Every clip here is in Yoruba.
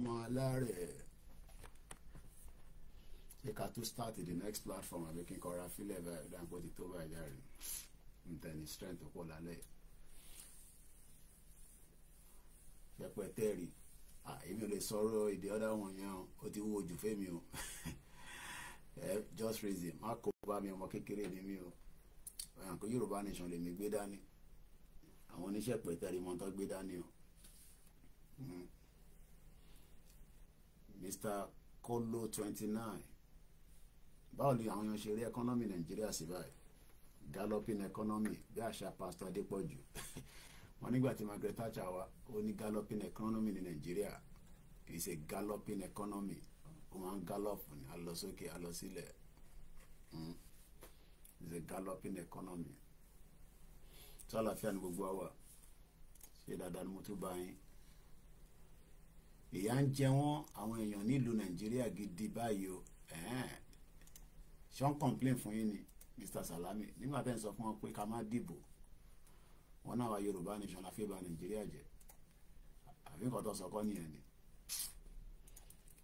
ọmọ alárẹ̀ ṣé ká tó start the next platform àbí kí n kọra fílẹ̀ báyìí dáńpọ̀ ti tó báyìí járe n tẹ̀lé strength tó pọ̀ lálẹ́ pẹpẹtẹ́rì èmi ò lè sọ̀rọ̀ èdè ọ̀dà wọn yẹn ó ti wúwo jù fẹ́mi o eh, just reason. him má kó bá mi ọmọ kékeré ni mi o àǹkó Yorùbá nation lèmi gbé dání àwọn oníṣẹ́ pẹ̀tẹ́rì mọ́tọ́ gbé dání o. Hmm. Mr Kolo twenty nine báwo ni àwọn èèyàn ṣe rí ẹkọ́nọ́mì Nàìjíríà sí báyìí galloping economy bí àṣà pastor Adépọ̀jù wọn nígbà tí Margaret Thatcher wá ó ní galloping economy ní Nàìjíríà kì í ṣe galloping economy ó máa ń gallop ní alọsókè alọsílẹ̀ is a hmm. galloping economy tí àlàáfíà ní gbogbo wa ṣe dáadáa ni mo tún bá yín ìyà ń jẹ wọ́n àwọn èèyàn nílùú nàìjíríà gidi báyìí o sean complain fún yín ni mr salami nígbà tẹ́ ń sọ fún wọn pé ká má dìbò wọn náà wá yorùbá nation la fẹ́ bà nàìjíríà jẹ́ àbí nǹkan tó sọ kọ́ nìyẹn ni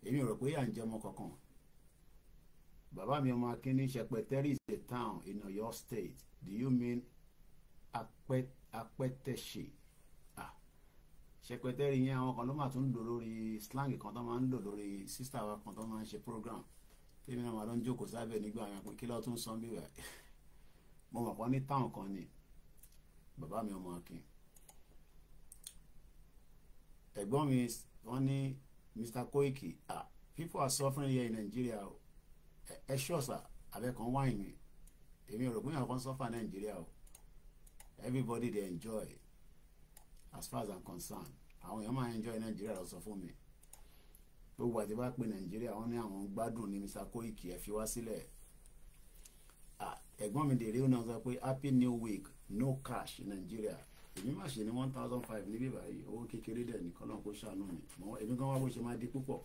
èmi rò pé ìyà ń jẹ ọmọ kankan bàbá mi ọmọ akínní ṣẹpẹtẹrì is a town in Oyo State do you mean apẹtẹṣe. Akpet, ṣẹpẹtẹrì yẹn àwọn kan ló máa tún ń lò lórí slang kan tó máa ń lò lórí sísá wa kan tó máa ń ṣe program tèmi náà máa ló ń jókòó sábẹ́ nígbà yẹn pé kí ló tún sọ bíbẹ mo mọ̀ pọ́n ní táwọn kan ni bàbá mi ọmọ akin ẹ̀gbọ́n mi wọ́n ní Mr. Koiki ah people are suffering here in Nigeria ẹ ṣọ́ọ̀sà abẹ́kan wáìnì èmi ò rò pé àwọn kan suffer Nigeria o everybody dey enjoy as far as i'm concerned àwọn èèyàn máa ń enjoy Nigeria lọ sọ fún mi gbogbo àti bá pe nàìjíríà wọn ní àwọn gbádùn ní mr Koiki ẹ fi wá sílẹ̀ ẹ̀gbọ́n mi dèrè ó náà sọ pé happy new week no cash nàìjíríà èmi máa ṣe ní one thousand five níbí báyìí owó kékeré dẹ̀ nìkan náà kó ṣàánú mi mọ èmi kan wá bó ṣe máa di púpọ̀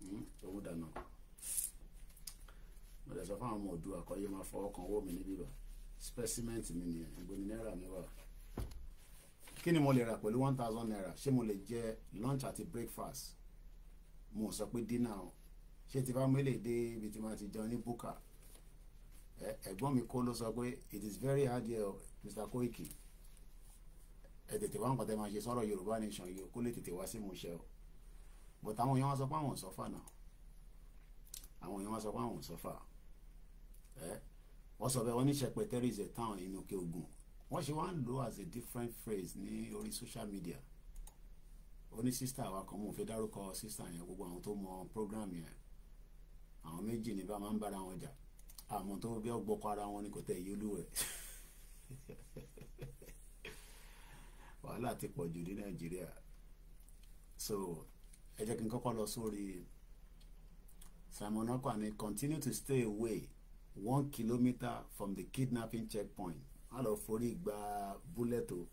hmm, owó dànù mo lè sọ fún àwọn ọmọ òdu àkọyé máa fọwọ́ kan owó mi níbí bá spẹ́símẹ́ǹtì mi nìyẹn ìgbóni náírà mi wà kí ni mo lè rà pẹ̀lú one thousand naira ṣé mo lè jẹ lunch àti breakfast mo sọ pé dinner o ṣé ti bá mi lè dé ibi tí ma ti jẹun ní búkà ẹ̀gbọ́n mi kó ló sọ pé it is very hard here Mr. Koiki ẹ tètè wá nǹkan tẹ máa ṣe sọ̀rọ̀ Yorùbá nation yìí kó lè tètè wá sí ìmúṣẹ o but àwọn èèyàn wá sọ pé àwọn ò sọ́fà náà àwọn èèyàn wá sọ pé àwọn ò sọ́fà ẹ wọ́n sọ bẹ́ẹ̀ wọ́n ní Ṣẹ̀pẹ̀tẹ́rì is town in Òkè Ògùn wọ́n ṣe wá ń lò as a different phrase ní orí social media ó ní sísítà wa kan mo fẹ́ dárúkọ sísítà yẹn gbogbo àwọn tó mọ program yẹn àwọn méjì ní bá máa ń bára wọn jà àmọ́ tó bí ọgbọkọ ara wọn ni kò tẹ iye olúwẹ̀ wàhálà ti pọ̀ jù ní nàìjíríà so ẹ jẹ́ kí n kọ́kọ́ lọ sórí Simon Ekpa ni continue to stay away one kilometre from the kidnapping checkpoint á lọ forí gba búlẹ̀tì o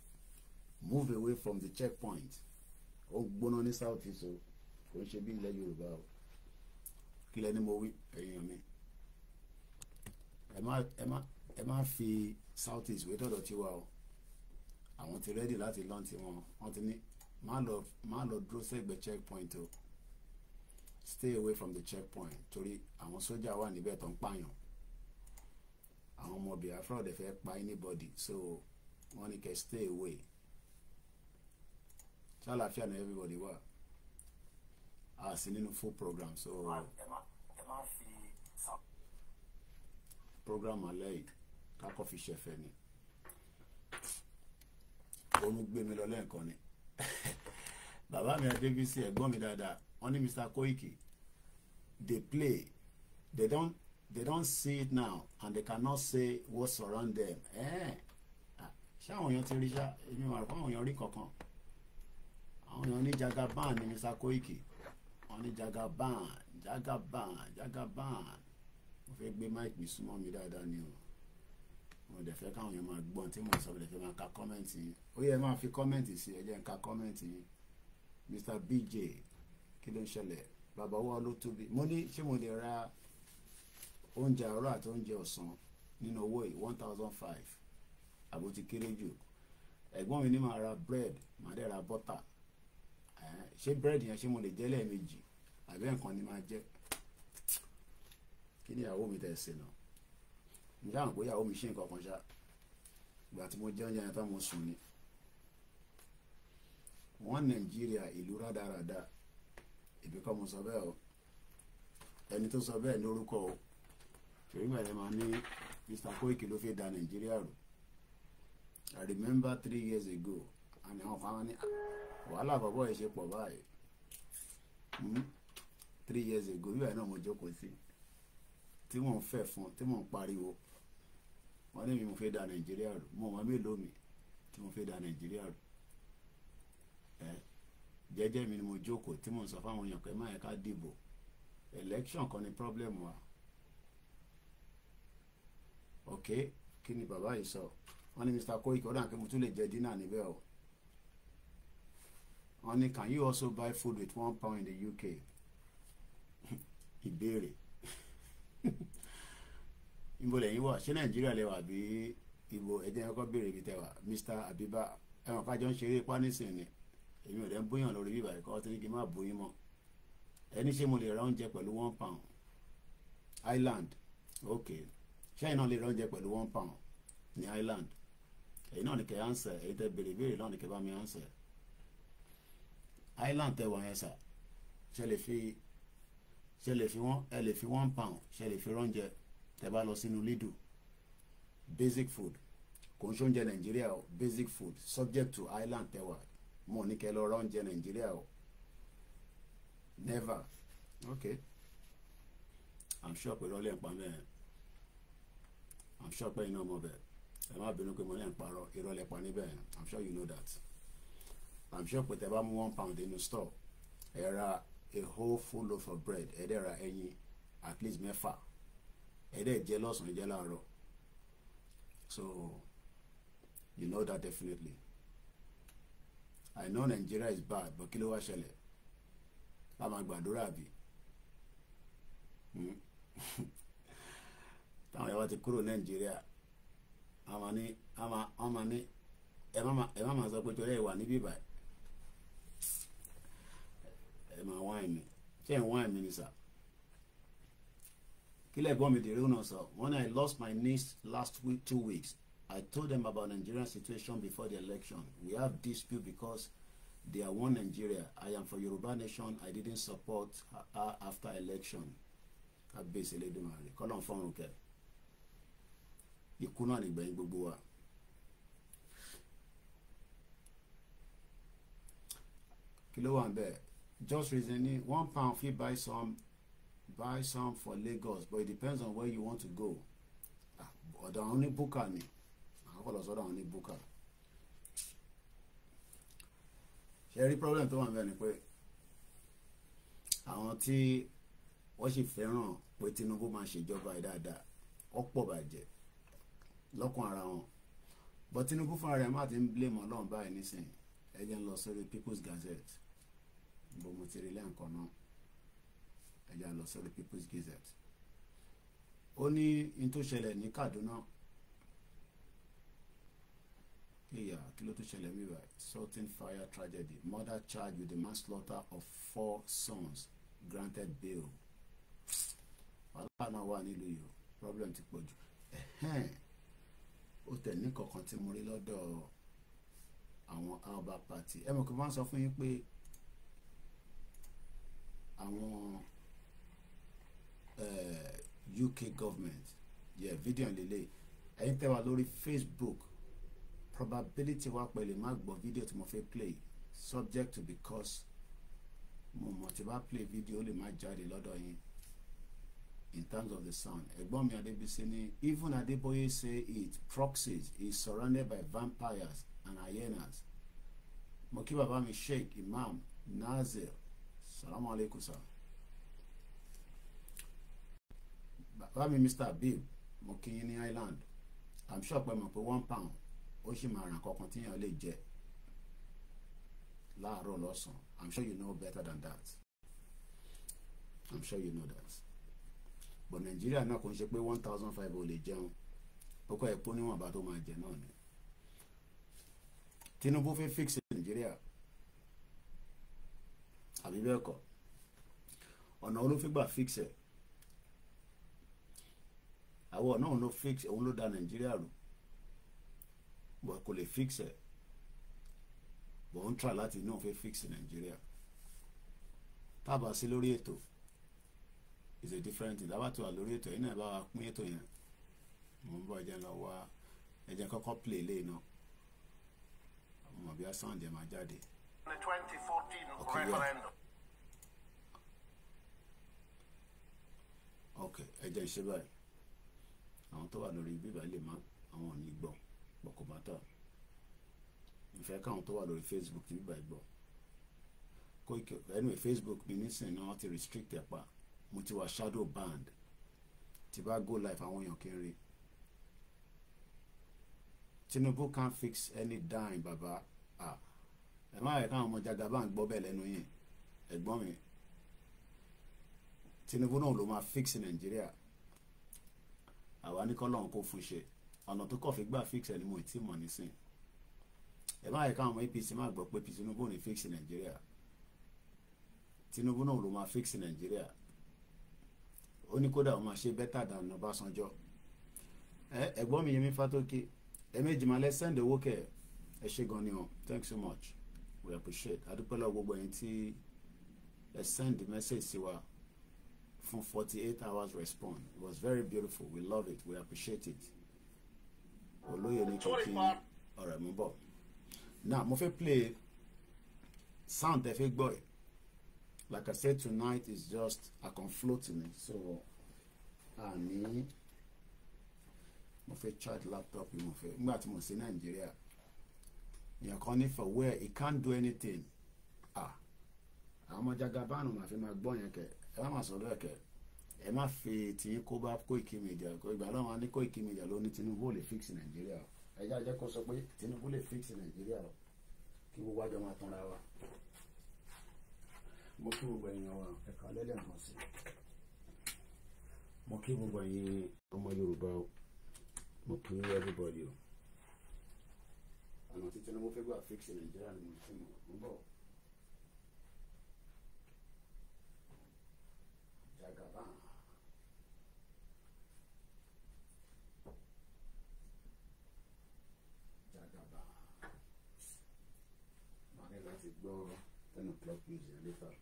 move away from the checkpoint ó gbóná ní south east o kò ń ṣe bí ilẹ̀ yorùbá o kí lẹ́ni mo wí ẹ̀yìn mi ẹ má fi south east wé tọ̀dọ̀ tiwa o àwọn ti rẹ́dì láti lọ́n tiwọn wọ́n ti ní má lọ má lọ dúró sẹ́gbẹ̀ẹ́ checkpoint o stay away from the checkpoint torí àwọn sójà wà níbẹ̀ tó ń pààyàn àwọn ọmọ Biafra ọ̀dẹ̀ fẹ́ pa anybody so wọ́n ní kẹ́ stay away ṣàlàáfíà ní everybody wà á sí nínú full program so program alẹ́ yìí fi ṣẹ̀fẹ̀ ni òun gbé mi lọ lẹ́ẹ̀kan ni bàbá mi Adébísí ẹ̀gbọ́n mi dáadáa wọ́n ní Mr. Koiki dey play they don't they don't see it now and they cannot say what surround them eh, ah, ṣé àwọn èèyàn ti rí ṣá èmi wà fún àwọn èèyàn rí kankan àwọn èèyàn ní jagaban ní Mr. Koiki wọn ní jagaban jagaban jagaban mo fẹ́ gbé mike mi súnmọ́ mi dáadáa ni o mo dẹ̀ fẹ́ káwọn èèyàn máa gbọ́n tí mo sọ mo dẹ̀ máa ka kọ́mẹ́ǹtì ó yẹ máa fi kọ́mẹ́ǹtì sí ẹ jẹ́ n ka kọ́mẹ́ǹtì Mr. BJ kí ló ń ṣẹlẹ̀ bàbá owó ló tóbi mo ní ṣé mo lè ra oúnjẹ àárọ̀ àti oúnjẹ ọ̀sán nínú owó yìí one thousand five àbò ti kéré jù ẹ̀gbọ́n mi ní màá ra bread màá dẹ̀ ra butter ṣé bread yẹn ṣé mo lè jẹ lẹ́ẹ̀mejì àbẹ́ nǹkan ni màá jẹ kí ni ìyàwó mi tẹ̀ sí nà ǹjẹ́ àwọn ìyàwó mi ṣe nǹkan kan ṣá ìgbà tí mo jẹ oúnjẹ yẹn tán mo sùn ni wọ́n Nàìjíríà ìlú rádaràda ìbíkọ́ mo sọ bẹ́ẹ̀ o ẹni tó sọ bẹ́ẹ̀ ní o torí gbàdẹ́ máa ní Mr. Koiki ló fẹ́ da Nàìjíríà rò I remember three years ago àmì àwọn kan ní ah, wàhálà bàbá ẹ̀ ṣe pọ̀ báyìí hmm? three years ago yóò ẹ̀ náà mo jókòó sí tí mò ń fẹ́ fún tí mò ń pariwo wọn ní mi mo fẹ́ da Nàìjíríà rò mo wọn mélòó mi tí mo fẹ́ da Nàìjíríà rò ẹ jẹ́jẹ́ mi ni mo jókòó tí mò sọ fáwọn èèyàn pé má yẹ ká dìbò election kan ni problem wa ok kí ni bàbá yìí sọ wọ́n ní Mr. Koiki ọdún àkẹ́mu tún lè jẹ dínà níbẹ̀ o wọ́n ní can you also buy food with one pound in the UK ìbéèrè níbo lẹ́yìn wà ṣé Nàìjíríà lẹ wà bí ibo ẹ̀jẹ̀ ẹ̀kọ́ béèrè ibi tẹ́ wà Mr. Abiba ẹ̀wọ̀n kájọ ń ṣeré ipá nísìnyí èmi ò dẹ́ ń bóyàn lórí bíbá ẹ̀kọ́ tí kì í má bóyín mọ́ ẹni ṣé mo lè ra oúnjẹ pẹ̀lú one pound Island okay ṣẹ́yìn náà lè ra oúnjẹ pẹ̀lú one pound ní island èyí náà ni kẹ́ answer èyí tẹ́ béèrè béèrè náà ni kẹ́ bá mi answer island tẹ́ wọ̀ yẹn sà ṣe lè fi ṣe lè fi one ẹ lè fi one pound ṣe lè fi rọ́njẹ tẹ́ bá lọ sínú lidu basic food kò ń ṣoúnjẹ nàìjíríà o basic food subject to island tẹ́ wà mo ní kẹ́ lọ rọ́njẹ nàìjíríà o never okay i'm sure pé lọ́lẹ́ ń pa mẹ́rin i'm sure pé iná ọmọ bẹ́ẹ̀ ẹ má bínú pé mo ní à ń pa níbẹ̀ i'm sure you know that i'm sure pé tẹ bá mú one pound inú store ẹ ra a whole full loaf of bread ẹ dẹ̀ ra ẹyin at least mẹ́fà ẹ dẹ̀ jẹ lọ́sàn-án jẹ láàárọ̀ so you know that definitely i know nigeria is bad but kí ló wá ṣẹlẹ̀ a máa táwọn yẹn ti kúrò nàìjíríà àwọn ní àwọn máa ní ẹ má máa sọ pé torí ẹ wà níbí báyìí ẹ máa wá ẹ̀mí ṣé ẹ̀ wá ẹ̀mí ni sà kílẹ̀ gbọ́n mi dèrè náà sọ when I lost my niece last week two weeks I told them about Nigerian situation before the election we have dispute because they are one Nigeria I am for Yoruba nation I didn't support her after election kábíyèsí lédè màrí kọ́lọ́n fọ́nrún kẹ́ẹ̀ ikú náà nìgbẹ̀yìn gbogbo wa. kí ló wà ń bẹ̀ just reasoning one pound fit buy some buy some for Lagos but it depends on where you want to go ah, ọ̀dọ̀ àwọn ní búkà ni àkọ́kọ́ lọ sọ́dọ̀ àwọn ní búkà. ṣe rí problem tó wà ń bẹ̀ ni pé àwọn tí wọ́n sì fẹ́ràn pé Tinubu máa ṣèjọba ẹ̀ dáadáa ọ̀pọ̀ bàjẹ́ lọ́kàn ara wọn bọ́ Tinubu fúnra rẹ̀ má ti ń blame Ọlọ́run báyìí nísìnyí ẹ jẹ́ ń lọ sórí People's Gazette bó mo ti rí lẹ́ǹkan náà ẹ jẹ́ ń lọ sórí People's Gazette ó ní in tó ṣẹlẹ̀ ní Kaduna ìyá kí ló tó ṣẹlẹ̀ wíwá Sultan fire tragedy mother charged with the manslaughter of four sons granted bail wàhálà náà wà nílùú yìí problem ti pọ̀ jù ó tẹ̀ ní kọ̀ọ̀kan tí mo rí lọ́dọ̀ àwọn Alba Party ẹ mọ̀ kí wọ́n sọ fún yín pé àwọn eh, UK government yẹ fídíò lélẹ̀ ẹ̀yin tẹ́ wà lórí Facebook probability wa pẹ̀lú má gbọ́ fídíò tí mo fẹ́ play subject to because mo mọ̀ tí bá play fídíò ó lè má jáde lọ́dọ̀ yín in terms of the sound. Egbomi Adebisini, even Adeboye say it proxies, is surrounded by vampires and hyenas. Moki Babami Sheikh Imam Nazir. Salaam alaikum sir. Babami Mr. Abib, Mokiyini Island. I'm sure pé mo pé one pound ó sì máa ràn kankan tí èèyàn lè jẹ láàárọ̀ lọ́sàn I'm sure you know better than that. I'm sure you know that bọ̀ nàìjíríà náà kò ń ṣe pé one thousand five ò lè jẹun ó kọ́ epo níwọ̀nba tó máa jẹ náà ni Tinubu fẹ́ fix nàìjíríà àbí bẹ́ẹ̀ kọ́ ọ̀nà olófígbà fix ẹ̀ àwọn ọ̀nà òun ló fix òun ló da nàìjíríà rú bọ̀ kò lè fix ẹ̀ bọ̀ ń tra láti inú òun fẹ́ fix nàìjíríà tábà sí lórí ètò is a different thing dábàá tó ètò yìí náà bá wa pín ètò yẹn mò ń bọ̀ ẹjẹ́ lọ wá ẹjẹ́ kọ́kọ́ play lé náà ọmọ bíi sound yẹn máa jáde. the twenty referendum. ok ẹjẹ́ ń ṣe báyìí àwọn tó wà lórí bíbá lè má àwọn ò ní gbọ́ pọ̀kọ̀bátà ìfẹ́ káwọn tó wà lórí Facebook ti bíbá gbọ́ anyway Facebook mi nísìnyí ni wọ́n ti restrict ẹ̀ pa mo ti wà shadow band tí bá go life àwọn èèyàn kéré Tinubu can fix any dime baba ẹ má rẹ̀ káwọn ọmọ Jagaban gbọ́ bẹ́ẹ̀ lẹ́nu yìí ẹ̀gbọ́n mi Tinubu náà ló máa fix Nàìjíríà àwa ní kọ́lọ́hún kó fún ṣe ọ̀nà tó kọ̀ fi gbà fix ẹ̀ ni mo ti mọ̀ nísìn ẹ má rẹ̀ káwọn ọmọ APC má gbọ́ pé Tinubu ò ní fix Nàìjíríà Tinubu náà ló máa fix Nàìjíríà ó ní kódà òun àṣe bẹ́tà dànù Ọbásanjọ́ ẹ̀gbọ́n mi Yẹmí Fátókè ẹ̀mẹ́jì máa lẹ́ send owó kẹ̀ ẹ ṣé gan ni o thanks so much we appreciate adúpẹ́ lọ́wọ́ gbogbo ẹ̀yin tí ẹ send message sí wa fún forty eight hours respond it was very beautiful we love it we appreciate it olóyè ní kìkì ọ̀rẹ́ mú bọ̀ now mo fẹ́ play sound tẹ́ fẹ́ gbọ́ yìí like I said tonight is just a conflating so àní mo fẹ́ charge laptop mo fẹ́ nígbà Nigeria. You're calling for where he can't do anything ah I'm a jagabanu màá fi máa gbọ́ yẹn kẹ ẹ má máa sọ̀rọ̀ ẹ̀ kẹ ẹ má fi tìyín Media ìgbà láwọn á ní Media ló ní Tinubu lè fix in Nigeria. I àjẹkọ́ sọ pé Tinubu lè fix Nàìjíríà kí gbogbo àjọ máa tanra wa mo kí gbogbo ẹ̀yin wa ẹ̀ka lẹ́lẹ́kan sí mo kí gbogbo ẹ̀yin ọmọ Yorùbá mo kí everybody o ọ̀nà tí Tinubu fẹ́ gbà fix Nàìjíríà ni mo ti mọ̀ ń bọ̀. Jagaban. Jagaban. Màá ní láti gbọ́ ten o'clock news yẹn later.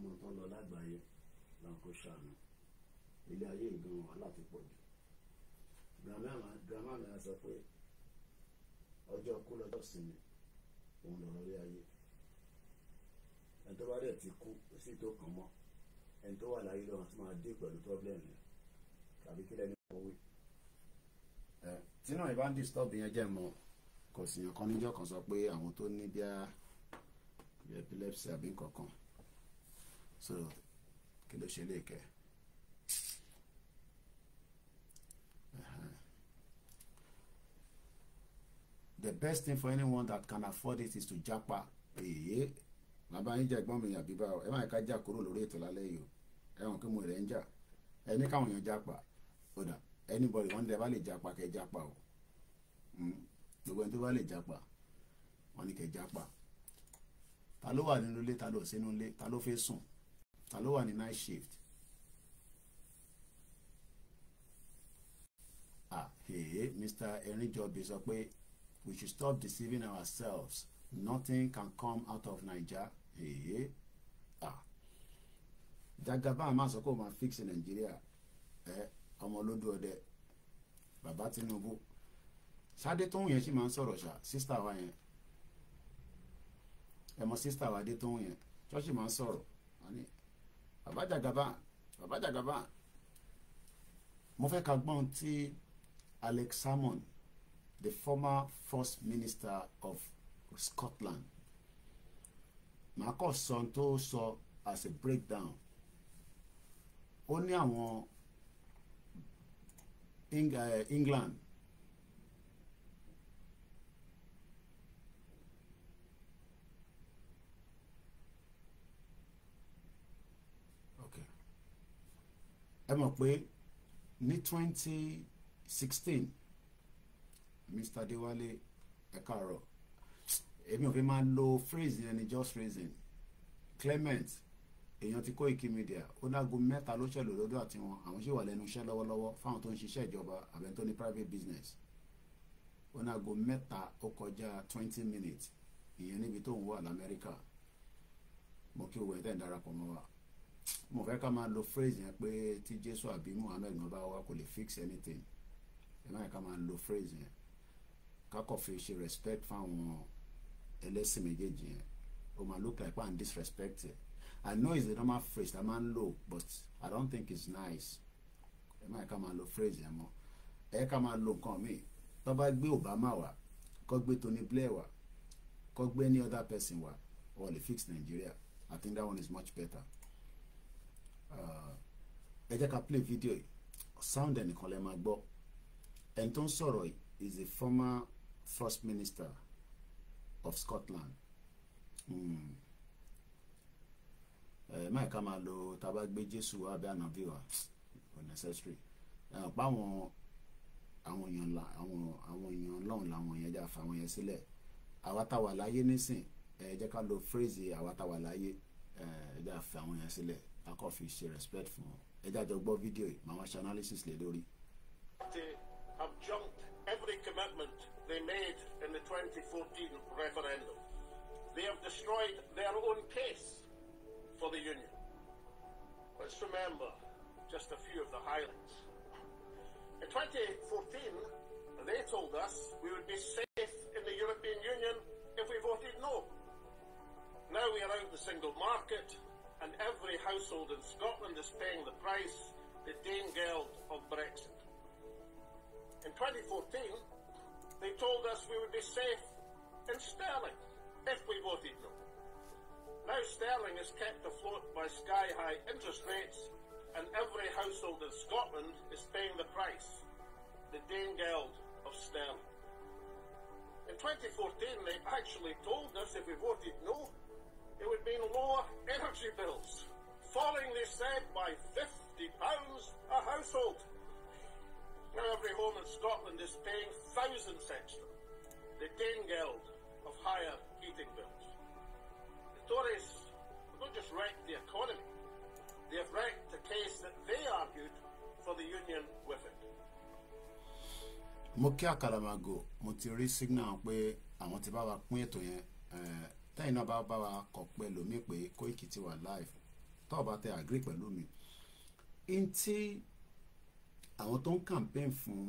tó mọ tó lọ lágbàáyé lọ́n kó ṣàánú ilé ayé ìgbọ̀n wàhálà ti pọ̀ jù gírámà mi á sọ pé ọjọ́ kú lọ́jọ́ sinmi òun lọ̀rọ̀ ilé ayé ẹni tó bá dẹ̀ ti kú sí tó kàn mọ́ ẹni tó wà láyé lọ́wọ́ tó máa dé pẹ̀lú pọ́blẹ́mù rẹ̀ tàbí kí lẹ́ni kọ́ wí. tí náà ìbá ń disturb yẹn jẹ́ mọ́ kò sì yàn kan níjọ́ kan sọ pé àwọn tó ní bíi epilepsy àbí nǹkan kan so kí ló ṣe lè kẹ́ the best thing for anyone that can afford it is to japa èyí bàbá yín jẹ́ ẹ̀gbọ́n mi àbí báwo ẹ má ká jà kúrò lórí ètò lálẹ́ yìí o ẹ̀wọ̀n kí mo rẹ̀ ń jà ẹ káwọn èèyàn japa kódà anybody wọ́n ní bá lè japa kẹ́ japa o hmm? gbogbo ẹni tó bá lè japa wọ́n ní kẹ́ japa ta ló wà nínú ilé ta ló sínú ilé ta ló fẹ́ sùn Hello, ló wà night shift ah hey, Mr. job is pé we should stop deceiving ourselves nothing can come out of Naija hey, ah That máa sọ pé ó máa fix Nàìjíríà ẹ ọmọ olódò ọdẹ bàbá Tinubu sáde tóun yẹn sì máa ń sọ̀rọ̀ sister wa yẹn ẹ mọ sísítà wa dé tóun yẹn ṣọ́ọ̀ṣì máa ń sọ̀rọ̀ wọ́n bàbá Jagaban bàbá Jagaban mo fẹ́ ka gbọ́n tí Alex Salmon, the former first minister of Scotland màá kọ́ sọ tó sọ as a breakdown ó ní àwọn eh, England ẹ mọ̀ pé ní twenty Mr. Adéwálé ẹ káàárọ̀ èmi ò fi máa lo phrase yẹn ni just reason Clement èèyàn ti Koiki Media ó dágun mẹ́ta ló ṣẹlẹ̀ lọ́dọ̀ àti wọn àwọn sì wà lẹ́nu iṣẹ́ lọ́wọ́lọ́wọ́ fáwọn tó ń ṣiṣẹ́ ìjọba àbẹ̀ tó ní private business ó dágun mẹ́ta ó kọjá twenty minutes ìyẹn níbi tó ń wà l'Amẹ́ríkà mo kí owó ẹ̀ tẹ́ ń darapọ̀ mọ́ wa mo fẹ́ ká máa lo phrase yẹn pé tí Jésù àbí Muhammed gan bá wá kò lè fix anything ẹ má yẹ ká máa lo phrase yẹn kákọ̀ fi ṣe respect fáwọn ẹlẹ́sìn méjèèjì yẹn ó máa look like one disrespect ẹ̀ I know it's a normal phrase I man low, but I don't think it's nice ẹ má yẹ ká máa lo phrase yẹn mọ́ ẹ ká máa lo nǹkan míì tó bá gbé Obama wá kó gbé Tony Blair wá kó gbé any other person wá wọ́n lè fix Nigeria I think that one is much better ẹ jẹ́ ká play video yìí sound ẹnìkan lè máa gbọ́ ẹni tó ń sọ̀rọ̀ yìí is a former first minister of Scotland hmm. máìka máa lo taba gbé Jésù abẹ́ ànábì wa unnecessary pa àwọn àwọn èèyàn la àwọn àwọn èèyàn lọ́hùn làwọn èèyàn jà fa àwọn yẹn sílẹ̀ àwa tá wà láyé nísìn ẹ jẹ́ ká lo phrase àwa tá wà láyé ẹ jà fa àwọn yẹn sílẹ̀ fi ṣe respect fún gbọ́ wá ṣe analysis lé lórí. they have jumped every commitment they made in the 2014 referendum. They have destroyed their own case for the union. Let's remember just a few of the highlights. In 2014, they told us we would be safe in the European Union if we voted no. Now we are out of the single market, and every household in Scotland is paying the price, the Danegeld of Brexit. In 2014, they told us we would be safe in Sterling if we voted no. Now Sterling is kept afloat by sky-high interest rates and every household in Scotland is paying the price, the Danegeld of Sterling. In 2014, they actually told us if we voted no, it would mean lower energy bills, falling, they said, by £50 a household. Now every home in Scotland is paying thousands extra. The Danegeld of higher heating bills. The Tories have not just wrecked the economy, they have wrecked the case that they argued for the union with it. mo kí àkàlà máa gò mo ti rí signal pé àwọn ti bá wa pín ètò yẹn eh, tẹ́yìn náà bá bá wa kọ̀ pẹ̀lú mi pé Koiki ti wà live tó o bá tẹ agree pẹ̀lú mi n tí àwọn tó ń campaign fún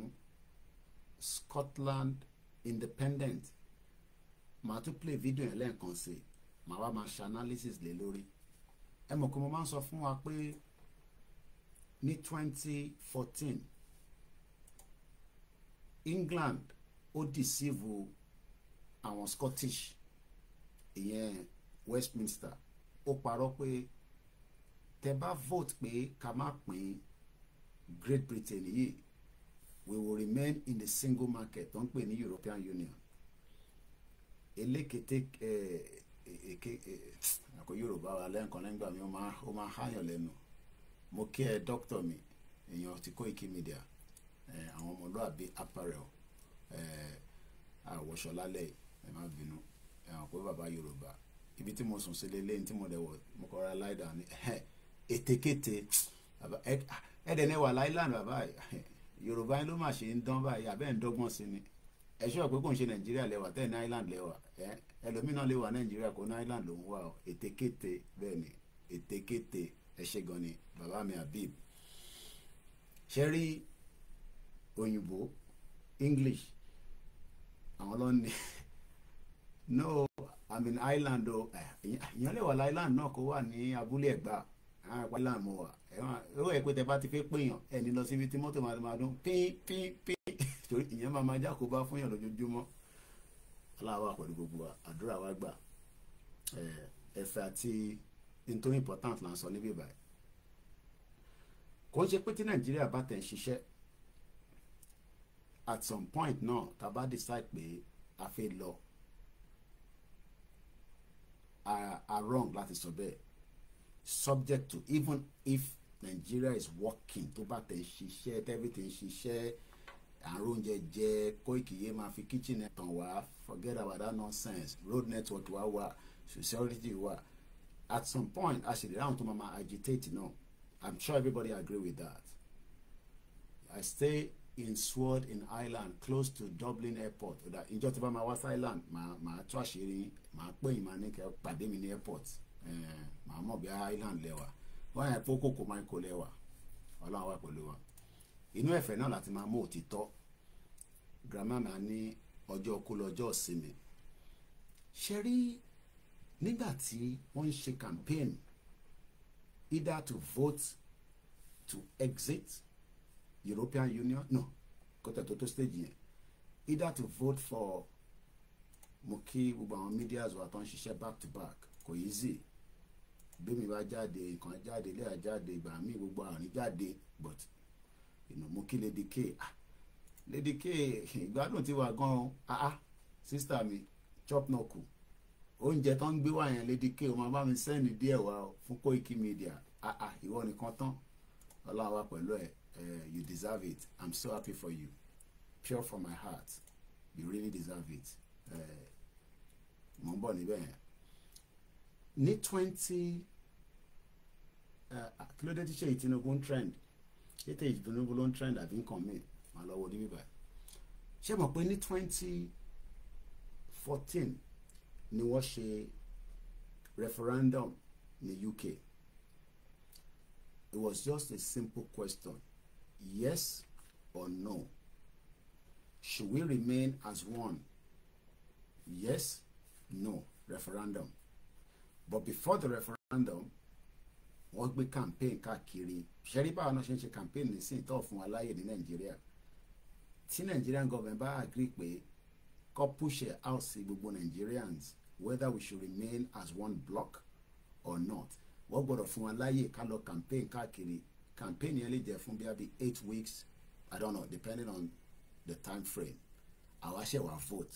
Scotland independent màá tún play video yẹn lẹ́ẹ̀kan sí i màá wá máa ṣe analysis lé lórí ẹ mọ̀ pé mo máa ń sọ fún wa pé ní 2014 England ó dìsíìvù àwọn Scottish ìyẹn Westminster ó parọ́ pé tẹ bá vote pé ká má pín Great Britain yìí we will remain in the single market tó ń pè ní European Union elékété èké àkó Yorùbá wa lẹ́ǹkan lẹ́ǹgbà mi ó máa háyàn lẹ́nu mo kí ẹ dókítà mi èèyàn ti Koiki Media àwọn ọmọlúàbí apparel àwọ̀ṣọ́ lálẹ́ ẹ má bínú ẹ̀wọ̀n pé bàbá yorùbá ibi tí mo sùn sí lélẹ́yìn tí mo dẹ̀ wọ̀ mo kọ́ra láìdá ní ètekéte ẹ̀dẹ̀ ní wà láìláńd bàbá yorùbá ló mà ṣe ń dán báyìí àbẹ́ ń dọ́gbọ́n sí ni ẹ ṣọ́ pé kò ń ṣe nàìjíríà lẹ́wà tẹ́ ní island lẹ́wà ẹlòmínà lè nàìjíríà kò ní island ló wà ọ ètekéte bẹ́ẹ̀ ni ètekéte ẹ ṣe gan ni bàbá mi habib ṣe rí òyìnbó english àwọn ló ní no i'm in island o oh. èèyàn lè wà láìland náà kó wà ní abúlé ẹ̀gbá àwọn àpá island mo wà ó yẹ pé tẹ bá ti fẹ́ péyàn ẹni lọ síbi tí mọ́tò máa dún pín pín pín torí ìyẹn máa máa jákòóbá fún yàn lójoojúmọ́ aláwa pẹ̀lú gbogbo àdúrà wa gbà ẹ̀fẹ̀ àti nítorí important là ń sọ níbí báyìí kò ń ṣe pé tí nàìjíríà bá tẹ̀ ń ṣiṣẹ́ at some point náà tá a bá decide pé a fẹ́ lọ are, are wrong láti sọ bẹ́ẹ̀ subject to even if Nigeria is working tó bá tẹ̀ ń ṣiṣẹ́ tẹ́bí tẹ̀ ń ṣiṣẹ́ àrùn oúnjẹ jẹ Koiki yé máa fi kitchen tàn wá forget about that nonsense road network wá wà security wà at some point a sì lè ráhùn tó máa ma agitate náà I'm sure everybody agree with that I stay in Sword in Ireland close to Dublin airport ọ̀dà ìjọ tí bá máa wá sí Ireland màá màá tó àṣírí màá pè yín màá ní kẹ́ pàdé mi ní airport eh, màá mọ̀ bí Ireland lẹ́wà wọ́n yẹn pókó kò máa ń kó lẹ́wà ọlọ́run wà pẹ̀lú wa inú ẹ̀fẹ̀ náà láti máa mú òtítọ́ grandma máa ní ọjọ́ kó lọ́jọ́ ìsinmi ṣe rí nígbà tí wọ́n ń ṣe campaign either to vote to exit European Union no kótó tó tó stage yẹn either to vote for muki kí gbogbo àwọn medias wa tó ń ṣiṣẹ́ back to back kò easy bẹ́ẹ̀ mi bá jáde nǹkan jáde ilé àjáde ìgbà mi gbogbo àrùn jáde but ìnà mo kí Lady K ah Lady K ìgbádùn ti wà gan ah ah sister mi chop no kù oúnjẹ tó ń gbé wá yẹn Lady K o bá mi sẹ́ni díẹ̀ wá fún Koiki Media ah ah ìwọ nìkan tán ọlọ́run wa pẹ̀lú ẹ̀ Uh, you deserve it. I'm so happy for you. Pure from my heart. You really deserve it. Uh, mo ń bọ̀ níbẹ̀ twenty uh, kí ló dé tí ṣe Tinubu trend? It is Tinubu ló ń trend àbí nǹkan mi? Màá lọ wo níbí báyìí. She mọ̀ pé ní twenty fourteen ni wọ́n she referendum in the UK? It was just a simple question. Yes or no? Should we remain as one? Yes, no, referendum. But before the referendum, wọ́n gbé campaign káàkiri ṣẹ́rí báwọn náà ṣe ń ṣe campaign nísìnyí tó fún wa láàyè ní Nàìjíríà tí Nigerian government bá agree pé kó push ẹ̀ out sí gbogbo Nigerians whether we should remain as one block or not wọ́n gbọ́dọ̀ fún wa láàyè ká lọ campaign káàkiri campaign yẹn lè jẹ́ fún bíi eight weeks i don't know depending on the time frame àwa ṣe wá vote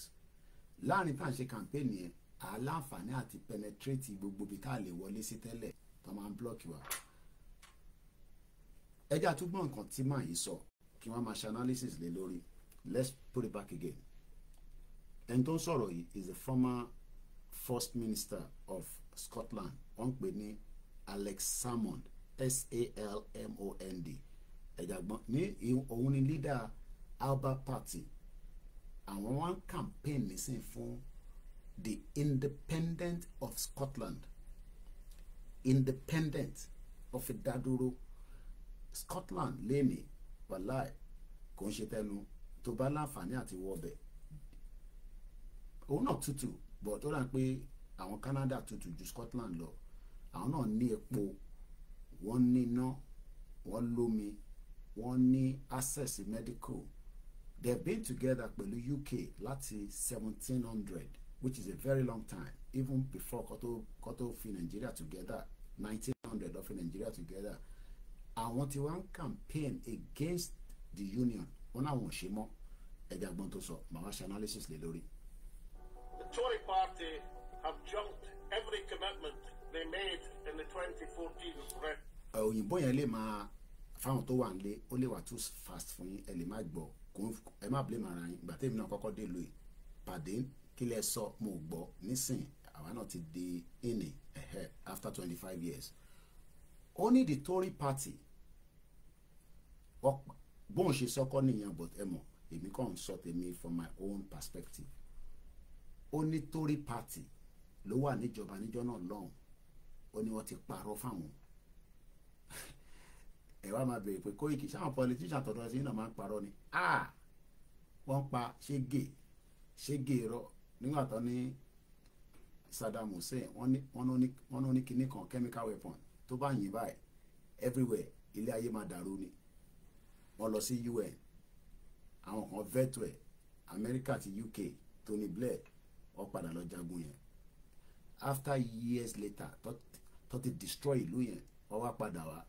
láàrin tá à ń ṣe campaign yẹn àláǹfààní àti penetrate gbogbo ibi tá a lè wọlé sí tẹ́lẹ̀ tó máa ń block wa ẹjẹ́ àtúgbọ̀n nǹkan tí màá yìí sọ kí wọ́n máa ṣe analysis lé lórí let's put it back again ẹni tó ń sọ̀rọ̀ yìí is the former first minister of Scotland wọ́n ń pè ní Alex Salmond s-a-l-m-o-n-d ẹ̀jàgbọ́n ní òun ni leader Alba Party àwọn wọn campaign nísìn fún the independent of Scotland independent of ìdádúró Scotland lẹ́ni wàláì kò ń ṣe tẹnu tó bá láǹfààní àti wọbẹ̀ òun náà tutù bọ̀ tó rà pé àwọn Canada tutù ju Scotland lọ àwọn náà ní epo wọ́n níná wọ́n lómi wọ́n ní access medical they have been together pẹ̀lú UK láti seventeen hundred which is a very long time even before kó tó fi Nigeria together nineteen hundred ló Nigeria together àwọn tí wọ́n ń campaign against the union wọn làwọn ò ṣe mọ́ ẹ̀dá gbọ́n tó sọ màá wá ṣe analysis lé lórí. The Tory party have jumped every commitment they made in the 2014 referendum òyìnbó yẹn lè máa fáwọn tó wà nílé ó lè wà too fast fún yín ẹ lè má gbọ́ ẹ má blame ara yín ìgbà tèmi náà kọ́kọ́ dé lóye pàdé kí lẹ sọ mo gbọ́ nísìn àwa náà ti di ìní ẹ̀hẹ́ after twenty five years only the Tory party bóun ṣe sọkọ nìyẹn but ẹ mọ̀ èmi kàn ń sọ tèmi from my own perspective Only Tory party ló wà níjọba níjọ náà lọ́hùn ó ní wọ́n ti parọ́ fáwọn ẹ wá máa béèrè pé Koiki sáwọn politician tọ̀dọ̀ sí náà máa ń parọ́ ni ah! wọ́n pa ṣége ṣége rọ nígbà tó ní Saddam Hussein wọ́n ní kinní kan chemical weapon tó bá yìn báyìí everywhere ilé ayé máa dàrú ni wọ́n lọ sí UN àwọn kan veto ẹ̀ Amẹ́ríkà àti UK Tony Blair wọ́n padà lọ jagun yẹn after years later tó ti destroy ìlú yẹn wọ́n wá padà wá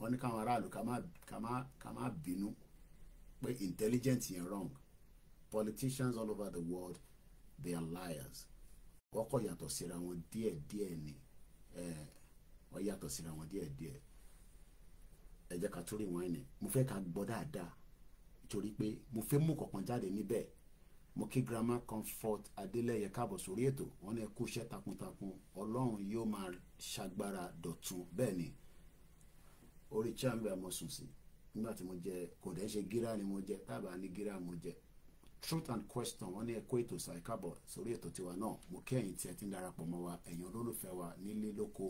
wọ́n ní káwọn aráàlú ká má bínú pé intelligent yẹn wrong politicians all over the world they are liars wọ́n kọ́ yàtọ̀ síra wọn díẹ̀díẹ̀ ni wọ́n yàtọ̀ síra wọn díẹ̀díẹ̀ ẹ jẹ́ ká tún rí wọn ẹni mo fẹ́ ká gbọ́ dáadáa torí pé mo fẹ́ mú kọ̀ọ̀kan jáde níbẹ̀ mo kí grandma comfort adeleye káàbọ̀ sórí ètò wọn ní ẹ kú iṣẹ́ takuntakun ọlọ́run yóò máa ṣàgbára dọ̀tun bẹ́ẹ̀ ni orí chamber mo sùn sí nígbà tí mo jẹ kò dẹ́ ṣe gíra ni mo jẹ tábà ní gíra mo jẹ truth and question wọn ní ẹ kó ètò ṣàìkábọ̀ sórí ètò tiwa náà mo kí ẹ̀yin tí ẹ ti ń darapọ̀ mọ́ wa ẹ̀yin olólùfẹ́ wa nílé lóko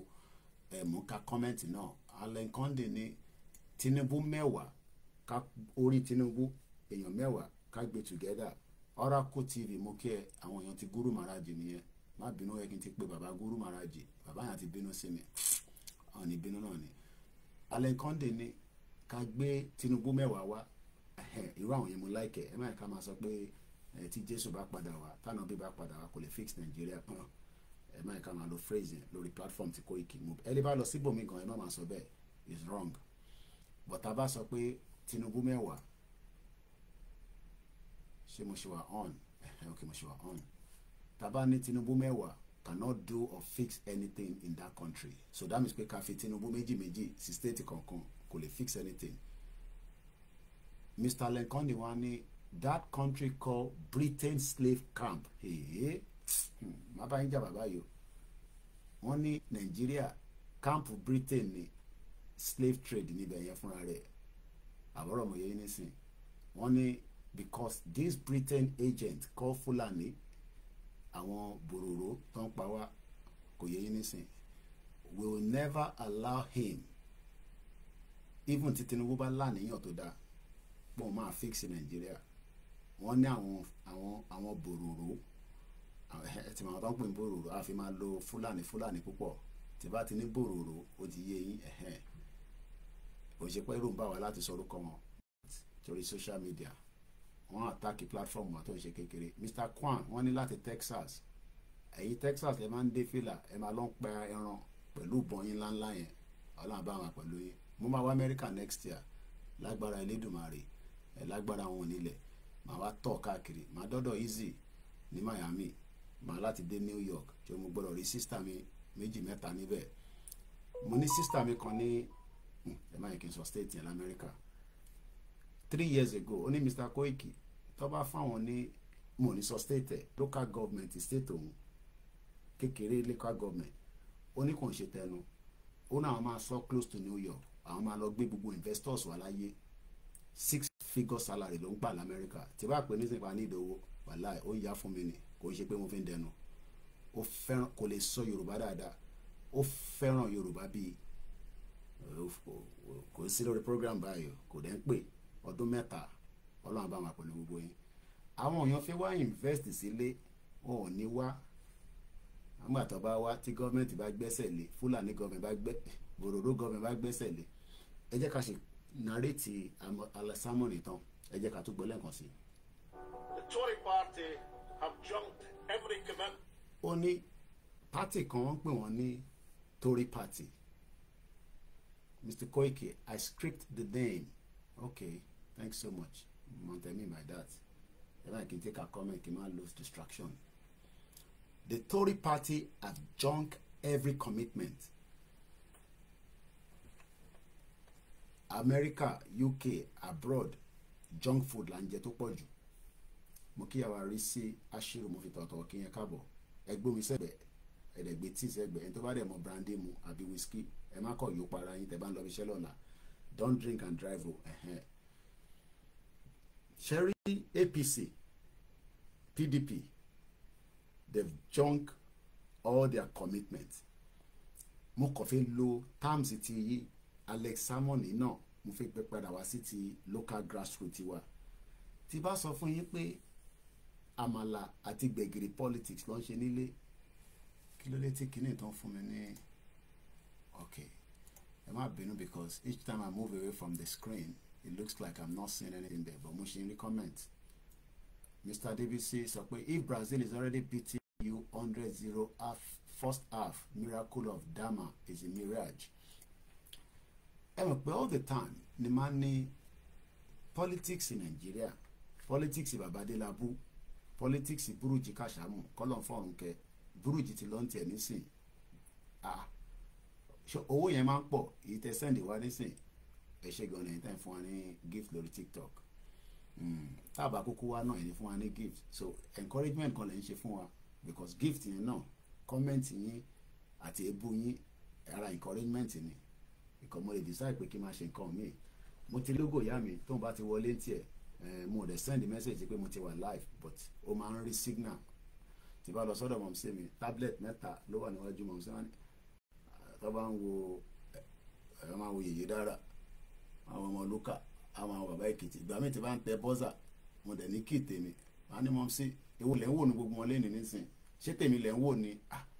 ẹ mú ká kọ́mẹ́ǹtì náà Allen Conde ní Tinubu mẹ́wàá ká orí Tinubu èèyàn mẹ́wàá ká gbé together Oracle TV mo kí ẹ àwọn èèyàn ti Guru Maraji nìyẹn má bínú ẹ kí n ti pé bàbá Guru Maraji baba yẹn ti bínú sí mi àwọn ní bínú náà ni alẹ́ kọ́ńdé ni ká gbé Tinubu mẹ́wàá wá irú àwọn yẹn mo láìkẹ́ ẹ má yẹ ká máa sọ pé tí Jésù bá padà wá táwọn bí bá padà wá kò lè fix Nàìjíríà pọ́n ẹ má ká máa lo phrase lórí platform ti Koiki move ẹ lè bá lọ síbòmí gan ẹ má máa sọ bẹ́ẹ̀ is wrong but tá a bá sọ pé Tinubu mẹ́wàá ṣé mo ṣe wà on ok mo ṣe wà on tá a bá ní Tinubu mẹ́wàá cannot do or fix anything in that country so that means pé ká fi Tinubu meji meji si state kankan kò lè fix anything Mr. Lincoln wa ní that country called Britain slave camp hmm, má bá yín jà bàbá yìí o wọ́n camp Britain ni slave trade níbẹ̀ yẹn fúnra rẹ̀ àbọ̀rọ̀ mọ̀ yẹn nísìn wọ́n ní because this Britain agent called Fulani àwọn bòròró tó ń pa wá kò yẹ yín nísìn we will never allow him even tí Tinubu bá láníyàn tó dáa pọ̀ máa fix Nàìjíríà wọ́n ní àwọn àwọn àwọn bòròró ẹtì màá tó ń pè ní bòròró àfi máa lo Fúlàní Fúlàní púpọ̀ tí bá ti ní bòròró ó ti yé yín ẹ̀hẹ́n òṣèpẹ́ rò ń bá wa láti sọ orúkọ wọn torí social media wọ́n àtàkì platform wọn tó ń ṣe kékeré Mr Kwan wọ́n ní láti Texas èyí Texas lè máa ń dé fìlà ẹ máa lọ ń pa ẹran pẹ̀lú bọ̀yìn ńláńlá yẹn ọlọ́run bá wọn pẹ̀lú yín mo máa wá Amẹ́ríkà next year lágbára Elédùmarè ẹ̀ lágbára wọn nílẹ̀ màá wá tọ̀ káàkiri màá dọ́dọ̀ easy ní Miami màá láti dé New York tí mo gbọ́dọ̀ rí sísítà mi méjì mẹ́ta níbẹ̀ mo ní sísítà mi kan ní hmm, ẹ̀ máa yẹ kí n sọ state yẹn lamẹ́ríkà three years ago ó ní Mr. Koiki tó bá fáwọn ní mo ní sọ state ẹ̀ local government state òun kékeré local government ó ní kò ń ṣe tẹnu ó náà máa sọ close to New York àwọn máa lọ gbé gbogbo investors wà láyé six figure salary ló ń gbà lamẹ́ríkà tí bá pè ní sèpà ní ìdòwò wàhálà ó ń yá fún mi ni kò ń ṣe pé mo fi ń dẹnu ó fẹ́ràn kò lè sọ yorùbá dáadáa ó fẹ́ràn yorùbá bíi kò sí lórí program báyìí kò dẹ́ ń pè ọdún mẹ́ta ọlọ́run bá máa pẹ̀lú gbogbo yín àwọn èèyàn fi wá invest sílé wọn ò ní wá nígbà tó bá wá tí gọ́ọ̀mẹ̀ntì bá gbẹ́sẹ̀ lé fúlàní gọ́ọ̀mẹ̀ntì bá gbẹ́ òróró gọ́ọ̀mẹ̀ntì bá gbẹ́sẹ̀ lé ẹ jẹ́ ká ṣe nàrétì alasamun ìtàn ẹ jẹ́ ká tún gbọ́ lẹ́ẹ̀kan sí The Tory party have jumped every commitment. ó ní pátì kan wọ́n pè wọ́n ní Tory party Mr. Koiki I script the name okay thanks so much montemi my dad if i can take a comment kí n má lose distraction the Tory party have junk every commitment America UK abroad junk food là ń jẹ tó pọ̀ jù mo kíyàwó rí sí aṣírò mo fi tọ̀tọ̀ kí yẹn káàbọ̀ ẹgbẹ́ omi sẹ́gbẹ̀ ẹ̀ẹ́dẹ̀gbẹ́ tí sẹ́gbẹ̀ ẹni tó bá dẹ̀ mọ brandy mu àbí whisky ẹ má kọ̀ yóò para yín tẹ̀ bá ń lọ ibi iṣẹ́ lọ́la don't drink and drive o. Uh-huh. Sherry APC, PDP, they've junk all their commitments. Mo kàn fẹ́ lo terms ti Alex Salmon náà mo fẹ́ pẹ́ padà wá sí ti local grassroots wa. Tí bá sọ fún yín pé àmàlà àti gbẹ̀gìrì politics ló ń ṣe nílé kí ló dé tí kinní tán fún mi ní okay ẹ má bínú because each time I move away from the screen it looks like i'm not seeing anything there but mo ṣe comment mr dbc sọ pé if brazil is already beating you hundred zero half first half miracle of dama is a mirage ẹ mọ̀ pé all the time ni máa ní politics in nigeria politics babadelabu politics burújí kàṣámù kọlọ̀ fọ̀rùn kẹ burújí ti lọ́n tiẹ̀ nísìn ah, owó yẹn máa ń pọ̀ èyí tẹ sẹ́ǹdì nísìn ẹ ṣe gan ẹ̀yin tẹ́ fún wa ní gift lórí tiktok hmm. tábà kúkú wa náà ẹni fún wa ní gift so encouragement kan lè ń ṣe fún wa because gift yẹn náà comment yín àti ebú yín ara encouragement ni ìkọ́ mo lè decide pé kí n máa ṣe nǹkan míì mo ti lógo ìyá mi tóun bá ti wọlé tiẹ̀ eh, mo dẹ̀ send message pé mo ti wà live but ó máa ń rí signal tí bá lọ sọ́dọ̀ mọ̀ sí mi tablet mẹ́ta ló wà níwájú mọ̀ sí wọn tó bá ń wo ẹ̀ eh, máa wo yèyé dára àwọn ọmọ lókà àwọn àwọn bàbá èkìtì ìgbà mi ti bá ń tẹ bọ́sà mo dẹ̀ ní kí tèmi wọn á ní mọ́ sí ewu lẹ́ ń wò ní gbogbo wọn lẹ́nu nísìn ṣé tèmi lẹ́ ń wò ah, ní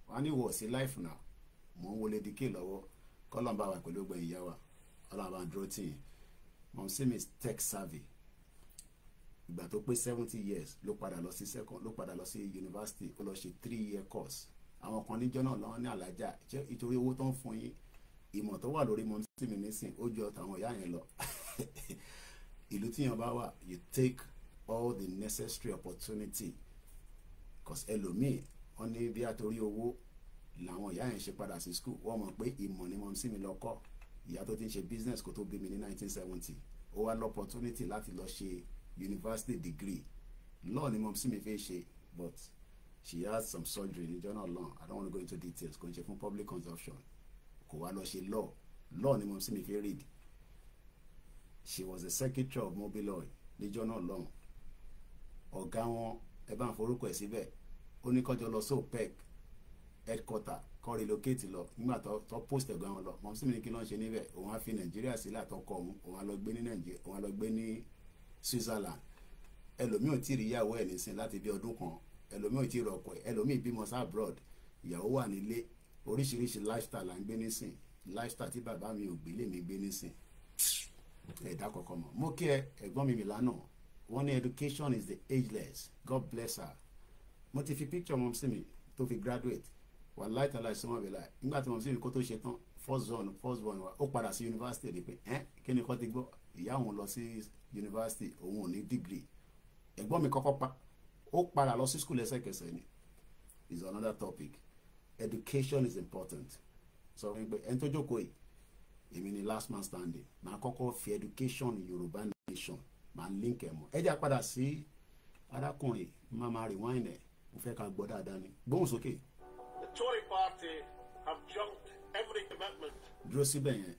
wọn á ní wọ̀ sí life now mò ń wọlé dikẹ́ lọ́wọ́ kọ́lọ́n bá wa pẹ̀lú ọgbẹ́ ìyá wa ọlọ́run bá dúró tì yín mọ̀ sí mi tech savvy ìgbà tó pé seventy years ló padà lọ sí second ló padà lọ sí university ó lọ ṣe three year course àwọn kan níjọ́ náà lọ́wọ́ ní àlájá ìtorí owó tó ń fún yín ìmọ̀ tó wà lórí mọ́mísí mi nísìn ó jọ tàwọn ìyá yẹn lọ ìlú tíyan bá wà you take all the necessary opportunity cause ẹlòmíì wọn ní bí àtòrí owó làwọn ìyá yẹn ṣe padà sí school wọn mọ̀ pé ìmọ̀ ni mọ́mísí mi lọ kọ́ ìyá tó ti ń ṣe business kó tó bí mi ní 1970 ó wá lọ opportunity láti lọ ṣe university degree law ni mọ́mísí mi fẹ́ ṣe but she had some surgery níjọ́ náà long I don't want to go into details kò ń ṣe fún public consumption kò wá lọ ṣe law law ni mọ̀ sí mi fẹ́ read she was the secretary of mobile oil níjọ́ náà lọ́hùn ọ̀gá wọn ẹ bá ń forúkọ ẹ̀ síbẹ̀ ó ní kọjọ lọ sí headquarter kọ́ relocate lọ nígbà tó tó post ẹ̀gbọ́n wọn lọ mọ̀ sí mi ní kí ló ń ṣe níbẹ̀ òun á fi nàìjíríà sílẹ̀ àtọkọ òun òun á lọ gbé ní nàìjíríà òun á lọ gbé ní Switzerland ẹlòmíì ò tí ì rí ìyàwó ẹ̀ nísìn láti bí ọdún kan ẹlòmíì ò tí ì rọkọ ẹ̀ ẹlòmíì bímọ sí abroad ìyàwó wà nílé oríṣiríṣi lifestyle là ń gbé nísìn lifestyle tí bàbá mi ò gbé lèmi gbé nísìn ẹ̀dá kọ̀ọ̀kan mọ̀ mo kí ẹ ẹ̀gbọ́n mi Milano wọ́n ní education is the ageless God bless her mo ti fi picture mọ̀ sí mi tó fi graduate wà láìtàlá ìsọmọ bẹ̀rẹ̀ láì nígbà tí mo sì rí kó tó ṣe tán first zone first born wa ó padà sí yunifásitì ni pé ẹ́ kí ni kò ti gbọ́ ìyá òun lọ sí yunifásitì òun ò ní dìgírì ẹ̀gbọ́n mi kọ́kọ́ pa ó padà lọ sí skul ẹsẹ̀kẹsẹ̀ ni is another topic education is important sọ fún mi pé ẹni tó jókòó yìí èmi ni last man standing màá kọ́kọ́ fi education yorùbá nation màá link ẹ̀ mọ́ ẹ jẹ́ àpadà sí arákùnrin má rewind ẹ̀ mo fẹ́ ká gbọ́ dáadáa ni gbóhùn sókè. the Tory party have jumped every commitment. dúró síbẹ̀ yẹn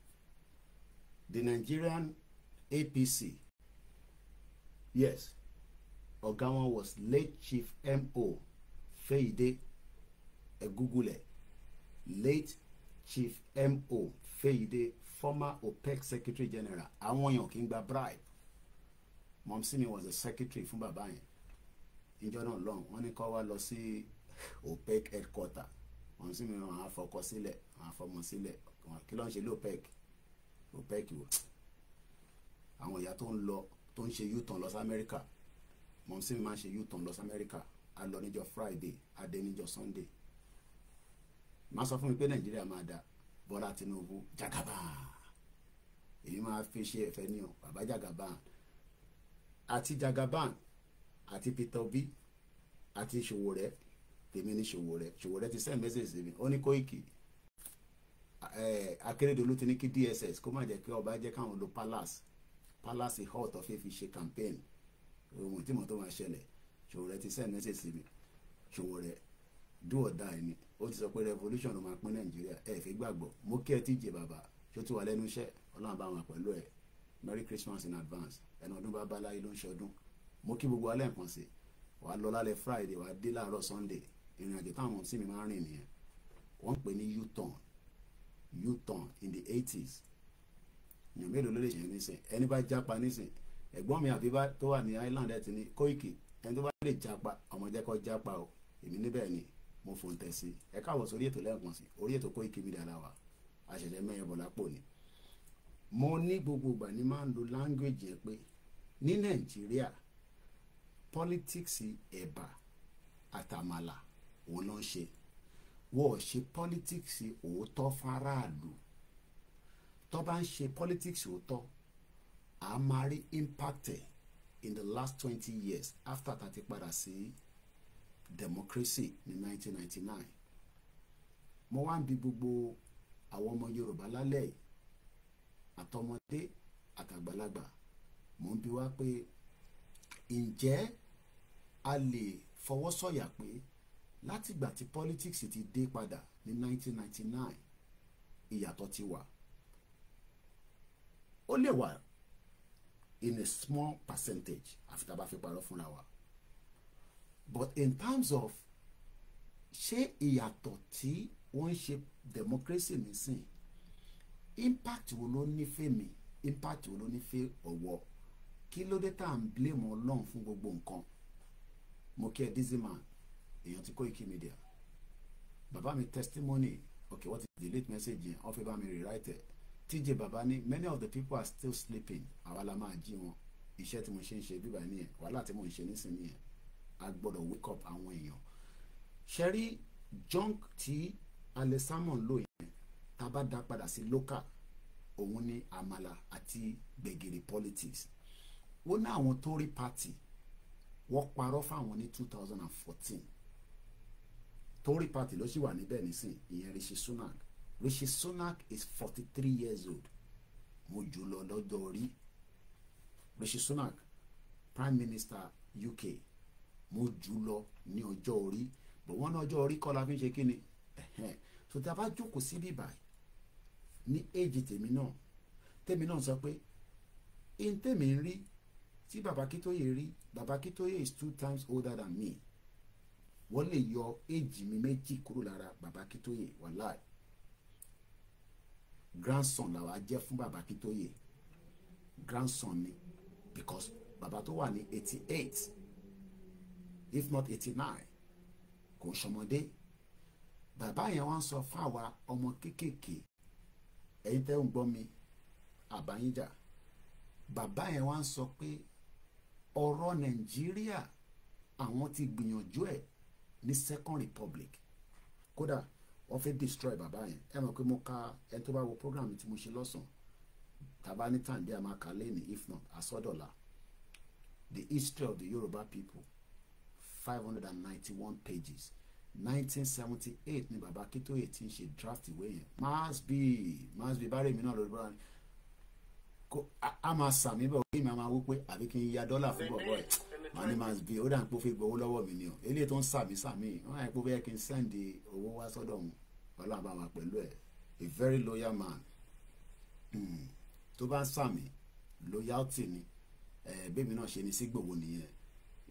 the Nigerian APC yes ọ̀gá wọn was late chief M.O. Fayide ẹ google it. late chief mo feyide former opec secretary general àwọn èèyàn kì í gba bribe momsini was the secretary fún bàbá yẹn ìjọ náà lọ́n wọ́n ní kó wá lọ sí opec headquarter momsini wọn àwọn afọkọ sílẹ̀ àwọn afọmọ kí ló ń ṣe lé opec opec o àwọn ìyá tó ń lọ tó ń ṣe u-turn lọ sí amẹ́ríkà momsini máa ń ṣe u-turn lọ sí amẹ́ríkà a lọ níjọ́ friday a dé níjọ́ sunday má sọ fún mi pé nàìjíríà máa da bọ́lá tinubu jagaban èyí máa fi ṣe ẹ̀fẹ́ ní ọ bàbá jagaban àti jagaban àti peter obi àti Sowore tèmi ní Sowore Sowore ti send message sí mi ó ní Koiki Akérédolú ti ní kí DSS kó má jẹ́ kí ọba jẹ́ káwọn lo palace palace hall tó fi fi ṣe campaign ohun tí mo tó máa ṣẹlẹ̀ Sowore ti send message sí mi Sowore do or die ó ti sọ pé revolution ló máa pín nàìjíríà ẹ fi gbàgbọ́ mo kí ẹ ti jẹ bàbá tó ti wà lẹ́nu iṣẹ́ ọlọ́run bá wọn pẹ̀lú ẹ merry christmas in advance ẹnu ọdún bá bá láyé ló ń ṣọdún mo kí gbogbo alẹ́ nǹkan sí wàá lọ lálẹ́ friday wàá dé láàárọ̀ sunday ìrìn àjò táwọn sí mi máa rìn nìyẹn wọ́n ń pè ní u-turn u-turn in the eighties èèyàn mélòó ló lè ṣe nísìn ẹni bá jápa nísìn ẹ̀gbọ́n mi àbí tó wà ní island ẹ̀ ti ní Koiki ẹni tó bá lè jápa ọmọdé kọ́ jápa o èmi níbẹ̀ ni mo fòǹtẹ̀ sí ẹ káàbọ̀ sórí ètò lẹ́ẹ̀kan sí orí ètò Koiki Media la wà àṣẹ̀ṣẹ̀ mẹ́yẹn bọ̀ lápò ni. mo ní gbogbo ìgbà ni máa ń lo language yẹn pé ní nàìjíríà politics ẹ̀bà àtàmàlà òun ló ń ṣe wọ́n ò ṣe politics òótọ́ fáráàlú tó bá ń ṣe politics òótọ́ a impact in the last twenty years after tá padà sí. Si democracy ní 1999 mo wá ń bi gbogbo àwọn ọmọ Yorùbá lálẹ́ yìí àtọmọdé àtàgbàlagbà mo ń bi wá pé ǹjẹ́ a lè fọwọ́ sọ̀yà pé látìgbà tí politics ti dé padà ní 1999 ìyàtọ̀ ti wà ó lè wà in a small percentage àfi tá a bá fi parọ́ fúnra wa but in terms of ṣé ìyàtọ̀ tí wọ́n ń ṣe democracy nísìn impact wo ló ní fèmí impact wo ló ní fẹ́ ọ̀wọ́ kí ló dé tá à ń blame ọlọ́run fún gbogbo nǹkan mo kí ẹ dízìmà èèyàn ti Koiki Media bàbá mi testimony okay what is the late message yẹn wọ́n fẹ́ bá mi rewrite ẹ̀ TJ bàbá ní many of the people are still sleeping àwa la máa jí wọn iṣẹ́ tí mo ṣe ń ṣe bíbá ẹ̀ nìyẹn wàhálà tí mo ń ṣe nísìnyí a gbọ́dọ̀ wake up àwọn èèyàn ṣe rí junk tí alẹ́ salmon lò yẹn tá a bá dá padà sí local òun ni àmàlà àti gbẹ̀gìrì politics ó ní àwọn tory party wọ́n parọ́ fáwọn ní two thousand and fourteen tory party ló sì wà níbẹ̀ nísìn ìyẹn rishi sunak rishi sunak is forty three years old mo jù lọ lọ́jọ́ orí rishi sunak prime minister UK mo jù lọ ní ọjọ́ orí bọ̀ wọ́n ní ọjọ́ orí kọ́ la fi ń ṣe kí ni so tí a bá jókòó sí bíbà ní éèjì tèmi náà tèmi náà sọ pé in tèmi ń rí tí bàbá kítóyè rí bàbá kítóyè is two times older than me wọ́n lè yọ éèjì mi méjì kúrò lára bàbá kítóyè wàláì grandson làwa jẹ́ fún bàbá kítóyè grandson ni because bàbá tó wà ní eighty eight if not eighty nine kò sọmọdé bàbá yẹn wá ń sọ fáwa ọmọ kéékèèké ẹ̀yin tẹ́ ń gbọ́ mi àbáyínjà bàbá yẹn wá sọ pé ọ̀rọ̀ nàìjíríà àwọn ti gbìyànjú ẹ̀ ní second republic kódà wọ́n fẹ́ destroy bàbá yẹn ẹ mọ̀ pé mo ka ẹni tó bá wo program tí mo ṣe lọ́sàn-án ní tàǹdí àmàkà lẹ́nu if not àsọdọ̀la the history of the Yoruba people five hundred and ninety-one pages nineteen seventy-eight ni baba Akintoye ti ń ṣe draft ìwé yẹn Masbi Masbi bárẹ̀ mi náà lórí bọ́ra ni kó a máa sàmì bẹ́ẹ̀ orí mi a máa wó pé àbí kí n ya dọ́là fún bọ̀bọ̀ ẹ̀ màá ní Masbi ó dà ń pò fi gbowó lọ́wọ́ mi ni o eléyìí tó ń sàmì sàmì wọ́n á pò bẹ́ẹ̀ kí n sẹ́ǹdì owó wá sọ́dọ̀ òun ọlọ́run bá wà pẹ̀lú ẹ̀ a very loyal man hmm. tó bá ń sàmì loyalty ni bẹ́ẹ̀ mi náà ṣe ni sí gbòwó nìyẹn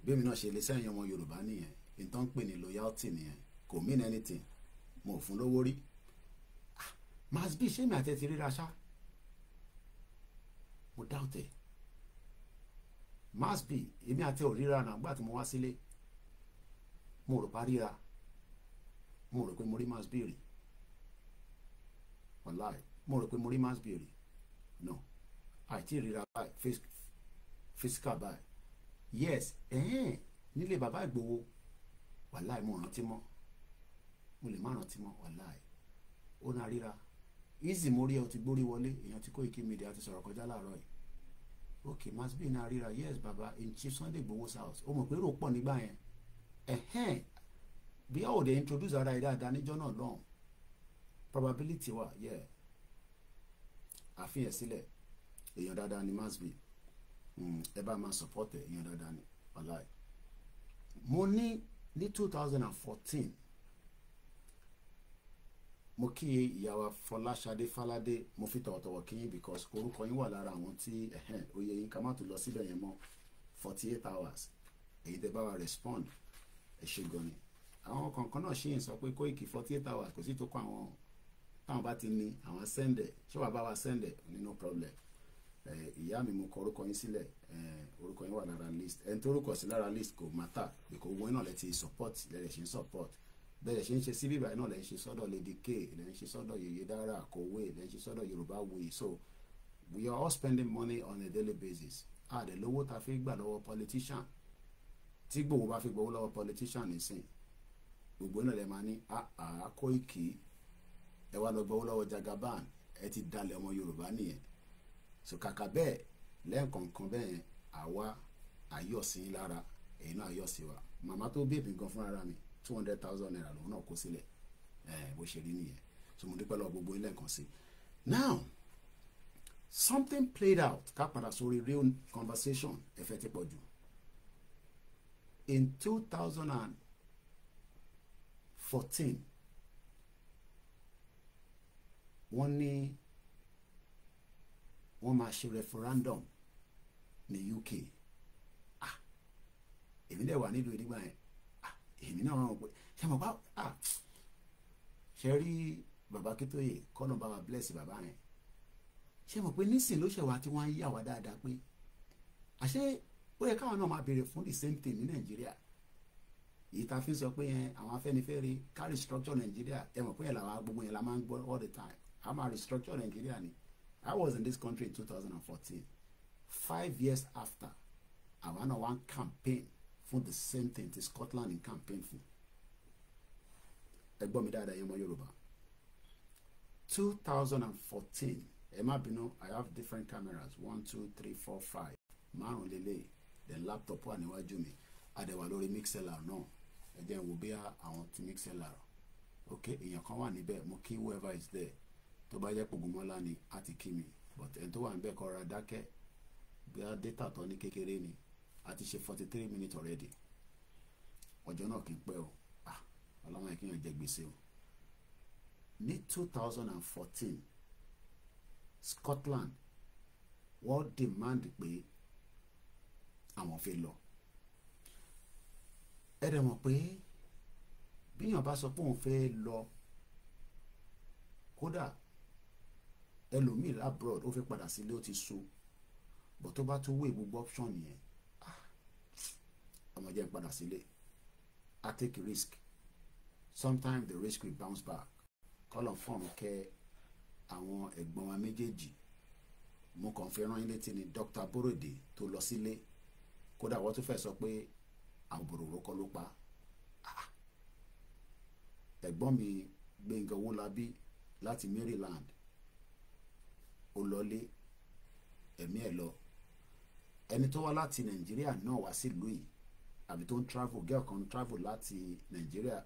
bí mi náà ṣe lè sẹ́yìn ọmọ Yorùbá nìyẹn ìtàn ń pè ní loyalty nìyẹn kò mean anything mo ò fún lówó rí ah, màá bí ṣé mi àti ẹ ti ríra ṣá mo doubt ẹ must be èmi àti ẹ ò ríra náà gbà tí mo wá sílé mo rò pa ríra mo rò pé mo rí must be rí wàláì mo rò pé mo rí must be rí no àìtí ríra báyìí physical báyìí yes ẹ̀hẹ́n nílé bàbá Ìgbòho wàláì mo rántí mọ́ mo lè má rántí mọ́ wàláì ó na ríra easy mo rí ẹ o ti gbórí wọlé èèyàn ti Koiki Media ti sọ̀rọ̀ kọjá láàárọ̀ yìí ok mass bíi na ríra yes baba in Chief Sunday Igboho's house ó mọ̀ pé rò pọ̀ nígbà yẹn ẹ̀hẹ́n bí a ò dé introduce ara ẹ̀ dáadáa níjọ́ náà lọ́hùn probability wa yeah àfihàn sílẹ̀ èèyàn dáadáa ni mass Hmm, ẹ bá máa support ẹ ìyẹn dáadáa ni ọ̀la mo ní ní two thousand and fourteen mo kí ìyàwó Fọláṣadé Fáládé mo fi tọ̀wọ̀tọ̀wọ̀ kí yín because orúkọ yín wà lára àwọn tí oyè yín ká má tó lọ síbẹ̀ yẹn mọ́ forty eight hours èyí tẹ́ bá wa respond ẹ ṣe gan ni àwọn kọ̀ọ̀kan náà ṣì ń sọ pé Kóìkì forty eight hours kò sí tó kọ àwọn táwọn bá ti ní àwọn sẹ́ndẹ̀ ṣé wàá bá wa sẹ́ndẹ̀ ní no problem Eh, ìyá mi mo kọ orúkọ yín sílẹ̀ eh, orúkọ yín wà lára list ẹni tó orúkọ sí lára list kò mátà èkó owó náà lẹ ti support lẹ́yìn ṣe ń support bẹ́ẹ̀ ṣe ń ṣe síbí ìbàdàn náà lẹ́yìn ṣe sọ́dọ̀ Lady K lẹ́yìn ṣe sọ́dọ̀ Yèyé Dára Akọ̀wé lẹ́yìn ṣe sọ́dọ̀ Yorùbá Wuyi so we are all spending money on a daily basis àdè lówó ta fi gbà lọ́wọ́ politician tí gbòòwò bá fi gbowó lọ́wọ́ politician nìsín gbogbo náà lè máa ní ah, àá Kóìkì ẹ wá lọ gbowó lọ́wọ́ Jagaban ẹ ti dalẹ̀ ọmọ Yorùbá nìyẹn so kàkà bẹ́ẹ̀ lẹ́ẹ̀kọ̀ọ̀kan bẹ́ẹ̀ àwa àyọ̀sí lára èyí náà àyọ̀sí wa màmá tó bèbí gan fúnra mi two hundred thousand naira lòun náà kó sílẹ̀ bó ṣe rí nìyẹn so mo dúpẹ́ lọ gbogbo ilé nǹkan sí now something played out ká padà sórí real conversation ẹ̀fẹ̀ ti pọ̀ jù in two thousand and fourteen wọ́n ní wọ́n máa ṣe referendum ní UK ah èmi dẹ̀ wà nílùú nígbà yẹn ah èmi náà ràn pé ṣe mọ̀ bá ah ṣe rí bàbá Akíntóyè kọ́nà bàbá bless bàbá yẹn ṣe mọ̀ pé nísìn ló ṣẹ̀wá tí wọ́n á yà wá dáadáa pé àṣé ó yẹ káwọn náà máa béèrè fún the same thing ní Nàìjíríà èyí tá a fi ń sọ pé yẹn àwọn Afẹ́nifẹ́re ká structure Nàìjíríà ẹ mọ̀ pé ẹ̀ làwọn gbogbo yẹn la máa ń gbọ́ all the time a máa restructure Nàìjíríà ni I was in this country in 2014 five years after I ran wá one campaign for the same thing tí Scotland ń campaign fún ẹ gbọ́ mi dáadáa yẹn mọ́ Yorùbá 2014 ẹ má bínú I have different cameras one two three four five márùn lélẹ̀ then laptop wà níwájú mi àdẹ̀wà lórí mixlr náà ẹ jẹ́ n wo bí àwọn ti mixlr ok èèyàn kan wà níbẹ̀ mo kí whoever is there tó bá jẹ́ Ògúnmọ́lá ni á ti kí mi but ẹni tó wà ń bẹ̀ kọ́ ra dákẹ́ bí a data tán ní kékeré ni a ti ṣe forty three minutes already ọjọ́ náà kì í pẹ́ o ah ọlọ́mọ yẹn kí yẹn jẹ gbèsè o ní two thousand and fourteen Scotland wọ́n demand pé àwọn fẹ́ lọ ẹ dẹ̀ mọ̀ pé bíyàn bá sọ pé òun fẹ́ lọ kódà ẹlòmíì labroad ó fẹ́ padà sílé ó ti so bọ̀ tó bá tó wé gbogbo option yẹn ọmọ ah, jẹ́ ń padà sílé i take risk sometimes the risk will bounce back kọ́lọ̀ fọ́ọ̀mù kẹ́ àwọn ẹ̀gbọ́n wa méjèèjì mo kàn fi rán yín létí ni Dr. Borode tó lọ sílé kódà wọ́n tún fẹ́ sọ pé àbòròrò kọ́ ló pa ah, ẹ̀gbọ́n mi Gbẹ̀ngà Owólabí láti Maryland ó lọlé ẹ̀mí ẹ̀ lọ ẹni tó wá láti nàìjíríà náà wá sílùú yìí àbí tó ń travel girl kan travel láti nàìjíríà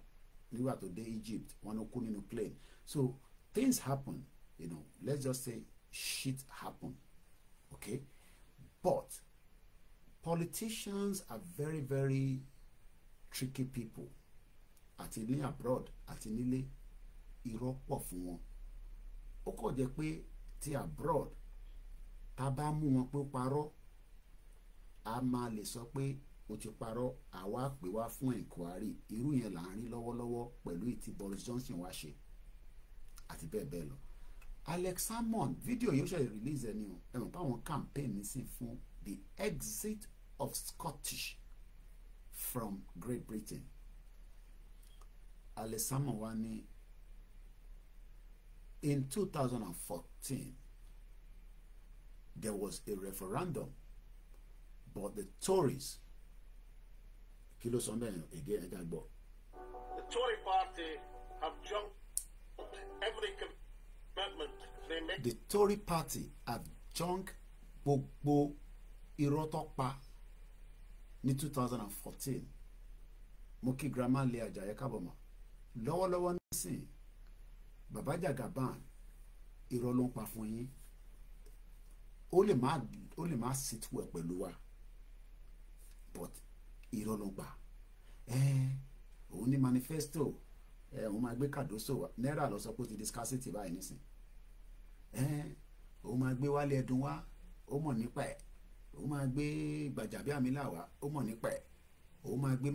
nígbà tó dé Egypt wọn ló kú nínú plane so things happen you know let's just say shit happen okay but politicians are very very tricky people àti ní abroad àti nílé irọ́ pọ̀ fún wọn ó kọ̀ jẹ́ pé ti abroad tá a bá mú wọn pé ó parọ́ a máa lè sọ pé ó ti parọ́ àwa pè wá fún inquiry irú yẹn là ń rí lọ́wọ́lọ́wọ́ pẹ̀lú ìtì Boris Johnson wá ṣe àti bẹ́ẹ̀ bẹ́ẹ̀ lọ Alex Salmond fídíò yóò ṣẹlẹ̀ release ẹni o ẹ mọ̀ páwọn campaign sí fún the exit of Scottish from Great Britain Alex Salmond wá ní in two thousand and four 19, there was a referendum, but the Tories, kilo something again, the Tory party have junked every commitment they made. The Tory party have jumped gbogbo irọ́ tó pa ní 2014 mo kí grandma lé Àjàyí kábọ̀mọ́ see, nísìnyí bàbá Jagaban irọ́ ló ń pa fún yín ó lè má ó lè má sit well pẹ̀lú wa but irọ́ ló ń pa òun ní manifesto òun máa gbé kàdóso náírà lọ sọ pé ó ti di scarcity báyìí nísìn òun máa gbé wálé ẹdun wá ó mọ̀ nípa ẹ̀ òun máa gbé Gbajabiamila wá ó mọ̀ nípa ẹ̀ òun máa gbé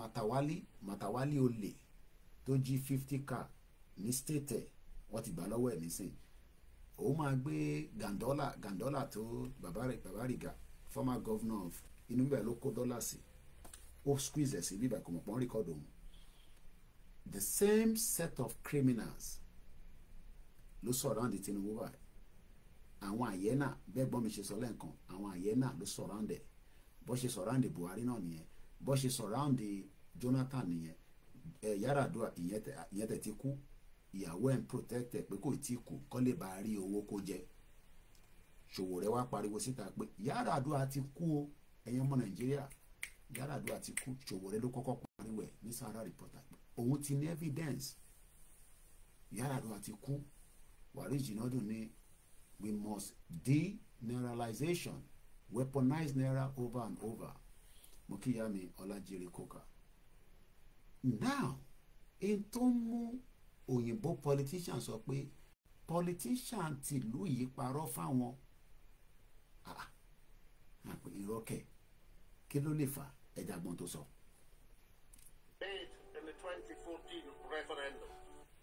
Matawali Matawali olè tó jí fifty car ní state ẹ̀ wọ́n ti gbà lọ́wọ́ ẹ̀ nísìn òun máa gbé Gandolá Gandolá tó Babariga former governor of inú bíbá ló kó dọ́là sí ó squeeze ẹ̀ sí bíbá kò mọ̀ pọ́n record òun the same set of criminals ló surround Tinubu báyìí àwọn àyẹ́nà bẹ́ẹ̀ gbọ́n mi ṣe sọ lẹ́ẹ̀kan àwọn àyẹ́nà ló surround ẹ̀ bó ṣe surround Buhari náà nìyẹn bó ṣe surround Jonathan nìyẹn Yar'Adua ìyẹn tẹ̀ ti kú ìyàwó ẹ̀ ń protect ẹ̀ pé kò tí kù kọ́ lè bá a rí owó kó jẹ Sowore wá pariwo síta pé Yar'Adua ti kú o ẹ̀yin ọmọ Nàìjíríà Yar'Adua ti kú Sowore ló kọ́kọ́ pariwo ẹ̀ ní Sahara reporter pé òun ti ní evidence Yar'Adua ti kú Wàrí Jìnàdùn ní we must denaturalization weaponize naira over and over mo kíyà mi Ọlájírè Coker now in tó mú òyìnbó politician sọ pé politician tìlú yìí parọ́ fáwọn ìrọ́kẹ̀ ah, ah, kí ló lè fà ẹja gbọ́n tó sọ.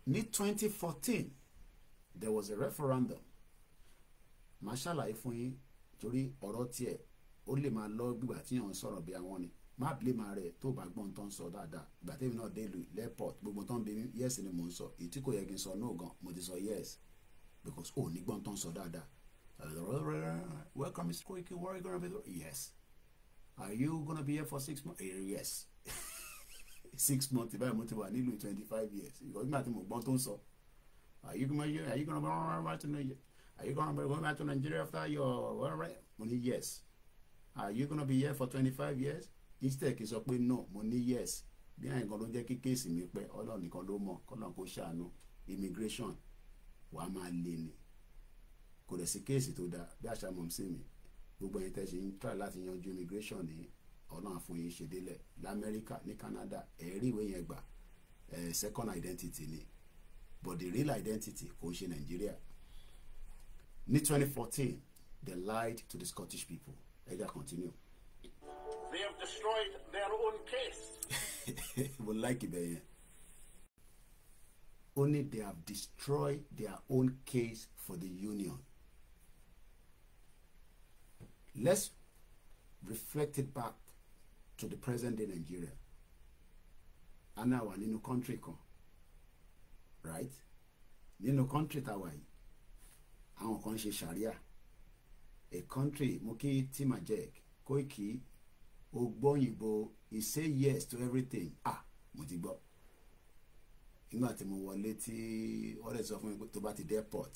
ní twenty fourteen there was a referendum màá ṣàlàyé fún yín torí ọ̀rọ̀ tiẹ̀ ó lè máa lọ gbígbà tí yàn ń sọ̀rọ̀ bí àwọn ni má blame ara ẹ tó bá gbọ́n tó ń sọ dáadáa ìgbà tẹ́mi náà dé lu airport gbogbo tó ń bẹ mí yes ni mò ń sọ èyí tí kò yẹ kí n sọ no gan mo ti sọ yes because ò ní gbọ́n tó ń sọ dáadáa welcome Mr. Koiki where you gonna be yes are you gonna be here for six months eh, yes six months báyìí mo ti wà nílùú twenty five years ìgbà tí mo gbọ́n tó ń sọ are you gonna are you gonna are you gonna be going back to Nigeria after your mo ní yes are you gonna be here for twenty five years instead kí n sọ pé no mo ní yes bí àyìn kan ló jẹ́ kí kéèsì mi pẹ́ ọlọ́run nìkan ló mọ̀ kọ́lọ́run kó ṣàánú immigration wàá máa lè ní kò dẹ̀ sí kéèsì tó dáa bí àṣà mọ̀ sí mi gbogbo ẹ̀yin tẹ́ ń try láti yanjú immigration ní ọlọ́run àfọyín ṣe lamẹ́ríkà ní Canada ẹ̀rí ìwé yẹn gbà second identity ni but the real identity kò ṣe Nàìjíríà ní 2014 they lied to the Scottish people ẹ continue. They have destroyed their own case. Mo like it there. Only they have destroyed their own case for the union. Let's reflect it back to the present day Nigeria. A náà wà nínú country kan, right? Nínú country tawai. a wà sharia. A country muki timajek Koiki o gbọ́ òyìnbó he say yes to everything ah mo ti gbọ́ nígbà tí mo wọlé tí wọ́n lè sọ fún mi tó bá ti dé airport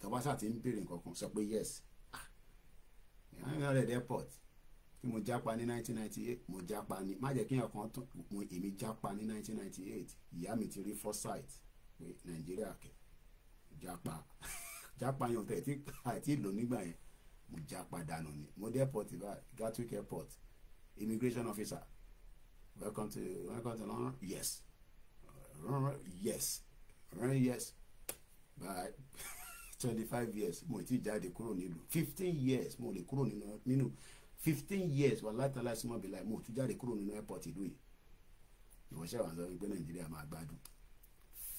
tó bá sà ti ń béèrè nǹkan kan sọ pé yes ah ìyá rẹ̀ dé airport tí mo jápa ní 1998 mo jápa ní má jẹ́ kí èèyàn kan tún mo èmi jápa ní 1998 ìyá mi ti rí foresight pé nàìjíríà kẹ jápa jápa yẹn ò tẹ̀ tí àìtí lò nígbà yẹn mo jápa dànù ni mo dé airport Gatwick airport immigration officer welcome to welcome to London yes yes yes by twenty five years mo ti jáde kúrò nílùú fifteen years mo lè kúrò nínú fifteen years wà látàlá sí mọ́bìlá mo tún jáde kúrò nínú airport ìlú yìí ìwọ́sẹ̀ wà sọ pé nàìjíríà máa gbádùn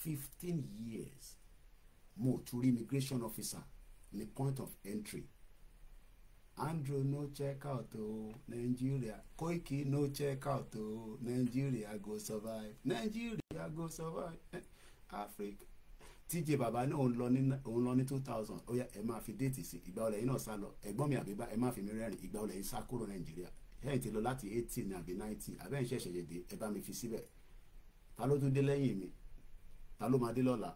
fifteen years mo tún rí immigration officer ní point of entry Andrew no check out o oh, Nigeria Koiki no check out o oh, Nigeria go survive Nigeria go survive eh, Africa TJ Baba ní òun lọ ní 2000 thousand ó ẹ máa fi déètì sí ìgbà ọ̀lẹ̀ yìí náà sá lọ ẹ̀gbọ́n mi àbíbá ẹ máa fi mi rẹ́rìn ìgbà ọ̀lẹ̀ yìí sá kúrò Nàìjíríà ẹ̀yìn ti lọ láti eighteen ní àbí 19 àbẹ́ ṣẹ̀ṣẹ̀ yèdè ẹ bá mi fi síbẹ̀ ta ló tún dé lẹ́yìn mi ta ló máa dé lọ́la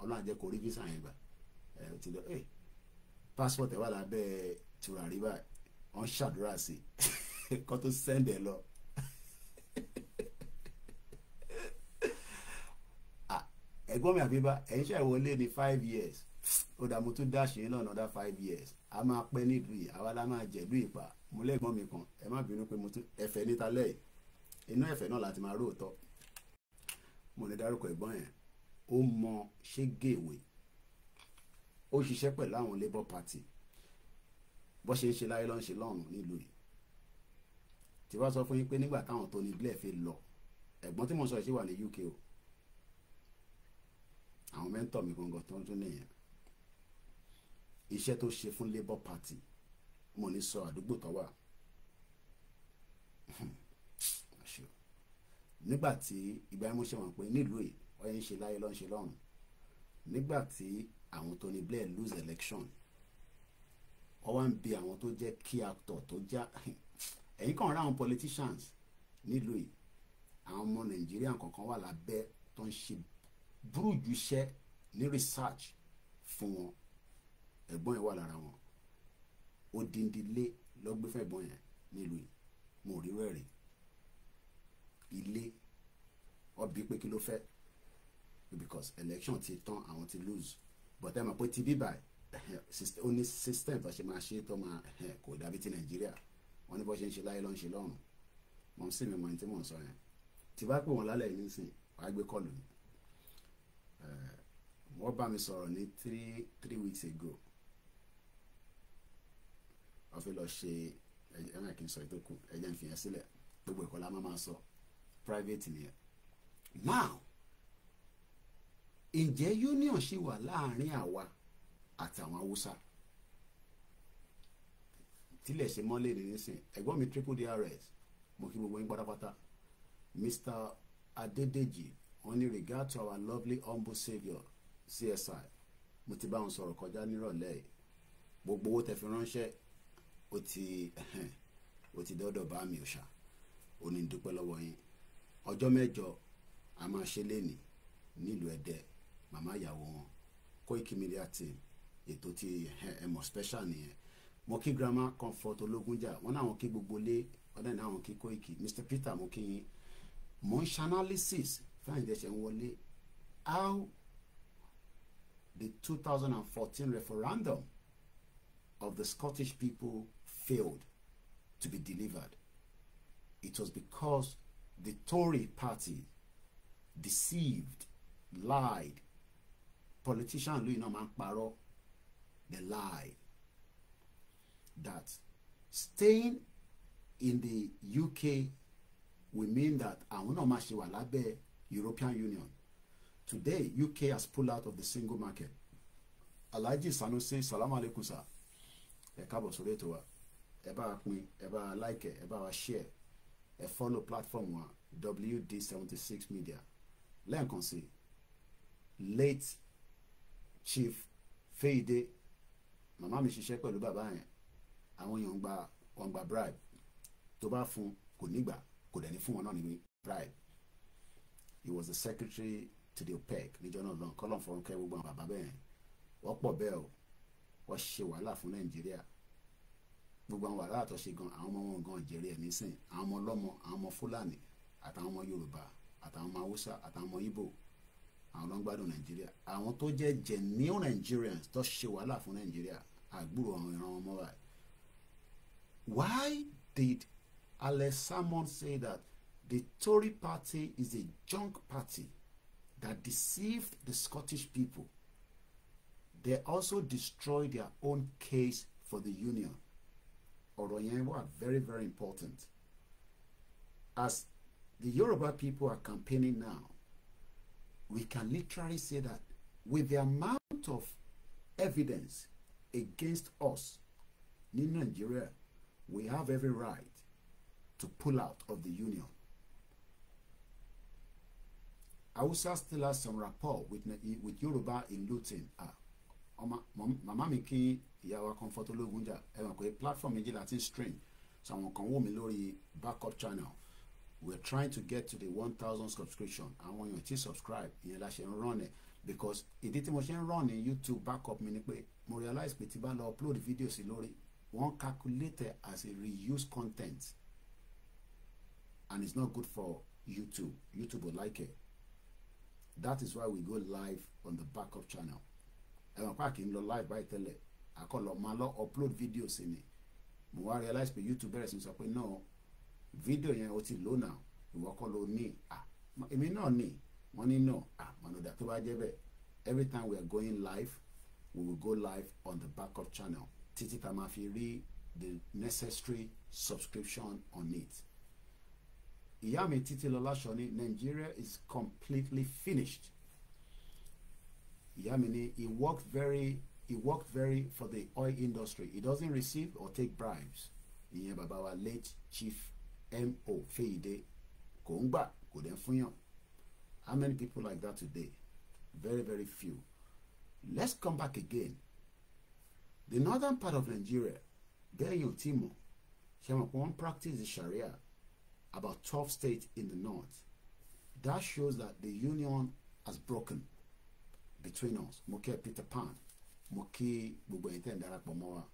ọlọ́run àjẹkọ̀ orí físà yẹn gbà ẹ ti lọ ẹ eh, passport ẹ wà lábẹ́ tùràrí báyìí wọ́n ṣàdúrà sí i kó tó sẹ́ndẹ̀ lọ. Ah, ẹ̀gbọ́n mi àbíbá ẹ̀yin ṣe ìwọlé ní five years ó dà mo tún dáṣe náà another five years a máa pẹ́ nílùú yìí àwa la máa jẹ̀lú ìpa mo lẹ́gbọ́n mi kan ẹ má bínú pé mo tún ẹ̀fẹ̀ níta lẹ́yìn inú ẹ̀fẹ̀ náà láti máa róòtọ́ mo ní dárúkọ ẹ̀gbọ́n yẹn ó mọ ṣégèwé ó ṣiṣẹ́ pẹ̀lú àwọn labour party bó ṣe ń ṣe láyé ló ń ṣe lọ́run nílùú yìí tí wàá sọ fún yín pé nígbà táwọn Tony Blair fi lọ ẹ̀gbọ́n tí mo sọ ṣe wà ní UK o àwọn mẹ́ńtọ̀ mi gangan tó ń tún nìyẹn iṣẹ́ tó ṣe fún Labour Party mo ní sọ àdúgbò tó wà hmm, nígbà tí ìgbà mo ṣe wọn pé nílùú yìí wọ́n ń ṣe láyé ló ń ṣe lọ́run nígbà tí àwọn Tony Blair lose election wọ́n wá ń bi àwọn tó jẹ́ key actor tó já ẹ̀yin kàn rá àwọn politicians nílùú yìí àwọn ọmọ nàìjíríà kankan wà lábẹ́ tó ń ṣe burú ju iṣẹ́ ní research fún wọn ẹ̀gbọ́n yẹn wà lára wọn odindilé lọ́gbẹ́fẹ́ ẹ̀gbọ́n yẹn nílùú yìí mo rí wẹ̀rẹ̀ ilé ọbí pé kí ló fẹ́ because election ti tán àwọn ti lose but ẹ mọ̀ pé ti bíbáyìí ó ní system tó ṣe máa ṣe tó máa eh, kò dàbí ti nàìjíríà wọn ní bó ṣe ń ṣe láyé ló ń ṣe lọ́run mọ̀ sí mi mọ̀ ní tí mò ń sọ yẹn tí bá pè wọ́n lálẹ́ yìí nísìn wàá gbé kọ́ọ̀lù mi eh, wọ́n bá mi sọ̀rọ̀ ní three three weeks ago wọ́n fi lọ ṣe ẹ máa kí n sọ ètò kù ẹ jẹ́ n fi yẹn sílẹ̀ gbogbo ẹ̀kọ́ la máa sọ private nìyẹn now ǹjẹ́ union ṣì wà láàárín àwa àti àwọn haúsá tílẹ̀ ṣe mọ́lẹ̀ ní nísìn ẹ̀gbọ́n mi triple drs mo kí gbogbo yín pátápátá mr adedeji wọn ní regard to our lovely humble saviour csi mo ti bá wọn sọ̀rọ̀ kọjá nírọ̀lẹ́ yìí gbogbo owó tẹ fi ránṣẹ́ ó ti ó ti dọ́dọ̀ bá mi òṣà ó ní dúpẹ́ lọ́wọ́ yín ọjọ́ mẹ́jọ a máa ṣe lénìí nílùú ẹ̀dẹ́ màmá ìyàwó wọn Koiki Media team ètò ti eh, ẹmọ special nìyẹn mo kí grandma comfort ológunjà wọn náà wọn kí gbogbo lé ọdẹ náà wọn kí Koiki Mr Peter mo kí yín mo ń ṣanalysis fẹ́ràn ìdẹ́sẹ̀ ń wọlé how the 2014 referendum of the Scottish people failed to be delivered it was because the Tory party deceived lied politician lóyún náà máa ń parọ́ The lie that staying in the UK will mean that àwọn náà máa ṣe wà lábẹ́ European Union. Today, UK has pulled out of the single market. Alaji Sanusi, salamu alaikum sir. Ẹ káàbọ̀ sórí ètò wa. Ẹ bá wa pín, ẹ wa like, ẹ bá wa share, a follow platform wa WD76 Media. Lẹ́ẹ̀kan sí, late Chief Fayide màmá mi ṣiṣẹ́ pẹ̀lú bàbá yẹn àwọn èèyàn gba wọn gba bribe tó bá fún kò nígbà kò dẹ̀ ní fún wọn náà ní bribe he was the secretary to the OPEC níjọ náà lọ́n kọ́lọ́n fọ́n kẹ́ gbogbo àwọn bàbá bẹ́ẹ̀ wọ́n pọ̀ bẹ́ẹ̀ o wọ́n ṣe wàhálà fún Nàìjíríà gbogbo àwọn wàhálà tó ṣe gan àwọn ọmọ wọn gan jẹ̀rí ẹ̀ nísìn àwọn ọmọ ọlọ́mọ àwọn ọmọ Fúlàní àtàwọn ọmọ Yorùbá àtàwọn ọmọ Haúsá àtàwọn ọmọ Ìgbò àwọn náà ń gbádùn nàìjíríà àwọn tó jẹ́ genuine Nigerians tó ṣe wàhálà fún nàìjíríà àgbúrò àwọn ìran wọn mọ́ why did Alex Salmond say that the Tory party is a junk party that deceived the Scottish people they also destroyed their own case for the union ọ̀rọ̀ yẹn wà very very important as the Yoruba people are campaigning now we can literally say that with the amount of evidence against us in Nigeria, we have every right to pull out of the union. Hausa still has some rapport with, with Yoruba in Luton. Ah, mama miki, yawa wa Comfort Ológunjà ẹ̀rọ platform méjìlá ti ń stream so àwọn kan wò backup channel we're trying to get to the one thousand subscription àwọn èèyàn ti subscribe ìyẹn la ṣe ń run ẹ̀ because ìdí tí mo ṣe ń run ní youtube backup mi ni pé mo realize pé tí bá lọ upload video sí lórí one calculate as a reuse content and it's not good for youtube youtube will like it that is why we go live on the backup channel ẹ̀wọ̀n pa kì í lọ live báyìí tẹ́lẹ̀ àkọlọ̀ máa lọ upload video sí ni mo wá realize pé youtube bẹ̀rẹ̀ sí sọ pé náà. No, fídíò yẹn o ti lò náà ìwọ kọ́ ló ní à èmi náà ní wọ́n ní náà à mọ̀nàdà tó bá jẹ́ bẹ́ẹ̀ every time we are going live we will go live on the backup channel títí tá máa fi rí the necessary subscription on it. ìyá mi títí lọ́lá sọ ní Nigeria is completely finished ìyá mi ní he worked very he worked very for the oil industry he doesn't receive or take bribes ìyẹn bàbá wa late chief mo fèyíde kò ń gbà kò dẹ̀ ń fúnyàn how many people like that today very very few let's come back again the northern part of Nigeria bẹ́ẹ̀yìn ò tí mọ̀ ṣe mọ̀ pé wọ́n practice the sharia about twelve states in the north that shows that the union has broken between us mo kí Peter Pan mo kí gbogbo ẹ̀yin tẹ̀ ń darapọ̀ mọ́ wa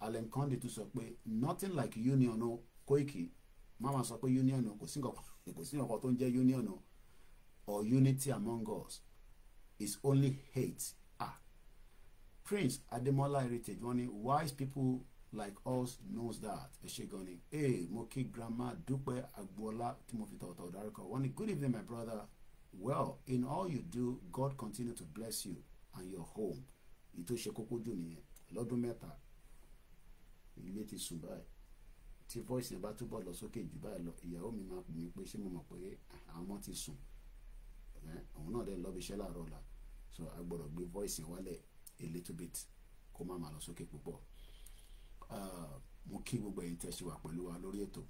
Allen Conde tún sọ pé nothing like union o Koiki má máa sọ pé union kò sí nǹkan tó ń jẹ́ union or unity among us is only hate ah Prince Ademola Heritage wọ́n ní wise people like us knows that ẹ ṣe gan ni ee mo kí grandma Dúpẹ́ Agboola tí mo fi tọ̀tọ̀ dárúkọ wọ́n ní good evening my brother well in all you do God continue to bless you and your home èyí tó ṣe kókó jù nìyẹn lọ́dún mẹ́ta ilé ti sùn báyìí tí voice bá túbọ̀ lọ sókè jù báyìí lọ ìyàwó mi máa pè mí pé ṣé mo mọ̀ pé àwọn ọmọ ti sùn òun náà dẹ̀ ń lọ́bi iṣẹ́ láàárọ̀ la so a gbọ́dọ̀ gbé voice wálẹ̀ a little bit kó má máa lọ sókè púpọ̀ mo kí gbogbo ẹ̀yin tẹ́ ṣe wà pẹ̀lú wa lórí ètò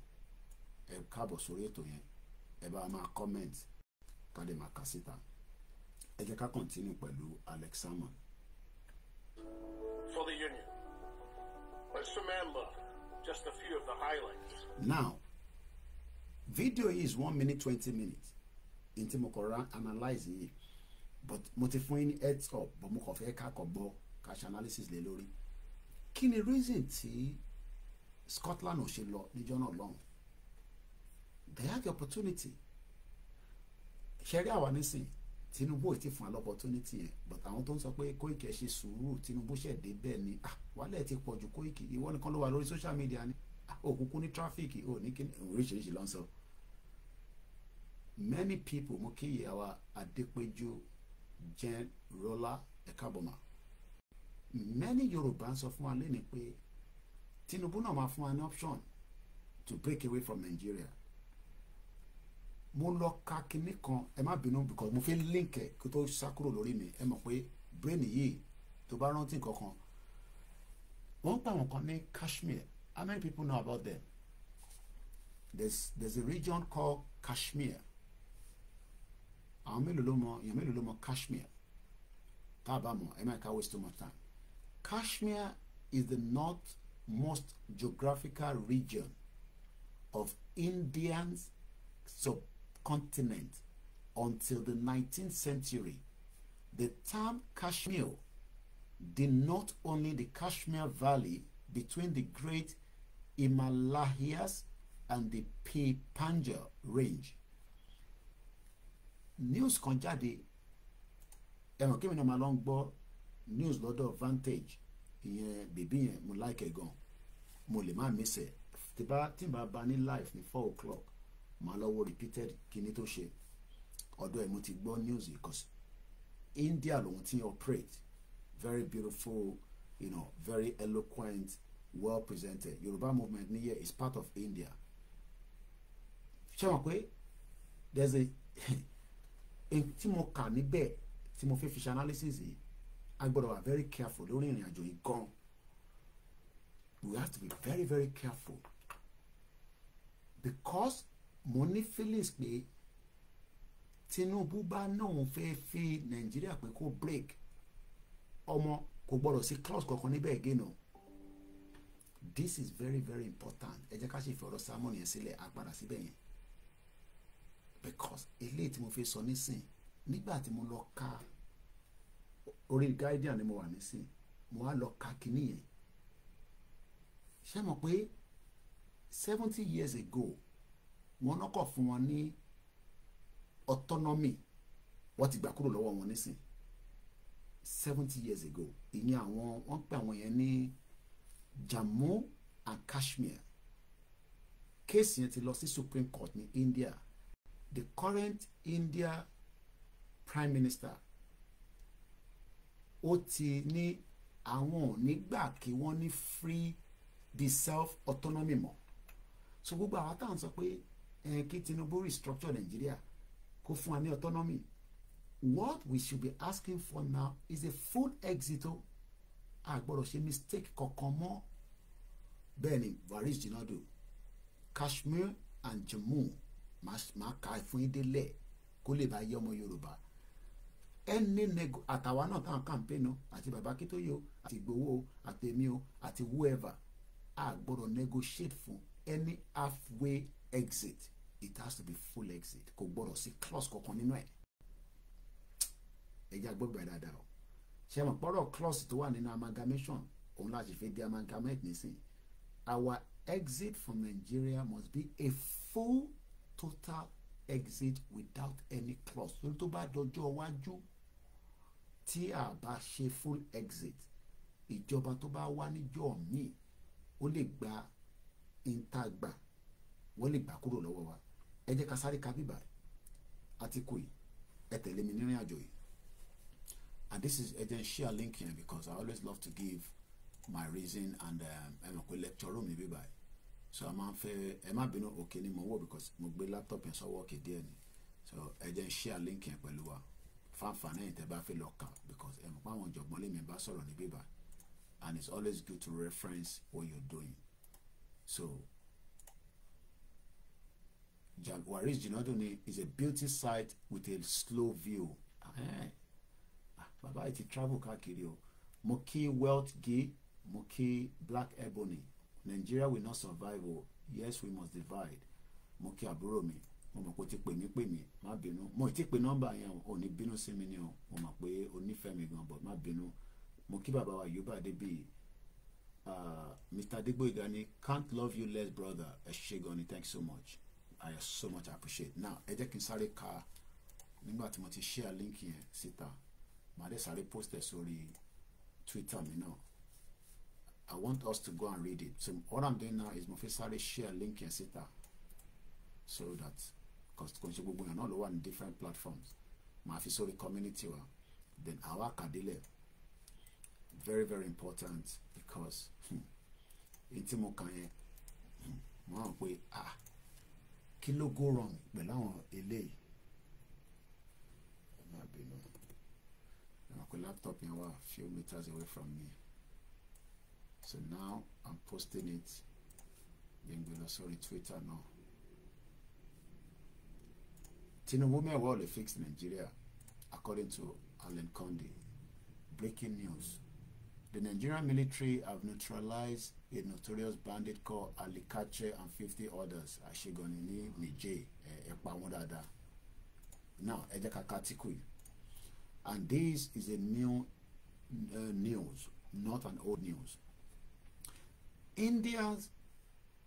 ẹ káàbọ̀ sórí ètò yẹn ẹ bá máa comment ká lè máa kà síta ẹ jẹ́ ká continue pẹ̀lú Alex Salmon. For the union, just a few of the highlights. Now, video is one minute 20 minutes. Nti mo kọ̀ ra but mo ti heads up but mo kàn cash analysis lé Kini reason tí Scotland ò ṣe lọ níjọ́ náà They had the opportunity. Ṣẹ̀rí àwa nísìnyí Tinubu ò ti fún àlọ́ opportunity yẹn but àwọn tó ń sọ pé Koiki ẹ ṣe sùúrù Tinubu ṣẹ̀ dé bẹ́ẹ̀ ni ah wàhálà ẹ ti pọ̀ ju Koiki ìwọ nìkan ló wà lórí social media ni òkùnkùn ah, ní traffic ò ní kí oríṣiríṣi ló ń sọ. many people mo kíyè àwa Adépéjú jẹ́ rọ́lá ẹ̀ka many Yorùbá ń sọ fún wa lẹ́nu pé Tinubu náà máa fún wa ní option to break away from Nigeria mo lọ ka kinní kan ẹ má bínú because mo fi link ẹ kí tó sá kúrò lórí mi ẹ mọ̀ pé brain yìí tó bá rántí nǹkan wọ́n pa àwọn kan ní Kashmir how many people know about them there's there's a region called Kashmir àwọn mélòó ló mọ èèyàn mélòó ló mọ Kashmir tá a bá mọ ẹ má ká waste too much time Kashmir is the northmost geographical region of Indians. sub continent until the 19th century. The term Kashmir denotes only the Kashmir Valley between the Great Himalayas and the Pipanja Range. News kan jáde ẹ̀ràn kí mi náà máa lọ ń news lọ́dọ̀ Vantage ìyẹn bèbí yẹn mo láìkẹ́ gan mo lè má mísẹ̀ tí n four o'clock màá lọ repeated kíní tó ṣe ọ̀dọ̀ ẹ̀ mo ti gbọ́ news because India lòun ti operate very beautiful you know, very eloquent well presented Yoruba movement ní here is part of India ṣé wọn pé there's a tí mo kà níbẹ̀ tí mo fẹ́ fi ṣe analysis yìí a gbọ́dọ̀ wà very careful lórí ìrìn àjò yìí gan we have to be very very careful because mo ní feelings pé Tinubu bá náà fẹ́ fi Nàìjíríà pé kó break ọmọ kò gbọ́dọ̀ sí clause kankan níbẹ̀ again this is very very important ẹ jẹ́ ká ṣe ìfọ̀rọ̀ sermon yẹn sílẹ̀ agbára síbẹ̀ yẹn because eléyìí tí mo fi sọ nísìn nígbà tí mo lọ ka orí guardian ni mo wà nísìn mo wá lọ ka kíní ṣé mo pé seventy years ago wọn náà fún wọn ní autonomy wọ́n ti gbà kúrò lọ́wọ́ wọn nísìn seventy years ago ìyẹn àwọn wọ́n pè àwọn yẹn ní Jammu and Kashmir kéèsì yẹn ti lọ sí Supreme Court ní India the current India Prime Minister ó ti ní àwọn ò ní gbà kí wọ́n ní free the self autonomy mọ́ so gbogbo àwọn táwọn sọ pé Eh, kí Tinubu restructure Nigeria kó fún wa ní autonomy what we should be asking for now is a full exit o a ṣe mistake kankan mọ́ bẹ́ẹ̀ ni Buhari Jinadu Kashmir and Jammu máa ka fún yín délẹ̀ kó lè bá yé ọmọ Yorùbá ẹni nego àtàwa náà táwọn campaign o àti bàbá kítóyè o àti Ìgbòho àti èmi o àti whoever a gbọ́dọ̀ negotiate fún any halfway exit it has to be full exit kò gbọ́dọ̀ sí clause kankan nínú ẹ̀ ẹ̀jẹ̀ agbọ́gbà dáadáa o ṣe mọ̀ pọ́rọ̀ clause tó wà nínú amalgamation òun láti fi di amalgamate nísìn our exit from Nigeria must be a full total exit without any close. lórí tó bá dọjọ́ iwájú tí a bá ṣe full exit ìjọba tó bá wá níjọ́ míì ó lè gba ìntàgbà wọ́n lè gbà kúrò lọ́wọ́ wa ẹ jẹ́ ká sáré ka bíbà àtìkù yìí ẹ tẹ̀lé mi nírìn àjò yìí and this is ẹ jẹ́ n share link yẹn because I always love to give my reason and um, ẹ mọ̀ pé lecture room mi bíbà yìí so a máa ń fẹ́ ẹ má bínú òkè ni mo wò because mo gbé laptop yẹn sọ́wọ́ òkè díẹ̀ ni so ẹ jẹ́ n share link yẹn pẹ̀lú wa fanfani yìí tẹ́ bá fẹ́ lọ kà because ẹ mọ̀ pé àwọn ọ̀jọ̀gbọ́n lè mi bá sọ̀rọ̀ ní bíbà and it's always good to reference what you're doing so. Jaguaris Jinadu ni is a beauty site with a slow view ah, bàbá yìí ti travel káàkiri o mo kí wealth gi mo kí black ebony Nigeria will not survive o yes we must divide mo kí àbúrò mi mo mọ̀ pé o ti pè mí pè mí má bínú mo ti pè nọ́mbà yẹn o ní bínú sí mi ni o mo mọ̀ pé o nífẹ̀ẹ́ mi gan but má bínú mo kí bàbá wa Yorùbá Adébíyì uh, ah, Mr. Adegboyega ni can't love you less brother ẹ ṣé gan ni thank you so much. I so much appreciate now ẹ jẹ́ kí n sáré ka nígbà tí mo ti share link yẹn síta màá dé sáré post ẹ̀ sórí Twitter mi náà I want us to go and read it so what I'm doing now is mo fi sáré share link yẹn síta so that kò n ṣe gbogbo yẹn náà ló wà ní different platforms màá fi sórí community wa then àwa kàdílẹ̀ very very important because hmm, n tí mo kàn yẹn hmm, mo hàn pé ah kí ló go wrong pẹ̀lú àwọn eléyìí ọmọ àbínú àwọn kò laptop yẹn wà few meters away from me so now i'm posting it yẹn gbé lọ sórí twitter náà tinubu mẹ́wàá ò lè fix nigeria according to Allen conde breaking news the nigerian military have neutralized a notorious bandit called Alikache and fifty others àṣegànni ni Niger ẹ pa dáadáa now ẹ jẹ́ ká kátìkù yìí and this is a new uh, news not an old news India's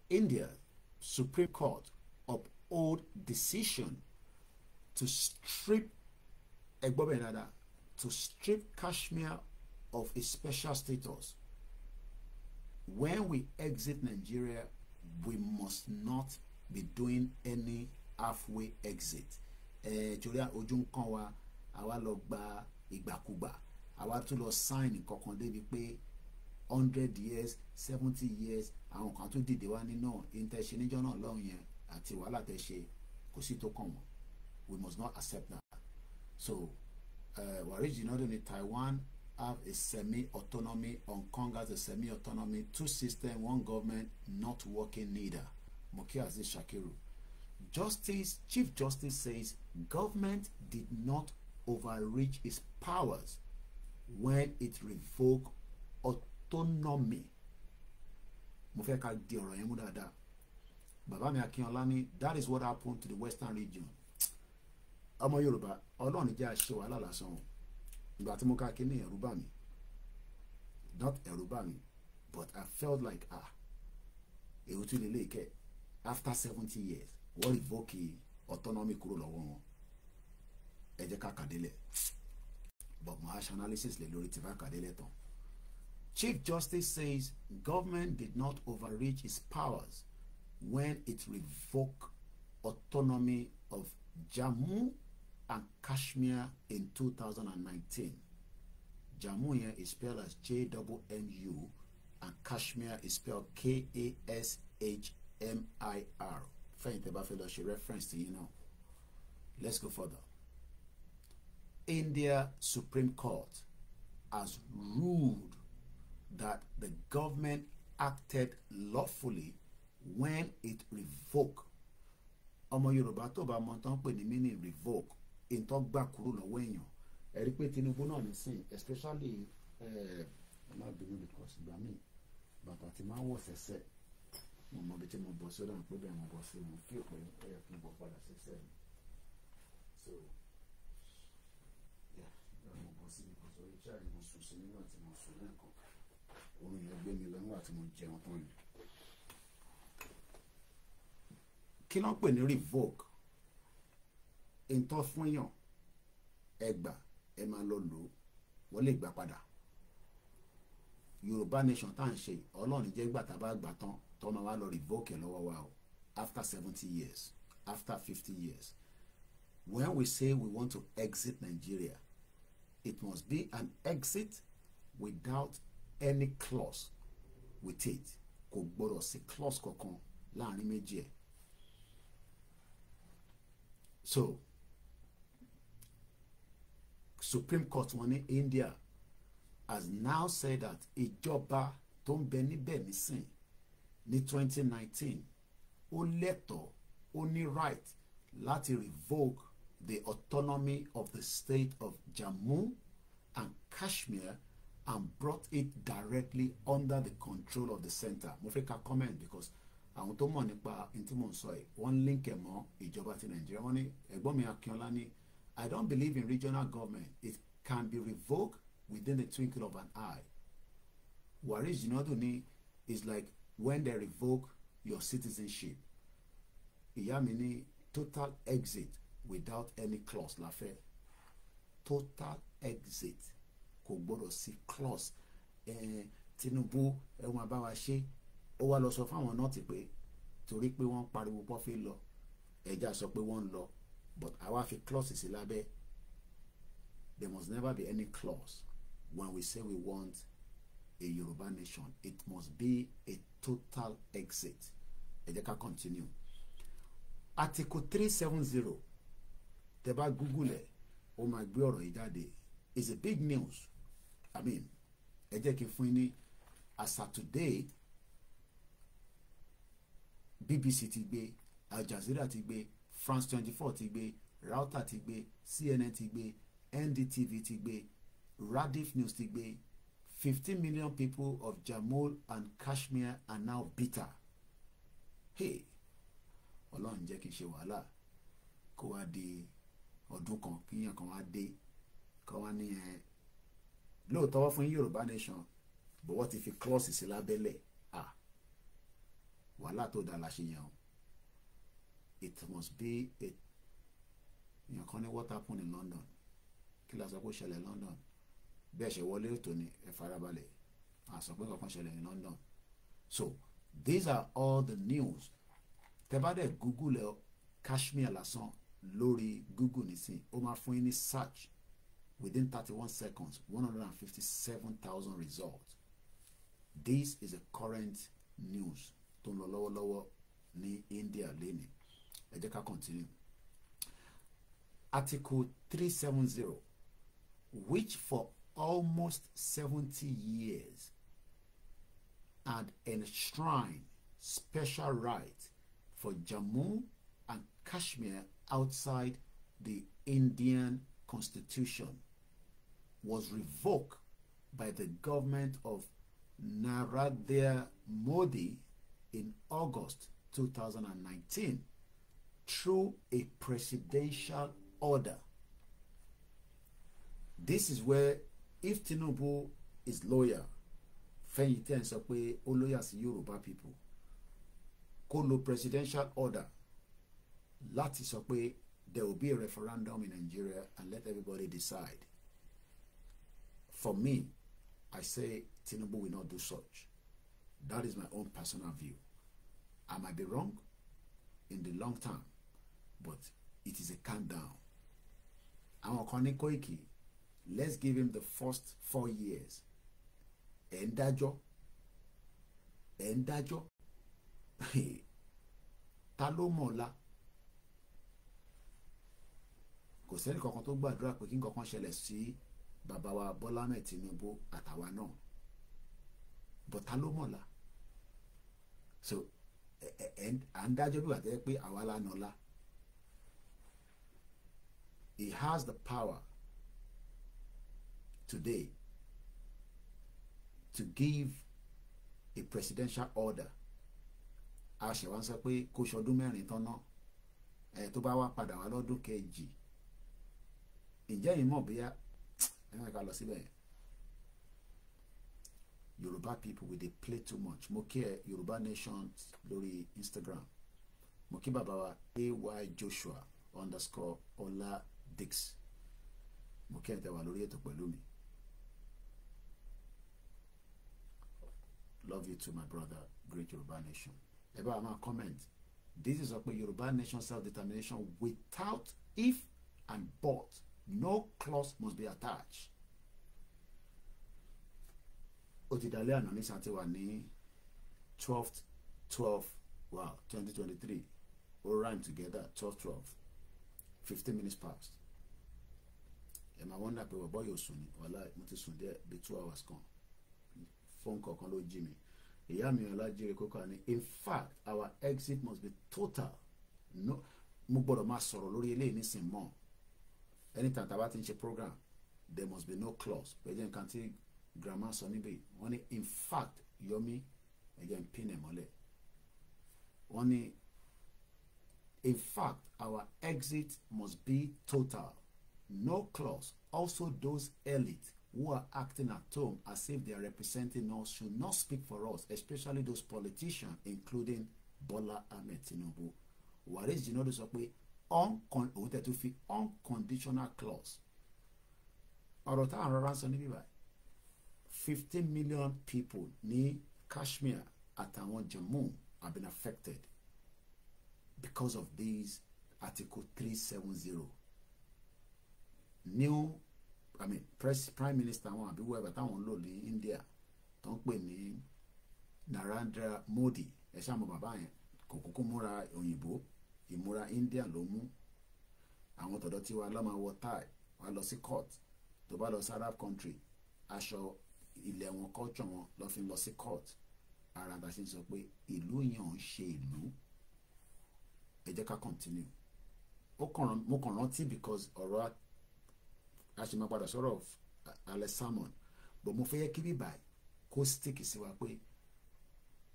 India Supreme Court uphold decision to strip ẹ gbọ́ bẹ́ẹ̀ dáadáa to strip Kashmir of a special status when we exit Nigeria, we must not be doing any halfway exit. torí ojú ń kàn wá àwa lọ gba ìgbàkúgbà àwa tún lọ sign kankan débi pé hundred years seventy years àwọn kan tún dìde wá nínú ìtẹ̀sẹ̀ níjọ́ náà lọ́hùn yẹn àti wàhálà tẹ̀ ṣe kò sí tó kàn wọ́n we must not accept that so uh, wàríjì náà dún ní Taiwan have a semi-autonomy. Hong Kong has a semi-autonomy. Two system, one government, not working neither. Mokiazi Shakiru. Justice, Chief Justice says government did not overreach its powers when it revoked autonomy. Mo fẹ́ ká di ọ̀rọ̀ yẹn mú that is what happened to the western region. Ọmọ Yorùbá, Ọlọ́run jẹ́ àṣewà lálàsán o ìgbà tí mo ka kíní ẹ̀rù bà mí not ẹ̀rù bà mí but I felt like ah èrò tún lélẹ̀ kẹ́ after seventy years wọ́n revoke autonomy kúrò lọ́wọ́ wọn ẹ jẹ́ ká kàdélẹ̀ but my hash analysis lè lórí tìfà kàdélẹ̀ tán. Chief Justice says government did not overreach its powers when it revoked autonomy of Jammu and Kashmir in 2019. Jammu is spelled as J-M-U and Kashmir is spelled K-A-S-H-M-I-R. Fẹ́yìntì bá fẹ́ lọ ṣe to you know. Let's go further. India Supreme Court has ruled that the government acted lawfully when it revoked. Ọmọ Yorùbá tó bá mọ̀ tán pè ní meaning revoke ìtọ́ gbà kúrò lọ́wọ́ èèyàn ẹ rí pé Tinubu náà nísìn especially ẹ má bínú because ìgbà míì bàtà ti máa ń wọ̀ sẹ́sẹ́ mo mọ ibi tí mo bọ̀ sódà pé bẹ́ẹ̀ mo bọ̀ sí mo kí òpè ẹ kí n bọ̀ padà sẹ́sẹ́ mi so mo bọ̀ sí ibi kòtò orí chair mo sùn sí nígbà tí mo sùn lẹ́ẹ̀kan oorun yẹn gbé mi lọ́wọ́ àti mo jẹun tán ni kí ló ń pè ní revoke ìtọ́ fún yàn ẹ gbà ẹ máa lọ lò ó wọ́n lè gbà padà yorùbá nation tá à ń ṣe ọlọ́run jẹ́ gbà tá a bá gbà tán tó máa wá lọ revoke lọ́wọ́ wa o after seventy years after fifty years when we say we want to exit Nigeria it must be an exit without any clause with it kò gbọdọ̀ sí clause kankan láàrin méjì ẹ̀ so. Supreme Court wọn ní India has now said that ìjọba tó ń bẹ níbẹ̀ nísìn ní 2019 ó lẹ́tọ̀ọ́ ó ní right láti revoke the autonomy of the state of Jammu and Kashmir and brought it directly under the control of the centre mo fẹ́ ka comment because àwọn tó mọ̀ nípa ntí mò ń sọ yìí wọ́n ń link ẹ̀ mọ́ ìjọba ti Nàìjíríà wọ́n ní ẹ̀gbọ́n mi Akínọlá ní. I don't believe in regional government. It can be revoked within the twinkle of an eye. What Wari Jinoduni is like when they revoke your citizenship. Iyamini total exit without any clause la Total exit kò gbọ́dọ̀ clause. Eh, Tinubu ẹ̀wọ̀n abáwa ṣe ó wá lọ sọ fáwọn náà ti pé torí pé wọ́n ń but our fi clause sí lábẹ́ there must never be any clause when we say we want a Yoruba nation it must be a total exit ẹ jẹ́ ká continue article three seven zero tẹ́ bá google ẹ̀ ó máa gbé ọ̀rọ̀ yìí is a big news i mean ẹ jẹ́ kí n fún yín ní today BBC ti gbé Al Jazeera ti gbé france twenty four ti gbé router ti gbé cnn ti gbé ndtv ti gbé radif news ti gbé fifteen million people of jammu and kashmir are now bitter hey ọlọ́run jẹ́ kí n ṣe wàhálà kó wá di ọdún kan kíyàn kan wá dé kó wá ní ẹ lóòótọ́ wá fún yorùbá nation bọ̀wọ́ ti fi klọ́ọ̀sì sí lábẹ́lẹ̀ ah wàhálà tó dáa la ṣe yàn o it must be it. èèyàn kan ní what happened in London kí la sọ pé ó ṣẹlẹ̀ London bẹ́ẹ̀ ṣe wọlé ètò ni ẹ farabalẹ̀ à sọ pé kankan ṣẹlẹ̀ ní London so these are all the news tẹ google ẹ Kashmir lásán lórí google nísìn ó máa fún yín ní search within thirty one seconds one hundred and fifty seven thousand results this is the current news tó ń lọ lọ́wọ́lọ́wọ́ ní India lẹ́nìí ẹ jẹ́ ká continue article three seven zero which for almost seventy years had enshrined special rights for Jammu and Kashmir outside the Indian constitution was revoked by the government of Narendra Modi in August 2019 through a presidential order. This is where if Tinubu is lawyer, fẹ̀yìntì ẹ̀ ń sọ pé ó lóyà sí Yorùbá people kó lo presidential order láti sọ pé there will be a referendum in Nigeria and let everybody decide for me I say Tinubu will not do such that is my own personal view I might be wrong in the long term but it is a countdown. down àwọn kan ní Koiki let's give him the first four years ẹ̀ ń dájọ́ ẹ̀ ń dájọ́ ta ló mọ̀ la kò sẹ́ni kankan tó gbàdúrà pé kí nǹkan kan ṣẹlẹ̀ sí bàbá wa Bọ́lá Tinubu àtàwa náà but ta ló mọ̀ la so ẹ̀ ẹ̀ à ń dájọ́ bí wà tẹ́ pé àwa la nà la. He has the power today to give a presidential order a ṣe wá sọ pé kó ṣọdún mẹ́rin tán náà ẹ̀ tó bá wá padà wá lọ́dún kejì ǹjẹ́ yìí mọ̀ bóyá ẹ̀rọ ìka lọ síbẹ̀ Yorùbá people we dey play too much mo kí ẹ Yorùbá nation lórí Instagram mo kí bàbá wa ay Joshua underscore Ola. Dix mo kí ẹ̀yin wà lórí ètò pẹ̀lú mi love you too my brother great Yorùbá nation ẹ bá wa máa comment this is ọ̀pẹ Yorùbá nation self-determination without if and but no clause must be attached ó ti dalẹ́ àná nísàn ti wà ní twelve twelve wow twenty twenty three all rhyme together twelve twelve fifteen minutes past ẹ máa wọ́ndà pé bọ̀bọ́ yóò sùn ni ọ̀la mo ti sùn díẹ̀ bíi two hours kan fóònù kọ̀ọ̀kan ló jí mi ìyá mi ọ̀la jíire kókó àní in fact our exit must be total no mo gbọ́dọ̀ máa sọ̀rọ̀ lórí eléyìí nísìnyí mọ́ anytime tá a bá ti ń ṣe program there must be no clause pẹ̀lú nǹkan tí grandma sọ níbí wọ́n ní in fact yomi ẹ̀jẹ̀ ń pin ẹ̀ mọ́lẹ̀ wọ́n ní in fact our exit must be total No clause. Also, those elite who are acting at home as if they are representing us should not speak for us, especially those politicians, including Bola Ahmed Tinubu. Waris Jinodu sọ pé òun tẹ̀ tún fi unconditional clause. ọ̀rọ̀ táwọn rọra ń sọ níbí báyìí fifteen million people ní Kashmir àtàwọn Jammu have been affected because of this Article three seven zero new i mean press prime minister wọn àbí wẹ́ẹ̀bà táwọn ń lò ní India tó ń pè ní Narendra Modi ẹ ṣàmọ bàbá yẹn kò kúkú múra òyìnbó ìmúra India ló mú àwọn tọ̀dọ̀ tí wàá lọ́mọ wọ tai wàá lọ sí court tó bá lọ sí Arab country aṣọ ilẹ̀ wọn culture wọn lọ́ fi lọ sí court ara ta ṣe ń sọ pé ìlú yẹn ń ṣe ìlú ẹ jẹ́ ká continue ó kàn mo kàn rántí because ọ̀rọ̀ a sì máa padà sọ̀rọ̀ alẹ́ sermon but mo fẹ́ yẹ kí bí báyìí kó stick sí wa pé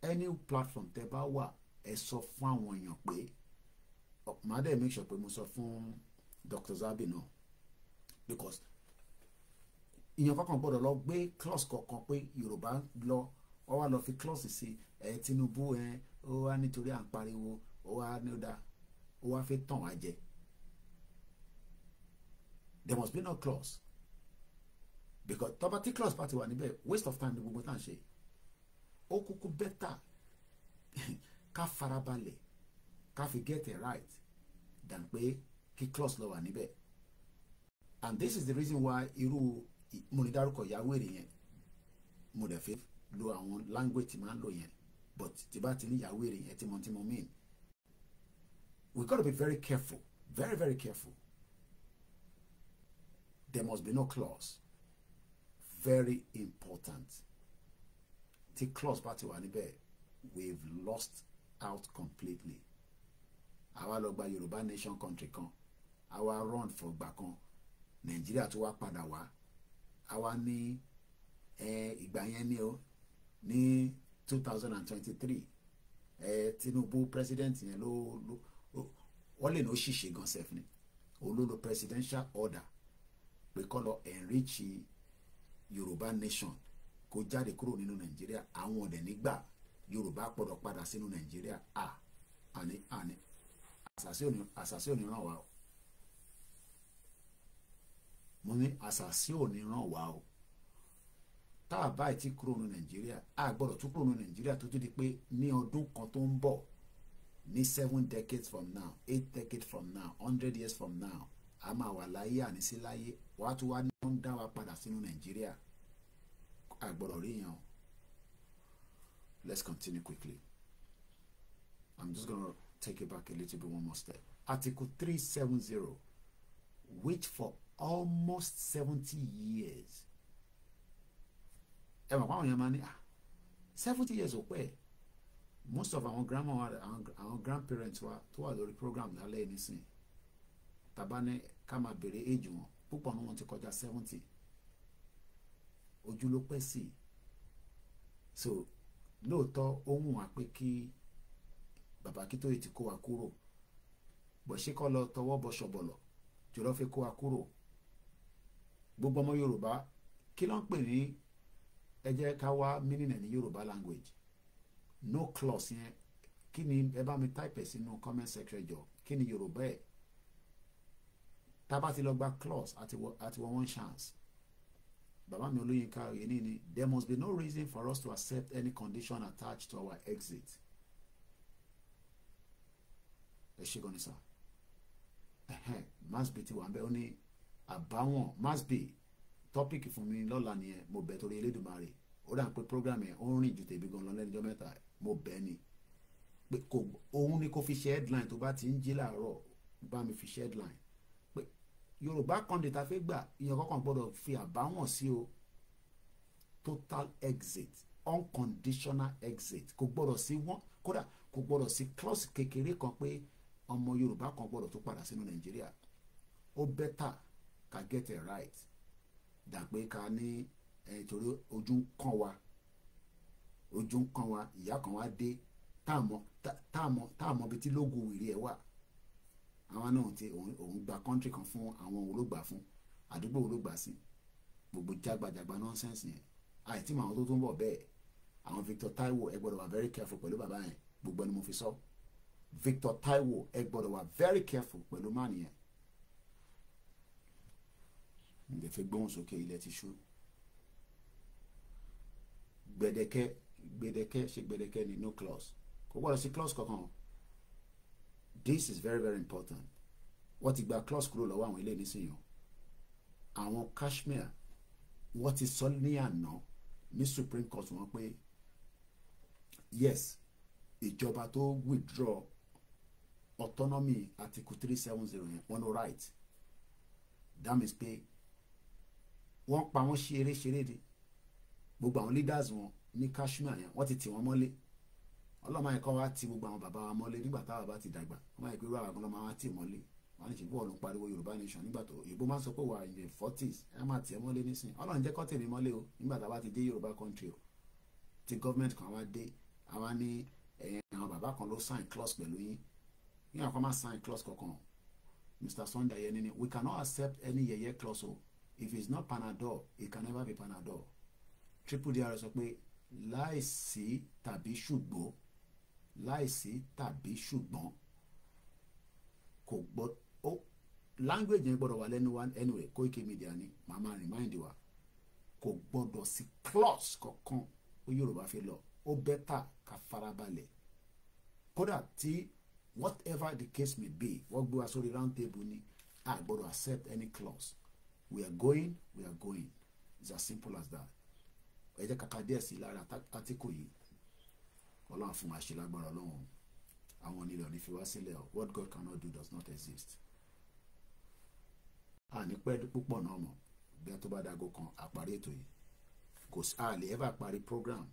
any platform tẹ bá wà ẹ sọ fún àwọn èèyàn pé màá dẹ̀ make sure pé mo sọ fún Dr. Zabi náà because ìyẹn kankan gbọ́dọ̀ lọ gbé clause kankan pé Yorùbá lọ ọ wá lọ fi clause sí ẹ Tinubu ẹ ó wá nítorí à ń pariwo ó wá ní ó dá ó wá fẹ́ tàn wá jẹ there must be no clause because tọ́ba tí clause bá ti wà níbẹ̀ waste of time ni gbogbo tá à ń ṣe ó kúkú better ká farabalẹ̀ ká fi get it right than pé kí clause lọ wà níbẹ̀ and this is the reason why irú mo ní dárúkọ ìyàwó èrè yẹn lo àwọn language tí máa ń lò yẹn but tí bá ti ní ìyàwó èrè yẹn tí mo ti mo mean we gotta be very careful very very careful There must be no clause. Very important. The clause bá ti wà we've lost out completely. Our local gba nation country kan. Àwa run for back on Nigeria to work padà our Àwa ní ìgbà yẹn ni o ní two thousand and twenty-three Tinubu president yẹn ló ló wọ́n lè ní ó ṣìṣe gan sef ni òun presidential order We call lọ enrich yorùbá nation kó jáde kúrò nínú nàìjíríà àwọn ọ̀dẹ̀ nígbà yorùbá pọ̀dọ̀ padà sínú nàìjíríà à àní àní àṣàṣì òní ràn wá o mo ní àṣàṣì òní ràn wá o tá a báyìí ti kúrò nínú nàìjíríà a gbọ́dọ̀ tún kúrò nínú nàìjíríà tó tún di pé ní ọdún kan tó ń bọ̀ ní seven decades from now eight decades from now hundred years from now a máa wà láyé ànísí láyé wàá tún wá ní wọ́n ń dá wa padà sínú nàìjíríà àgbọ̀rọ̀ rí yẹn o let's continue quickly i'm just gonna take it back a little bit one more step article three seven zero which for almost seventy years ẹ mọ̀ pàwọn yẹn máa ní ah seventy years ò pẹ́ most of our grandma wa our grandparents wa tó wà lórí program lálẹ́ nísìnyí tàbá ní ká máa béèrè age wọn púpọ̀ nínú wọn ti kọjá seventy ojú ló pẹ́ sí i so lóòótọ́ ó wù wá pé kí bàbá Akíntóyè ti kó wa kúrò bọ̀ṣẹ́ kọ́ lọ tọwọ́ bọ ṣọ̀bọ̀lọ̀ jùlọ fi kó wa kúrò gbogbo ọmọ Yorùbá kí ló ń pè ní ẹ ká wá mínínà ní Yorùbá language no clause yẹn kí ni ẹ bá mi type ẹ̀ sínú comment section jọ kí ni Yorùbá ẹ̀ tá ti lọ gba clause àti wọ one chance bàbá mi olóyinka oyèní ni there must be no reason for us to accept any condition attached to our exit ẹ ṣe gan ni sá masby ti wà ń bẹ ó ní àbáwọn masby tọ́pìkì fún mi lọ́la nìyẹn mo bẹ̀ torí Elédùmarè ó dà pé program yẹn ó ń rìn ju tèmi gan lọ lẹ́nìjọ́ mẹ́ta mo bẹ̀ ni pé kò òun ni kò fi ṣe headline tó bá ti ń jí làárọ̀ bá mi fi ṣe headline yorùbá kọ́ndé ta fẹ́ gbà ìyẹn kọ́kàn gbọ́dọ̀ fi àbáwọ̀n sí o total exit unconditional exit kò gbọ́dọ̀ sí wọ́n kódà kò gbọ́dọ̀ sí clause kékeré kan pé ọmọ yorùbá kan gbọ́dọ̀ tó padà sínú nàìjíríà ó bẹ́tà ká get it right dàgbé ká ní torí ojú ń kàn wá ojú ń kàn wá ìyá kan wá dé táàmọ táàmọ táàmọ bíi tí lóògùn wèrè ẹ wà àwọn náà ti òun gba kọ́ńtì kan fún àwọn olóògbà fún àdúgbò olóògbà sí gbogbo jágbajàgba nọ́nsẹ́nsì yẹn àìtí màwọn tó tó ń bọ̀ bẹ́ẹ̀ àwọn Victor Taiwo ẹ gbọ́dọ̀ wà very careful pẹ̀lú bàbá yẹn gbogbo ẹni mo fi sọ Victor Taiwo ẹ gbọ́dọ̀ wà very careful pẹ̀lú máà nìyẹn ǹdẹ̀ fẹ́ gbóhùn sókè ilẹ̀ ti ṣú gbẹdẹkẹ gbẹdẹkẹ ṣe gbẹdẹkẹ ni no close. kò gbọ́dọ̀ sí close kankan o this is very very important wọ́n ti gba clause kúrò lọ́wọ́ àwọn ilé nísìnyí àwọn Kashmir wọ́n ti sọ ní àná ní Supreme Court wọ́n pé yes ìjọba tó withdraw autonomy article three seven zero yẹn wọ́n no right that means pé wọ́n pa wọ́n ṣeré ṣeré de gbogbo àwọn leaders wọn ní Kashmir yẹn wọ́n ti tì wọ́n mọ́lé ọlọ́mọ ẹ̀kọ́ wa ti gbogbo àwọn bàbá wa mọ́lé nígbà táwa bá ti dàgbà ọmọ ìpínlẹ̀ wa gan lọ́mọ wa ti mọ́lé wọn ṣe bọ́ọ̀lù ń pariwo yorùbá nation nígbà tó ìbò máa ń sọ pé wà in the forties ẹ máa tiẹ̀ mọ́lé nísìn ọlọ́run jẹ́ kọ́tẹ̀ mọ́lé o nígbà tá ti dé yorùbá country o ti government kan wá dé àwa ní ẹ̀yìn àwọn bàbá kan ló sign clause pẹ̀lú yín yín àwọn kan máa sign clause kankan mr sunday yẹn ni we cannot accept any yẹyẹ clause o if it's not panadol it can never be panadol triple dr sọ pé láìsí tàbí ṣùgbọ́n láìsí tàbí ṣùgbọ́n kò gbọ́ ó language yẹn gbọ́dọ̀ wà lẹ́nu wa anyway Koiki Media ni màá máa remind wa kò gbọ́dọ̀ sí clause kankan ó Yorùbá fi lọ ó bẹ́tà ká farabalẹ̀ kódà tí whatever the case may be wọ́n gbé wa sórí round table ni a gbọ́dọ̀ accept any clause we are going we are going it's as simple as that ẹ jẹ́ kàkà díẹ̀ sí lára àtíkù yìí ọlọ́run fún wa ṣe lágbára ọlọ́run àwọn onílẹ̀ ò ní fi wá sílẹ̀ o what God cannot do does not exist. a ní pẹ́ púpọ̀ náà mọ̀ bí wọ́n tó bá dago kan àparí ètò yìí kò sí a lè ever parí program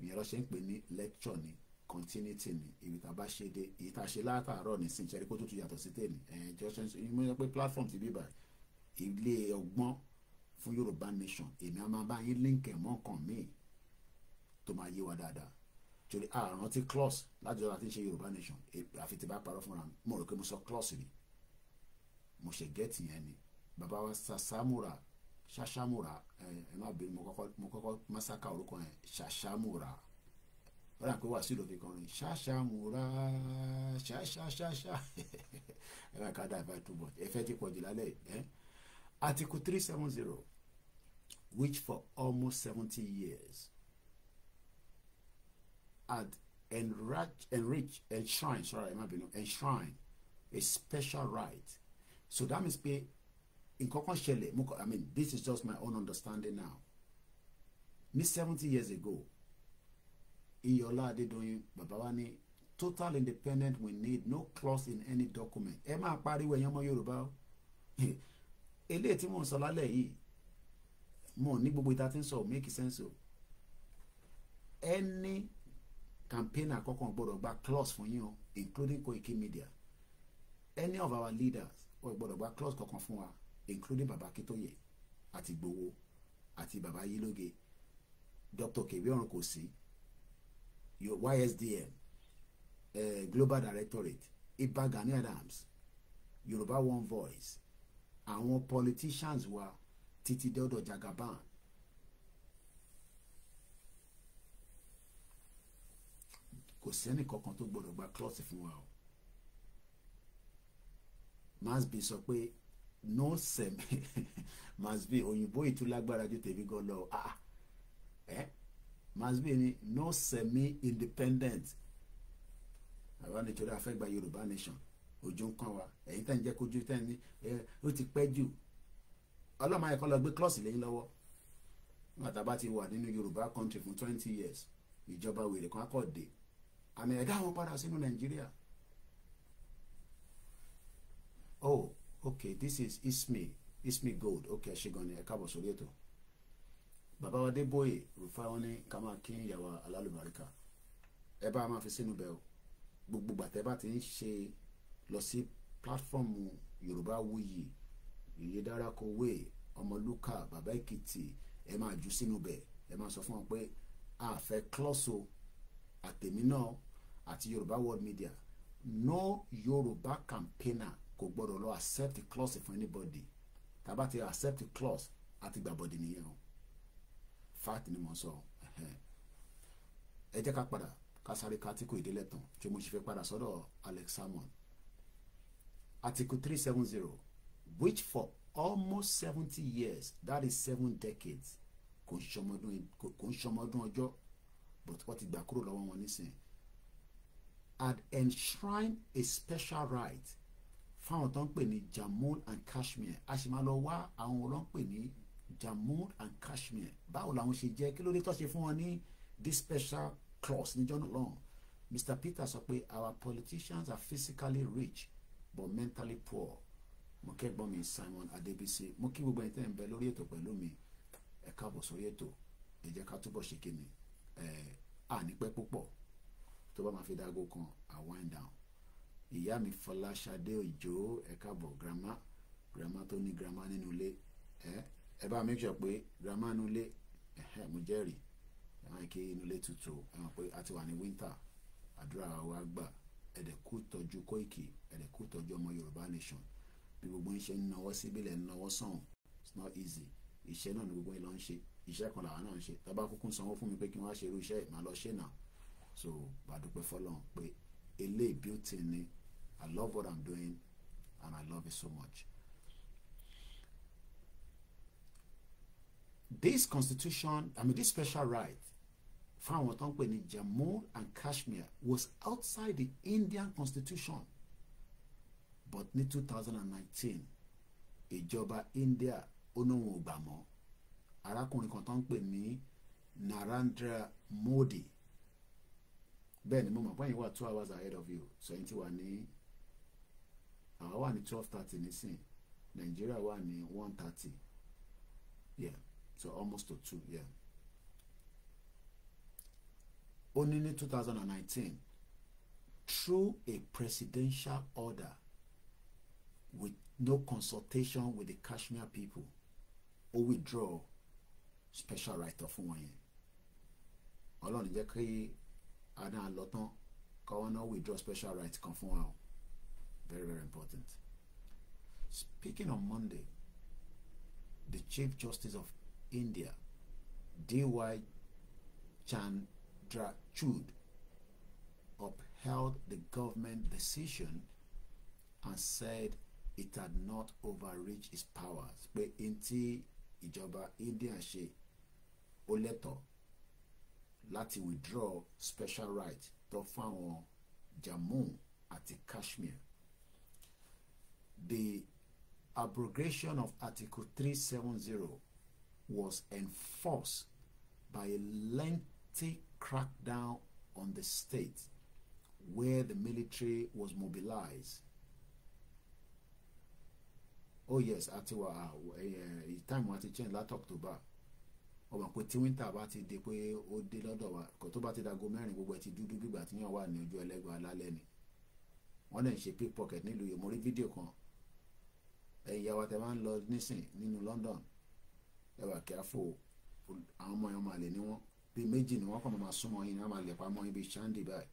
ìyẹn lọ ṣe ń pè ní lecture ni continuity ni ibi tá a bá ṣe dé èyí tá a ṣe látàárọ̀ ní sin ṣẹ́rí kó tó tún yàtọ̀ sí tèmi ẹ̀ẹ́n jọ́sẹ̀ mo sọ pé platform ti bíbà ilé ọgbọ́n fún Yorùbá nation èmi a máa bá yín líǹkì mọ́ nǹkan míì tó máa yé wa dáadáa torí àrùn ti clause láti ọ̀dọ̀ àti ṣe yorùbá nation àfi tí bá parọ́ fúnra mo rò pé mo sọ clause rí mo ṣe gẹ́ẹ̀tì yẹn ni bàbá wa sasamura sasamura ẹ má bínú mo kọ́kọ́ masaka orúkọ yẹn sasamura ó rà pé wàásù ló fi kọrin sasamura sasasasa ẹ bá ká dà bá túbọ̀ ẹ fẹ́ ti pọ̀ jù lálẹ́ ẹ article three seven zero which for almost seventy years had enrich, enrich enshrine sorry ẹ má bínú enshrine a special right so that means be, nǹkan kan ṣẹlẹ̀ i mean this is just my own understanding now Me seventy years ago Iyọlá Adédoyin bàbá wa ní total independent we need no clause in any document Emma, máa pariwo ẹ̀yin ọmọ Yorùbá o eléyìí tí mò ń sọ lálẹ́ yìí mo ní gbogbo ìta make sense any campaigner kankan gbọ́dọ̀ gba clause fún yín o including Koiki Media any of our leaders wọn gbọ́dọ̀ gba clause kankan fún wa including baba Akíntóyè àti Ìgbòho àti baba Ayélóge Dr. Kebbi kò sí your YSDM uh, eh, Global Directorate Iba Gani Adams Yorùbá One Voice àwọn politicians wa títí dọ́dọ̀ Jagaban kò sẹ́ni kankan tó gbọdọ̀ gba cloth fún wa o masbi sọ pé no sem masbi òyìnbó ìtúlágbára ju tèmi gan lọ ah, ah. ẹ masbi ni no semi independent àwa nítorí afẹ́gba yorùbá nation ojú ń kàn wá ẹ̀yin tẹ́ ń jẹ́ kojú tẹ́ ń ní ẹ ó ti pẹ́ jù ọlọ́mọ ayẹkọ́ lọ gbé klọ́ọ̀sì lẹ́yìn lọ́wọ́ nígbà tá a bá ti wà nínú yorùbá country fún twenty years ìjọba wèrè kan á dé àmì ẹ̀dá àwọn padà sínú nàìjíríà oh okay this is ismi ismi gold okay ṣègùn ni ẹ káàbọ̀ sórí ètò bàbá wa débóyè rufai wọn ní ká máa kí ìyàwó alálùbáríkà ẹ bá máa fi sínú bẹ́ẹ̀ o gbogbo gbàtẹ́ bá ti ń ṣe lọ sí pílátífọ́ọ̀mù yorùbá wuyì ìyè dárakowé ọmọlúkà bàbá èkìtì ẹ máa jù sínú bẹ́ẹ̀ ẹ máa sọ fún wọn pé àfẹ́ klọ́sọ àtẹ̀mí náà àti yorùbá world media no yorùbá campaigner kò gbọdọ̀ lọ accept clause for anybody tàbá ti accept clause àti gbàbọ̀dì nìyẹn o fact ni mo sọ ẹ jẹ́ ká padà ká sáré ká àtìkù ìdílé tán tí mo sì fẹ́ padà sọ́dọ̀ alex salmon article three seven zero which for almost seventy years that is seven decades kò ń ṣọmọdún ọjọ́ but wọ́n ti gbà kúrò lọ́wọ́ wọn nísìnyí had enshrined a special right fáwọn tó ń pè ní Jammu and Kashmir a sì máa lọ wá àwọn tó ń pè ní Jammu and Kashmir báwo làwọn ṣe jẹ́ kí ló dé tó ṣe fún wọn ní this special clause níjọ́ john long. Mr. Peter sọ pé our politicians are physically rich but mentally poor mo kẹ́gbọ́n mi Simon Adebisi mo kí gbogbo ẹni tẹ́ ń bẹ lórí ètò pẹ̀lú mi ẹ káàbọ̀ ètò ẹ ká túbọ̀ ṣe kí ẹ̀ ànípẹ́ púpọ̀ tó bá máa fi dáago kan i wind down ìyá mi Fọláṣadé Òjó ẹ káàbọ̀ grandma grandma tó ní grandma nínú ilé ẹ bá make sure pé grandma nínú ilé ẹhẹ mo jẹ́rìí ẹ máa kí inú ilé tutù ẹ mọ̀ pé a ti wà ní winter àdúrà wa gbà ẹ̀dẹ̀ kú tọ́jú Kóìkì ẹ̀dẹ̀ kú tọ́jú ọmọ Yorùbá nation bí gbogbo ń ṣe ń nawọ́ síbílẹ̀ ń nawọ́ sàn it's not easy iṣẹ́ náà ni gbogbo ń lọ ń ṣe iṣẹ́ kan làwọn náà ń ṣe tábà kúkú sanwó fún mi pé kí wọ́n á ṣe irú iṣẹ́ ìmọ̀ lọ ṣe náà so gbàdúpẹ́ fọlọ́run pé eléyìí beauty ni i love what i'm doing and i love it so much. this constitution i mean this special right fáwọn tó ń pè ní Jammu and Kashmir was outside the Indian constitution but ní 2019, thousand and ìjọba India oníwọ̀n ò gbà mọ́ arákùnrin kan tó ń pè ní Narendra Modi bẹ́ẹ̀ ni mo mọ̀ pẹ́yìn wà two hours ahead of you sẹ́yìn tí wà ní àwa wà ní twelve thirty nísìn nàìjíríà wà ní one thirty yeah so almost to two yeah. ó ní ní two thousand and nineteen through a presidential order with no consultation with the Kashmir people ó withdraw special right of wọn yẹn ọlọ́run jẹ́ kí àdán àlọ́tán káwọn náà withdraw special rights. Confirm very very important. Speaking on Monday, the Chief Justice of India, D.Y. Chandrachud, upheld the government decision and said it had not overreached its powers. pé n tí ìjọba India ṣe ó lẹ́tọ̀ọ́ láti withdraw special right tó fáwọn Jammu àti Kashmir. The abrogation of Article three seven zero was enforced by a lengthy crackdown on the state where the military was mobilized. Oh yes, àti wà time wa ti change to ba ó mọ̀ pé tí wíńtà bá ti di pé ó dé lọ́dọ̀ wa kò tó bá ti dago mẹ́rin gbogbo ẹ̀ ti dúdú bígbà tí yàn wà ní ojú ẹlẹ́gbẹ́ alálẹ́ ni wọ́n lè ń ṣe pickpocket nílùú yìí mo rí fídíò kan ẹ̀yin ìyá tẹ máa ń lọ nísìn nínú London ẹ wà kí á fò àwọn ọmọ yẹn máa lè ní wọn bí méjì ni wọ́n kàn máa súnmọ́ yín wọ́n máa lè pa mọ́ yín bí shandy báyìí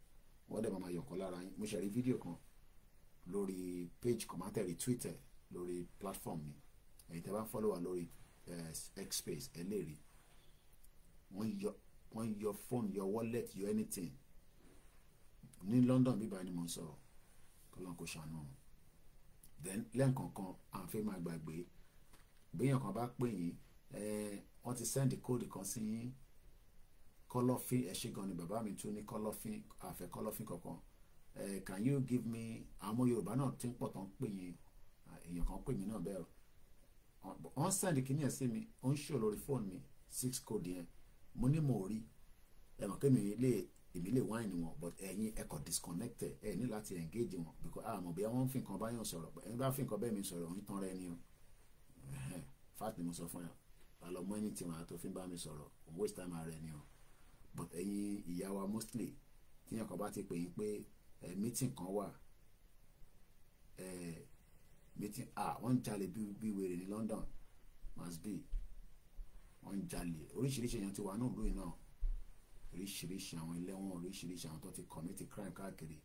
wọ́n dẹ̀ máa yọ̀kọ́ lára yín mo ṣe rí fídíò kan lórí page kọ̀mátẹ̀rì Twitter lórí platform mi ẹ̀yin tẹ bá ń fọ́lọ́wà lórí eh, X space ẹ lè rí i wọ́n yọ wọ́n yọ phone yọ wallet yọ anything ní London bíbá ni mo ń sọ̀rọ̀ kọ́lọ́n kò ṣàánú then lẹ́ǹkọ̀ọ̀kan à ń fẹ́ máa gbàgbé gbéyàn kan bá pè yín wọ́n ti send code kan sí yín kọ́lọ́fín ẹ̀ ṣe gan ni bàbá mi tún ní kọ́lọ́fín àfẹ́ kọ́lọ́fín kankan can you give me àwọn Yorùbá náà ti ń pọ̀ tán pè yín èèyàn kan pè mí náà bẹ́ẹ̀ wọ́n send kíní ẹ̀ sí mi ó ń ṣò lórí fóònù mi six code yẹn mo ní mo rí ẹ̀mọ̀ kí mi lè èmi lè wá ìní wọn but ẹ̀yin ẹ kò disconnected ẹ ní láti engage wọn because àmọ́ bí wọ́n fi nǹkan báyọ̀ sọ̀rọ̀ ẹni bá fi nǹkan bẹ́ẹ̀ mi sọ̀rọ̀ ń tan ra ẹni o fat ni mo sọ fún ẹ alọ mọ ẹni tí wọn àtọ fi ń bá mi sọ̀rọ̀ òun waste time ara ẹni o but ẹ̀yin ìyá wa mostly tíyẹn kan bá ti pè yín pé ẹ meeting kan wà ẹ meeting ah wọ́n ń jalè bí wèrè ní London must be wọ́n ń jalè oríṣiríṣi èèyàn ti wà ní ìlú yìí náà oríṣiríṣi àwọn ẹlẹ́wọ̀n oríṣiríṣi àwọn tó ti commit crime káàkiri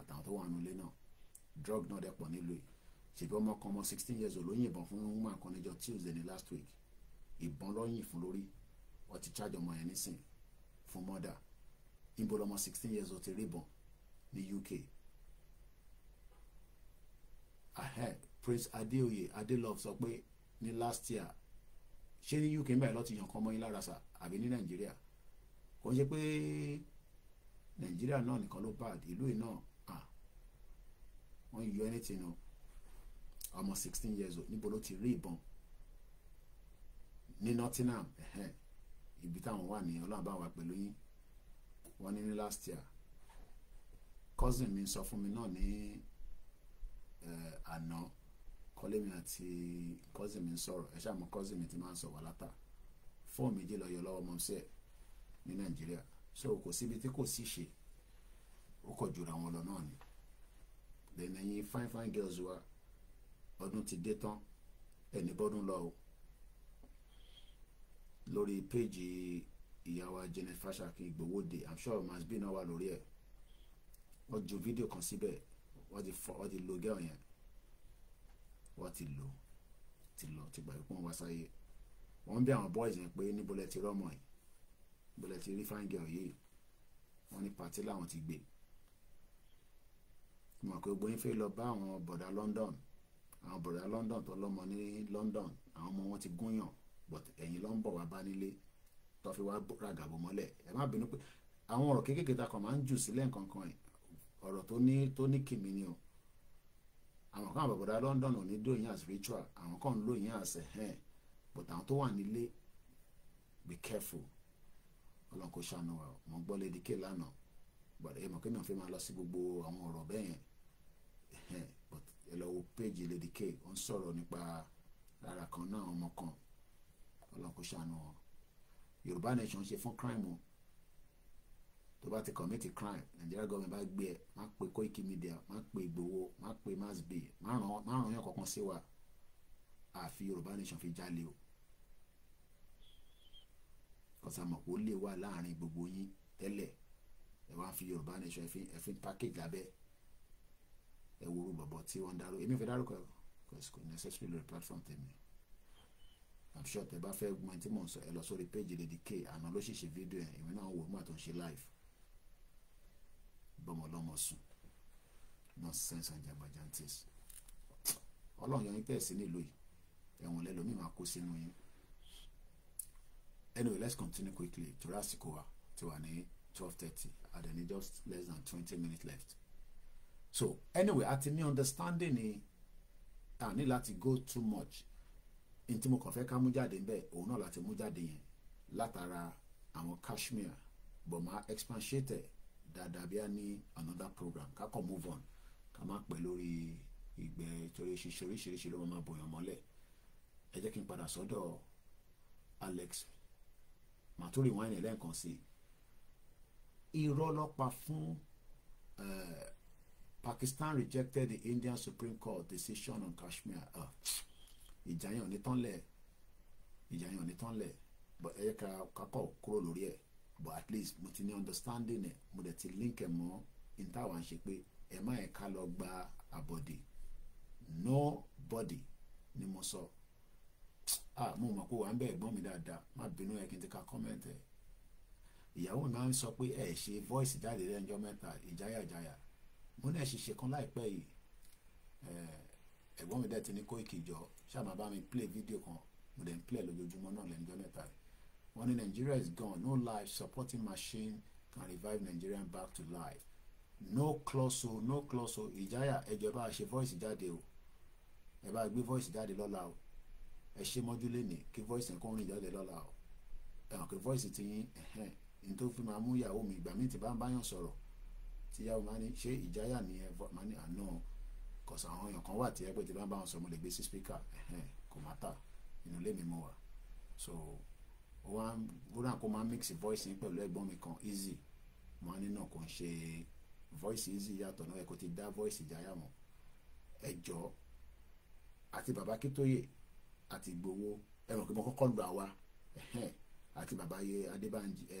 àtàwọn tó wà nínú ilé náà drug náà dẹ̀ pọ̀ nílùú yìí ṣèbí ọmọ kan ọmọ sixteen years old ló yìnbọn fún woman kan níjọ́ Tuesday ní last week ìbọn ló yìn fún lórí ó ti charge ọmọ yẹn nísìn fún murder níbo lọmọ sixteen years old ti rí ìbọn ní UK ahẹ́ Prince Adeoye Adelove sọ pé ní last year ṣé ní UK mẹ́rin lọ́ọ́ ti yàn kan mọ́ yín lára sà àbí ní Nàìjíríà kò ń ṣe pé Nàìjíríà náà nìkan ló bá ìlú yìí náà à wọ́n yọ ẹni tì nù ọmọ sixteen years old níbo ló ti rí ìbọn ní Nottingham ibi táwọn wà ní ọlọ́run bá wà pẹ̀lú yín wọ́n ní ní last year cousin mi sọ fún mi náà ní àná. Uh, kọ́lẹ́mi àti cousin mi ń sọ̀rọ̀ ẹ ṣáà mọ cousin mi ti máa ń sọ wà látà fóònù méjì lọ yọ lọ́wọ́ mọ́mísẹ́ ẹ̀ ní nàìjíríà so kò síbi tí kò sí ṣe ó kọ̀ jura wọn lọ náà ni then ẹ̀yin fine fine girls wa ọdún ti dé tán ẹni bọ́dún lọ o lórí péjì ìyàwó Janet Fashakin Ìgbòhòdè i'm sure must be náà wà lórí ẹ̀ wọ́n ju fídíò kan síbẹ̀ wọ́n ti lo gẹ́ọ̀ yẹn wọ́n ti lò ti lọ ti gbàgbé pọ́n wá sáyé wọ́n ń bí àwọn boys yẹn pé níbo lẹ ti rọ́mọ yìí níbo lẹ ti rí fáńgẹ̀ yìí wọ́n ní pàtí làwọn ti gbé mọ̀ pé gbóyin fẹ́ lọ bá àwọn bọ̀dà London àwọn bọ̀dà London tó lọ́mọ ní London àwọn ọmọ wọn ti gúnyàn but ẹ̀yin ló ń bọ̀ wá bá nílé tó fi wá ràgàbò mọ́lẹ̀ ẹ má bínú pé àwọn ọ̀rọ̀ kéékèèké ta kàn máa ń jù sílẹ̀ nǹkan kan ọ̀rọ̀ tó ní kìmí ni o àwọn kan àbẹ̀bọ̀dá London ò ní dó yín as ritual àwọn kan ń lò yín as ẹ̀hẹ́n but àwọn tó wà nílé be careful ọlọ́run kò ṣàánú wa mo gbọ́ lédi ké lánàá but ẹ mọ̀ kí náà fi máa lọ sí gbogbo àwọn ọ̀rọ̀ bẹ́ẹ̀ yẹn but ẹ lọ wo péjì lédi ké ó ń sọ̀rọ̀ nípa lára kan náà ọmọ kan ọlọ́run kò ṣàánú wa Yorùbá nation ṣe fún crime o tó bá ti commit a crime Nigeria government bá gbé ẹ má pe Koiki Media má pe Igboho má pe masbe má ràn yàn kankan sí wa àfi Yorùbá nation fi jálè o kọsàmọ̀ kó lè wà láàrin gbogbo yín tẹ́lẹ̀ ẹ wá fi Yorùbá nation ẹ fi ẹ fi package lábẹ́ ẹ wúru bọ̀bọ̀ tí wọ́n ń darú èmi fẹ́ dárúkọ ẹ kò necessary lórí platform tèmi i'm sure tẹ bá fẹ́ gbọ́n tí mò ń sọ ẹ lọ sórí page Lady K àná ló ṣèṣe fídíò ẹ̀ ìwé náà wò ó mà tó ń ṣe live bọ́mọlọ́mọ sùn nonsense and jagbajantes ọlọ́run yọ yín pẹ́ẹ́ sí nílùú yìí ẹ̀wọ̀n lẹ́lòmíì máa kó sínú yín anyway let's continue quickly torí àsìkò wa ti wà ní twelve thirty and then just less than twenty minutes left so anyway a ti ní understanding ni a ní láti go too much n tí mo kàn fẹ́ ká mú jáde ń bẹ̀ òun náà láti mú jáde yẹn látara àwọn Kashmir but ma expatiate dáadáa bí a ní another program kákọ̀ move on ká má pẹ́ lórí ìgbẹ́ torí ṣíṣe oríṣiríṣi ló máa bòyàn mọ́lẹ̀ ẹ jẹ́ kí n padà sọ́dọ̀ Alex màá tó rí wáìnì lẹ́ẹ̀kan sí i irọ́ lọ́pàá fún eh, Pakistan rejected the Indian Supreme Court decision on Kashmir ah, ìjà yẹn ò ní tán lẹ̀ ìjà yẹn ò ní tán lẹ̀ ẹ jẹ́ ká kọ́ kúrò lórí ẹ̀ but at least mo ti ní understanding ẹ̀ mo dẹ̀ ti link ẹ̀ mọ́ in táwa ń ṣe pé ẹ má yẹ ká lọ gba àbọ̀dè nobody ni mo sọ ah mo mọ̀ pé wà ń bẹ̀ ẹ̀gbọ́n mi dáadáa má bínú ẹ̀ kí n ti ka comment ẹ̀ ìyàwó mi máa ń sọ pé ẹ ṣe voice jáde lẹ́njọ́ mẹ́ta ìjáyàjáyà mo ní ẹ̀ṣin ṣe kan láìpẹ́ yìí ẹ̀gbọ́n mi dẹ̀ ti ní kó ìkìjọ ṣáà máa bá mi play video kan mo dẹ̀ ń play lójoojúmọ́ náà lẹ́njọ́ mẹ́ta yìí Only Nigeria is gone. No life supporting machine can revive Nigerian back to life. No close o, no close o. Ìjáyà ẹjọ́ ẹ bá ṣe voice jáde o. Ẹ bá gbé voice jáde lọ́la o. Ẹ ṣe mọ́jú lénìí kí voice nǹkan rìn jáde lọ́la o. Ẹ̀hàn kí voice ti yín ẹ̀hẹ́n ní tó fi máa mú ìyàwó mi ìgbà míì ti bá ń báyàn sọ̀rọ̀. Tíyàwó máa ní ṣé ìjáyà ni ẹ máa ní àná ah, kọ̀sà àwọn èèyàn kan wà tí ẹ pé ti bá ń báyàn sọ̀rọ̀ mo lè gbé sí speaker ẹ̀hẹ́n kò má tà inú ilé mi mú wa. So ó rà kó máa mix voice yín pẹ̀lú ẹ̀gbọ́n mi kan easy mo á ní náà kò ń ṣe voice easy yàtọ̀ náà ẹ kò ti dá voice ìjáyà mọ́ ẹ jọ̀ọ́ àti bàbá kítóyè àti gbowó ẹ mọ̀ mo kọ́kọ́ lu àwa àti bàbá yẹ adébánjí ẹ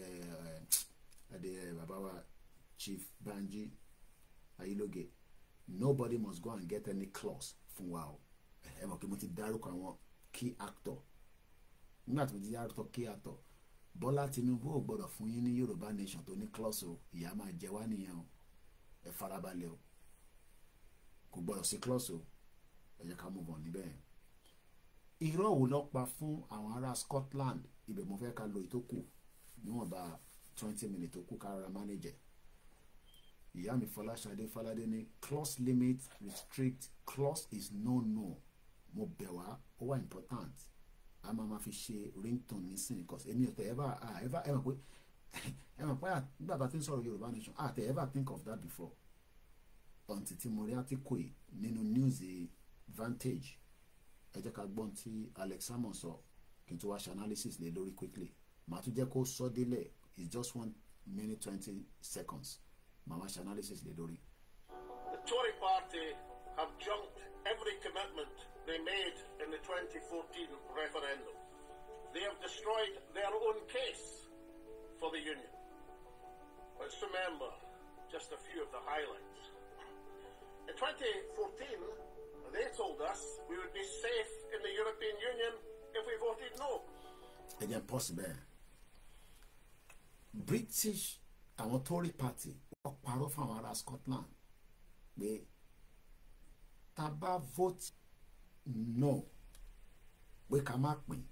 adé bàbá wa chief banji ayélóge nobody must go and get any clause fún wa o ẹ mọ̀ mo ti dárúkọ àwọn key actor nígbà tó ti yàtọ̀ kí àtọ̀ Bọ́lá Tinubu ò gbọ́dọ̀ fún yín ní Yorùbá nation tó ní klọ́ọ̀sì o ìyá máa jẹ wá nìyẹn o ẹ farabalẹ̀ o kò gbọ́dọ̀ sí klọ́ọ̀sì ẹ jẹ́ ká mú bọ̀ níbẹ̀ irọ́ wo lọ pa fún àwọn ará Scotland ibẹ̀ mo fẹ́ ká lo ìtókù níwọ̀nba twenty minutes tó kù kára manager ìyá mi Fọláṣadé Fọládé ní clause limit restrict close is no no mo bẹ̀ wá ó wà important a máa máa fi ṣe ringtone nísìnyí cause èmi ò tẹ̀ ẹ́ bá ẹ bá ẹ mọ̀ pé ẹ mọ̀ pé nígbà tá a ti ń sọ̀rọ̀ Yorùbá nation a tẹ̀ ever think of that before until tí mo rí átíkò yìí nínú news Vantage ẹ jẹ́ ká gbọ́n tí Alex Salmon sọ kí n tó wá ṣe analysis lé lórí quickly màá tún jẹ́ kó sọ délẹ̀ it's just one minute twenty seconds màá wá ṣe analysis lé lórí. The Tory party have jumped commitment they made in the 2014 referendum. They have destroyed their own case for the union. Let's remember just a few of the highlights. In 2014, they told us we would be safe in the European Union if we voted no. It's impossible. British and Tory party wọ́n parọ́ Scotland pé tá bá vote no pé ká má pín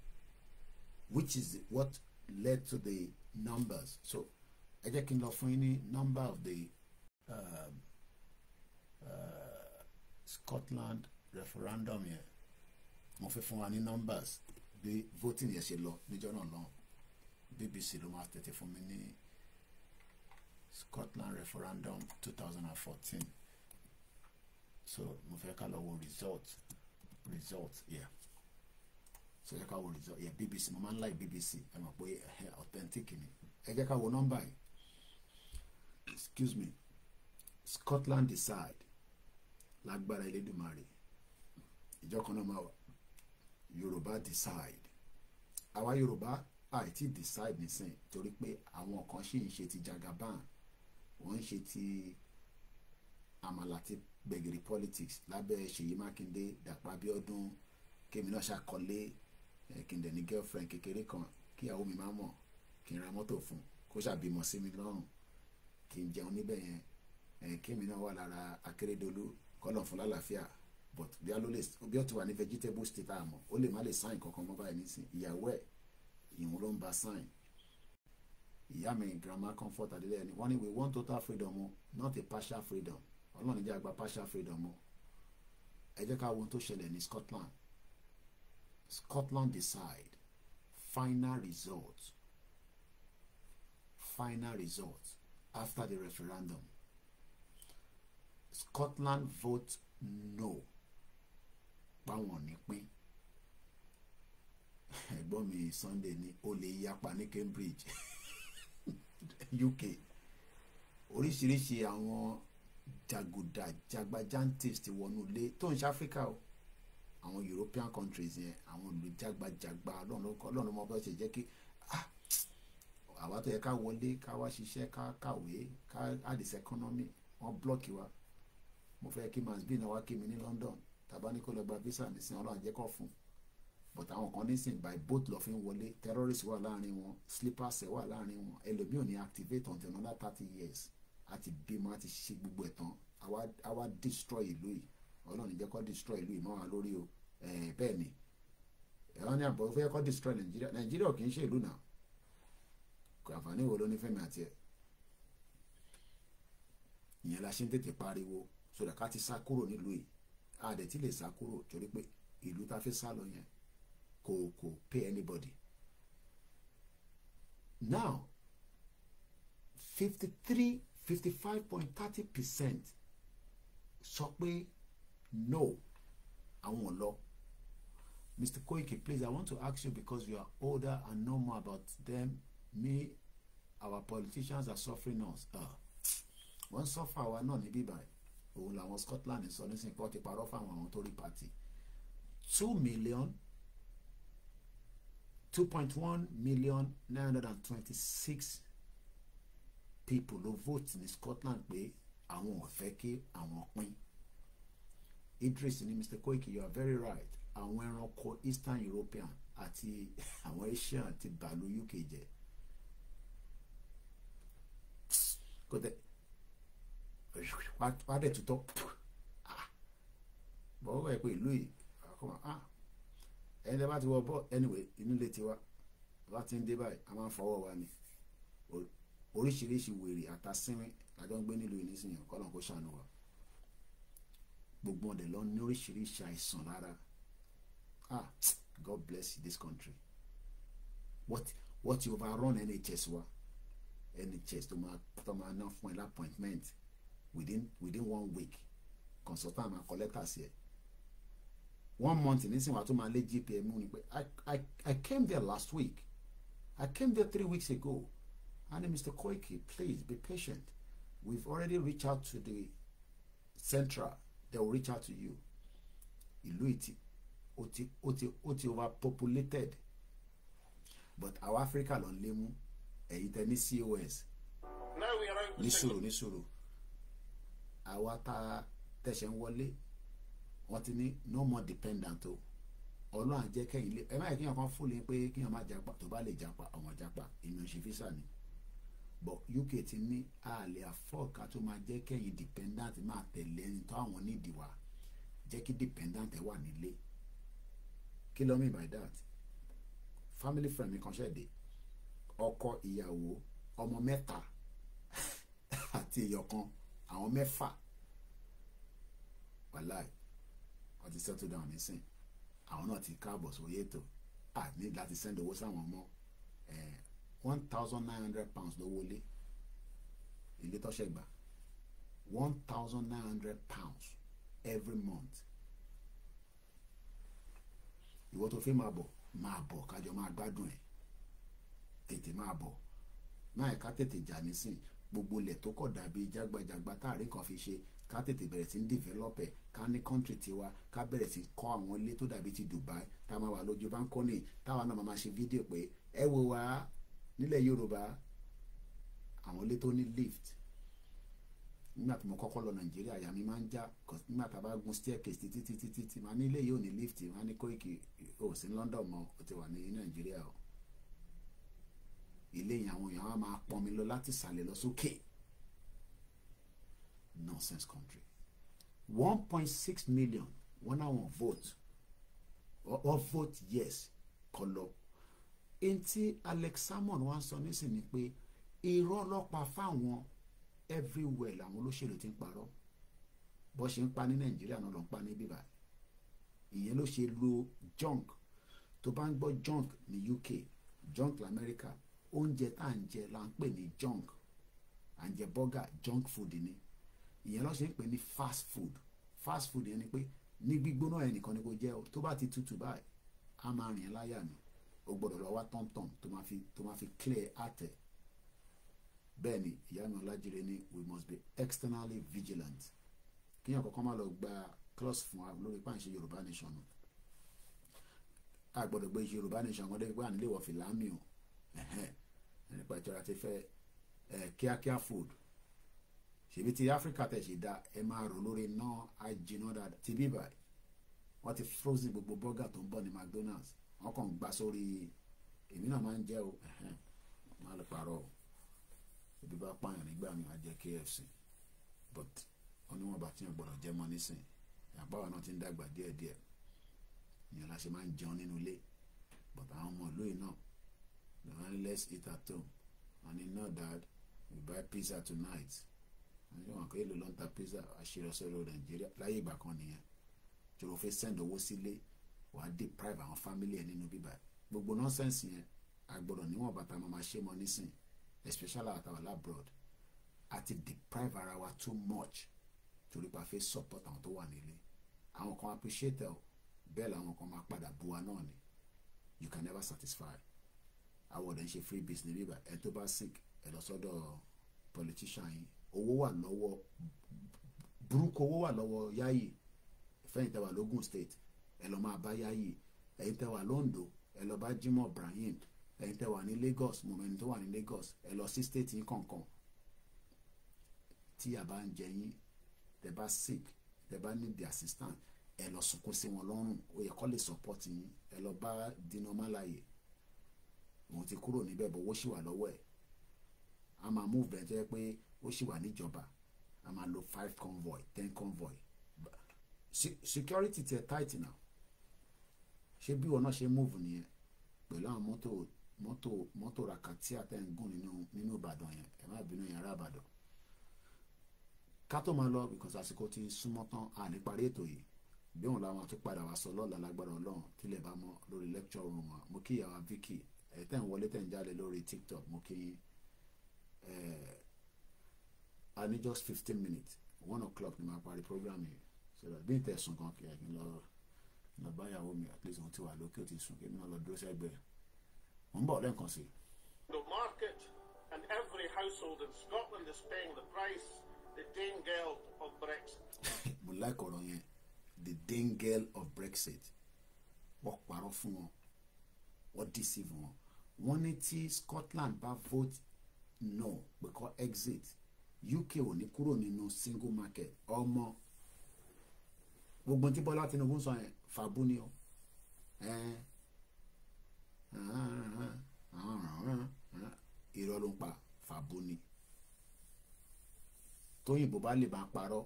which is what led to the numbers so ẹ jẹ́ kí n lọ fún yín ní number of the uh, uh, Scotland referendum yẹn mo fẹ́ fún wa ní numbers bí voting yẹn ṣe lọ níjọ́ náà lọ́hùn BBC ló máa tètè fún mi ní Scotland referendum fourteen so mo fẹ́ ká lọ wo result result yeah so ẹ jẹ́ ká wo result yeah BBC mo máa ń like BBC ẹ mọ̀ pé authentic ni ẹ jẹ́ ká wo number. yìí excuse me Scotland decide lágbára Elédùmarè ìjọ kan náà máa wà Yorùbá decide àwa Yorùbá àìtí decide nísìn torí pé àwọn kan ṣì ń ṣe ti Jagaban wọ́n ń ṣe ti àmàlà gbẹ̀gìrì politics lábẹ́ ṣèyí mákindé dàpọ̀ abíọ́dún kémi náà ṣàkọlé kìndẹ̀ ní girlfriend kékeré kan kíyàwó mi máa mọ̀ kí n ra mọ́tò fún kó ṣàbímọ sí mi lọ́rùn kí n jẹun níbẹ̀ yẹn kémi náà wà lára akérèdọ́lù kọ́lọ̀ fún lálàáfíà but bí ó ti wà ní vegetable state àmọ́ ó lè má lè sign kankan mọ́ báyìí nísìn ìyàwó ẹ̀ ìhun ló ń ba sign ìyá mi grandma comfort adélẹ́yẹ ni wọ́n ní we want total freedom o not a partial freedom ọlọ́run jẹ́ àgbà partial freedom o ẹ jẹ́ ká wo ohun tó ṣẹlẹ̀ ní Scotland Scotland decide final result final result after the referendum Scotland vote no páwọn nípín ẹ̀gbọ́n mi Sunday ní o lè yapa ní Cambridge UK oríṣiríṣi àwọn jàgùdà jàgbàjàǹtẹ̀sì wọnú ilé tó ń ṣe áfíríkà o àwọn european countries yẹn àwọn olùjàgbàjàgbà ọlọ́run ló mọ bá ṣe jẹ́ kí ah, àwa tó yẹ ká wọlé ká wá ṣiṣẹ́ ká kàwé ká àdìsí economy wọ́n blọ́ọ̀kì wa mo fẹ́ kí màsbí náà wá kí mi ní London tàbá ní kó lọ gba visa nísìn ọlọ́run jẹ́ fún but àwọn kan nísìn by boat lọ fi ń wọlé terrorist wà láàrin wọn slippers wà láàrin wọn ẹlòmíì ni activate until another thirty years a ti bímọ a ti ṣe gbogbo ẹ̀ a wá destroy ìlú yìí ọlọ́run jẹ́ kó destroy ìlú yìí mọ́ wa lórí o bẹ́ẹ̀ ni ẹ̀rọ ní àbọ̀ fẹ́ kó destroy nàìjíríà nàìjíríà kì í ṣe ìlú náà kò àǹfààní wo ló ní fẹ́mi àti ẹ̀ ìyẹn la ṣe ń tètè pariwo sódà ká ti sá kúrò nílùú yìí àdẹ̀ tí lè sá kúrò torí pé ìlú tá fi sá lọ yẹn kò kò pay anybody now fifty three fifty five point thirty percent sọ pé no àwọn ò lọ Mr. Koiki please I want to ask you because you are older and know more about them me our politicians are suffering us ah, wọ́n ń sọ́fà wa náà níbí báyìí òun làwọn Scotland sọ nísìnyí kó ti parọ́ fáwọn àwọn Tory party two million two point one million nine hundred and twenty-six people ló vote ní Scotland pé àwọn ò fẹ́ kí àwọn pín Idris ní Mr Koiki you are very right àwọn ẹranko Eastern European àti àwọn Asian ti bàlú UK jẹ kò tẹ wá dẹ̀ tutọ́ ah, bọ́wọ́ ẹ̀ pé ìlú yìí ah, ah. ẹni tẹ́ bá ti wọ bọ́ anyway inú lè tiwa bá ti ń dé báyìí a máa ń fọwọ́ wa ni oríṣiríṣi wèrè àtàsínrín lájọ ń gbé nílùú ìnísìnyàn kọ́lọ́n kó ṣàánú wa gbogbo ọ̀dẹ̀ lọ ní oríṣiríṣi àìsàn lára ah God bless this country what what you overrun NHS wa NHS tó máa tó máa ná fún ẹ appointment within within one week consultant máa kọ lẹ́tà sí one month nísìnyí wàá tó máa lé GPM ní pé I I I came there last week I came there three weeks ago. And Mr. Koiki, please be patient. We've already reached out to the central. They will reach out to you. Ìlú Oti Oti Oti overpopulated. But our Africa ló ń lé mú ẹ̀yin tẹ ní COS. Níṣòro níṣòro. Àwa tá tẹ̀sẹ̀ ń wọlé. ni no more dependent to. Olu jẹ́ kẹ́yìn lé. Ẹ má yẹ kéèyàn kan fún lè pé kéèyàn má japa to ba le japa ọmọ japa. Èmi ò ṣe ni but UK ti ní a lè afford ká tó máa jẹ́ kẹ́yìn dependent máa tẹ̀lé ẹni tó àwọn nídìí wa jẹ́ kí dependent ẹ wà nílé kí ló mean by that family friend mi kan ṣẹ̀dẹ̀ ọkọ ìyàwó ọmọ mẹ́ta àti èèyàn kan àwọn mẹ́fà wàláì wọ́n ti settle down nísìn àwọn náà ti káàbọ̀ sórí ètò àní láti send owó sáwọn ọmọ one thousand nine hundred pounds ló wọlé ilé tọ́ṣẹ̀ gbà one thousand nine hundred pounds every month ìwọ tó fẹ́ máa bọ̀ máa bọ̀ kájọ máa gbádùn ẹ̀ tètè máa bọ̀ náà ká tètè jà nísìn gbogbo ilẹ̀ tó kọ̀ dàbí jágbajàgba táàrí kan fi ṣe ká tètè bẹ̀rẹ̀ sí ń dìvẹ́lọ́pẹ̀ ká ní kọ́ńtì tiwa ká bẹ̀rẹ̀ sí kọ́ àwọn ilé tó dàbí ti Dubai tá a máa wà lójú báńkọ́nì táwa náà máa ṣe fídíò pé ẹ wo wa nílẹ̀ Yorùbá àwọn ilé tó ní lift nígbà tí mo kọ́kọ́ lọ Nàìjíríà àyà mi máa ń já nígbà tá a bá gun staircase títí títí títí máa ní ilé yìí ò ní lift máa ní Kóìkì ò sí London mọ́ o ti wà ní Nàìjíríà o ilé yẹn àwọn èèyàn á máa pọn mi lọ láti ìsàlẹ̀ lọ sókè nonsense country one point six million one hour vote or, vote yes kọ́ enti Alex Salmon wá ń sọ nísìn ni pé irọ́ lọ́pàá fáwọn everywhere làwọn olóṣèlú ti ń parọ́ bó ṣe ń pa ní Nàìjíríà náà ló ń pa ní bíbá ìyẹn ló ṣe lo junk tó bá ń gbọ́ junk ní UK junk lamẹ́ríkà oúnjẹ tá à ń jẹ là ń pè ní junk à ń jẹ burger junk food ni ìyẹn ló ṣe ń pè ní fast food fast food yẹn ni pé ní gbígbóná ẹnìkan ni kò jẹ́ o tó bá ti tutù báyìí a máa rìn láyà mi o gbọ́dọ̀ lọ wá tọ̀mtọ̀m tó máa fi tó máa fi clear àtẹ̀ bẹ́ẹ̀ ni ìyá mi ni we must be externally vigilant kíyàn kọ́kọ́ má lọ gba cross fún wa lórí páànṣẹ yorùbá nation o a gbọ́dọ̀ gbé yorùbá nation kan débi pé à ń léwọ̀ fìlàmì o nípa ìtura ti fẹ́ kíákíá food ṣèbí ti áfíríkà tẹ̀ ṣe dá ẹ máa rò lórí náà ajiná dáadáa ti bíbà wọ́n ti frozen gbogbo bọ́gà tó ń bọ̀ ní mcdonald's wọ́n kàn ń gbà sórí èmi náà máa ń jẹ́ o má lè parọ́ o ebi bá pààyàn nígbà mi máa jẹ́ KFC but ó ní wọn bá tiẹ̀ gbọ́dọ̀ jẹ́ mọ́ nísìn àbáwá náà ti ń dàgbà díẹ̀díẹ̀ ìyẹn la ṣe máa ń jẹun nínú ilé but àwọn ọmọ ìlú yìí náà they wan let's eat at home and you know that we buy pizza tonight wọ́n yóò wọ́n kọ́ èlò ló ń ta pizza àṣírí ọ̀sẹ̀ lọ Nàìjíríà láyé ìgbà kan nìyẹn tí wọ́n fi send owó sílé wà á deprive àwọn family ẹ nínú bíbá gbogbo nonsense yẹn agbọ́dọ̀ níwọ̀n bàtà máa ma ṣe mọ nísìn especially àtàwọn labroad àti deprive ara wa too much torí pa fẹ́ support àwọn tó wà nílé àwọn kan appreciate ẹ bẹ́ẹ̀ làwọn kan máa padà bu wa náà ni you can never satisfy àwọn ọ̀dọ́ ń ṣe free business bíbá ẹ tó bá sick ẹ lọ sọ́dọ̀ politician yìí owó wà lọ́wọ́ burúkú owó wà lọ́wọ́ yáyì fẹ́yìntẹ́wà lógún state ẹ lọ máa bá yáyì ẹ̀yin tẹ́ wà London ẹ lọ bá Jimoh Ibrahim ẹ̀yin tẹ́ wà ní Lagos mo mẹ́ni tó wà ní Lagos ẹ lọ sí state yín kọ̀ọ̀kan tí a bá ń jẹ yín tẹ́ bá sick tẹ́ bá need the assistance ẹ lọ sunkún sí wọn lọ́rùn ó yẹ kó lè support yín ẹ lọ bá dina malaye òun ti kúrò níbẹ̀ bọ̀ owó sì wà lọ́wọ́ ẹ̀ a máa mú bẹ̀rẹ̀ tó yẹ pé ó sì wà níjọba a máa lo five convoy ten convoy security ti ẹ̀ tight now ṣé bí wọn náà ṣe múùfù nìyẹn pẹ̀lú àwọn mọ́tò mọ́tò mọ́tò ràkàtì àtẹ̀ǹgùn nínú nínú ìbàdàn yẹn ẹ má bínú yẹn ará ìbàdàn ká tó máa lọ bìkọ́sì àsìkò ti súnmọ́ tán à ní parí ètò yìí bí òun làwọn àti padà wá sọ lọ́la lágbára ọlọ́run tílẹ̀ bá mọ́ lórí lecture room wọn mo kí ìyàwó Vicky ẹ̀ tẹ̀ ń wọlé tẹ̀ ń jáde lórí TikTok mo kí yín a ní just fifteen minutes one o'clock ni màá parí program yìí so that bí n tẹ̀sùn gan kí ẹ̀ lọ mi at least ti wà lókè ti sùn kémi náà lọ dúró sẹ́gbẹ̀ẹ́ mo ń bọ̀ lẹ́ẹ̀kan sí. The market and every household in Scotland is paying the price the Danegeld of Brexit. mo láìkọ̀ ọ̀rọ̀ yẹn the Danegeld of Brexit wọ́n parọ́ fún wọn wọ́n deceive wọn wọ́n ní tí Scotland bá vote no pé kó exit UK ò ní kúrò nínú single market ọmọ gbogbo tí Bọ́lá Tinubu ń sọ yẹn fàbúniọ ẹ irọ́ ló ń pa fàbúni tóyìnbó bá lè máa parọ́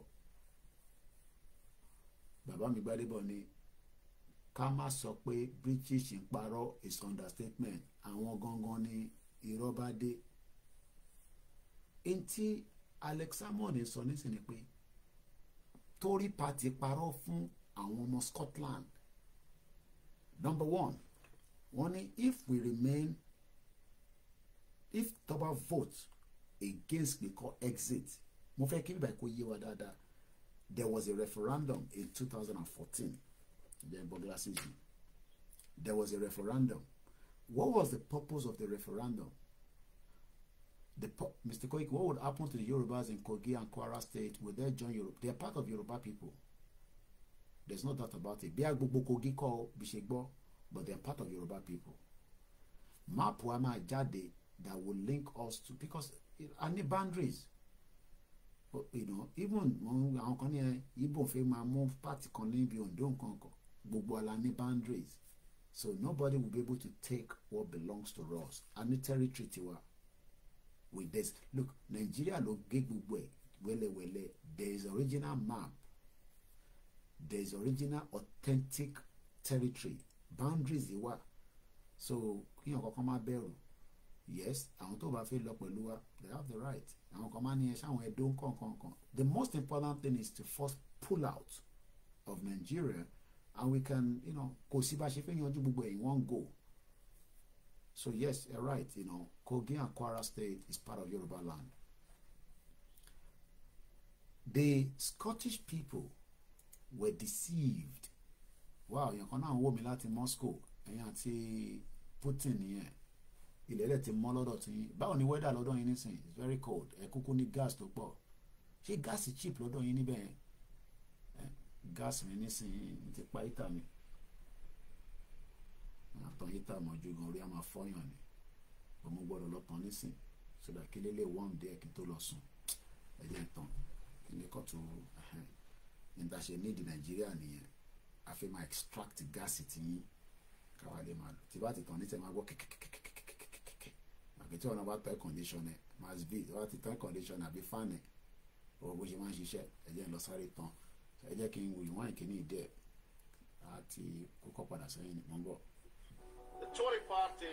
bàbá mi gbádébọ̀ ni ká má sọ pé british ń parọ́ is understatement àwọn gangan ni irọ́ bá dé ntí Alex Salmond sọ nísìnyí pé torí party parọ́ fún àwọn ọmọ Scotland number one wọ́n ní if we remain if tó vote against we call exit mo fẹ́ kí bíbá kó yé wa dáadáa there was a referendum in 2014 then bọ́gílá sí yìí there was a referendum what was the purpose of the referendum the Mr. Koiki what would happen to the Yorubas in Kogi and Kwara state would they join Europe they are part of Yoruba people there is no doubt about it bí agbogbo Kogi kọ́ bí ṣe gbọ́ but they are part of Yoruba people máàpù a máa jáde that will link us to because a ní boundaries you know even àwọn kan ní ẹ Igbo fẹ́ máa mú party kan níbi Ondo nǹkan kan gbogbo ala ní boundaries so nobody will be able to take what belongs to us a ní territory tiwa with this look Nigeria ló gé gbogbo ẹ wẹ́lẹ́wẹ́lẹ́ there is original map there is original authentic territory boundaries wà so kíyàn kankan má bẹ̀rù yes àwọn tó bá fẹ́ lọ pẹ̀lú wa they have the right àwọn kan máa ní ẹ ṣáwọn ẹdó kankankan the most important thing is to first pull out of Nigeria and we can you know kò sí bá ṣe fẹ́ yanjú gbogbo ẹ̀yìn one go so yes you're right you know Kogi and Kwara state is part of Yoruba land the Scottish people were deceived wow èèyàn kan náà ń wò mí láti Moscow ẹ̀yìn àti Putin nìyẹn ilẹ̀lẹ̀ ti mọ́ lọ́dọ̀ tí yín báwo ni wẹ́dà lọ́dọ̀ yín nísìnyí it's very cold ẹ kúkú ní gas tó pọ̀ ṣé gas cheap lọ́dọ̀ yín níbẹ̀ gas mi nísìnyí n ti pa ìta mi àtàn ìta mọ̀jú gan orí àmà fọ́yàn ni òun gbọ́dọ̀ lọ́tàn nísìnyí sódà kí lélẹ̀ wọ́n dé ẹ̀kí tó lọ sùn ẹ̀jẹ̀ ń tàn kí ni kò tó rú nígbà ṣe nídìí nàìjíríà nìyẹn àfi máa extract gáàsì tí yín káwá lè máa lò tí bá ti tàn ní tẹ máa gbọ́ kẹkẹkẹkẹkẹkẹkẹ The Tory party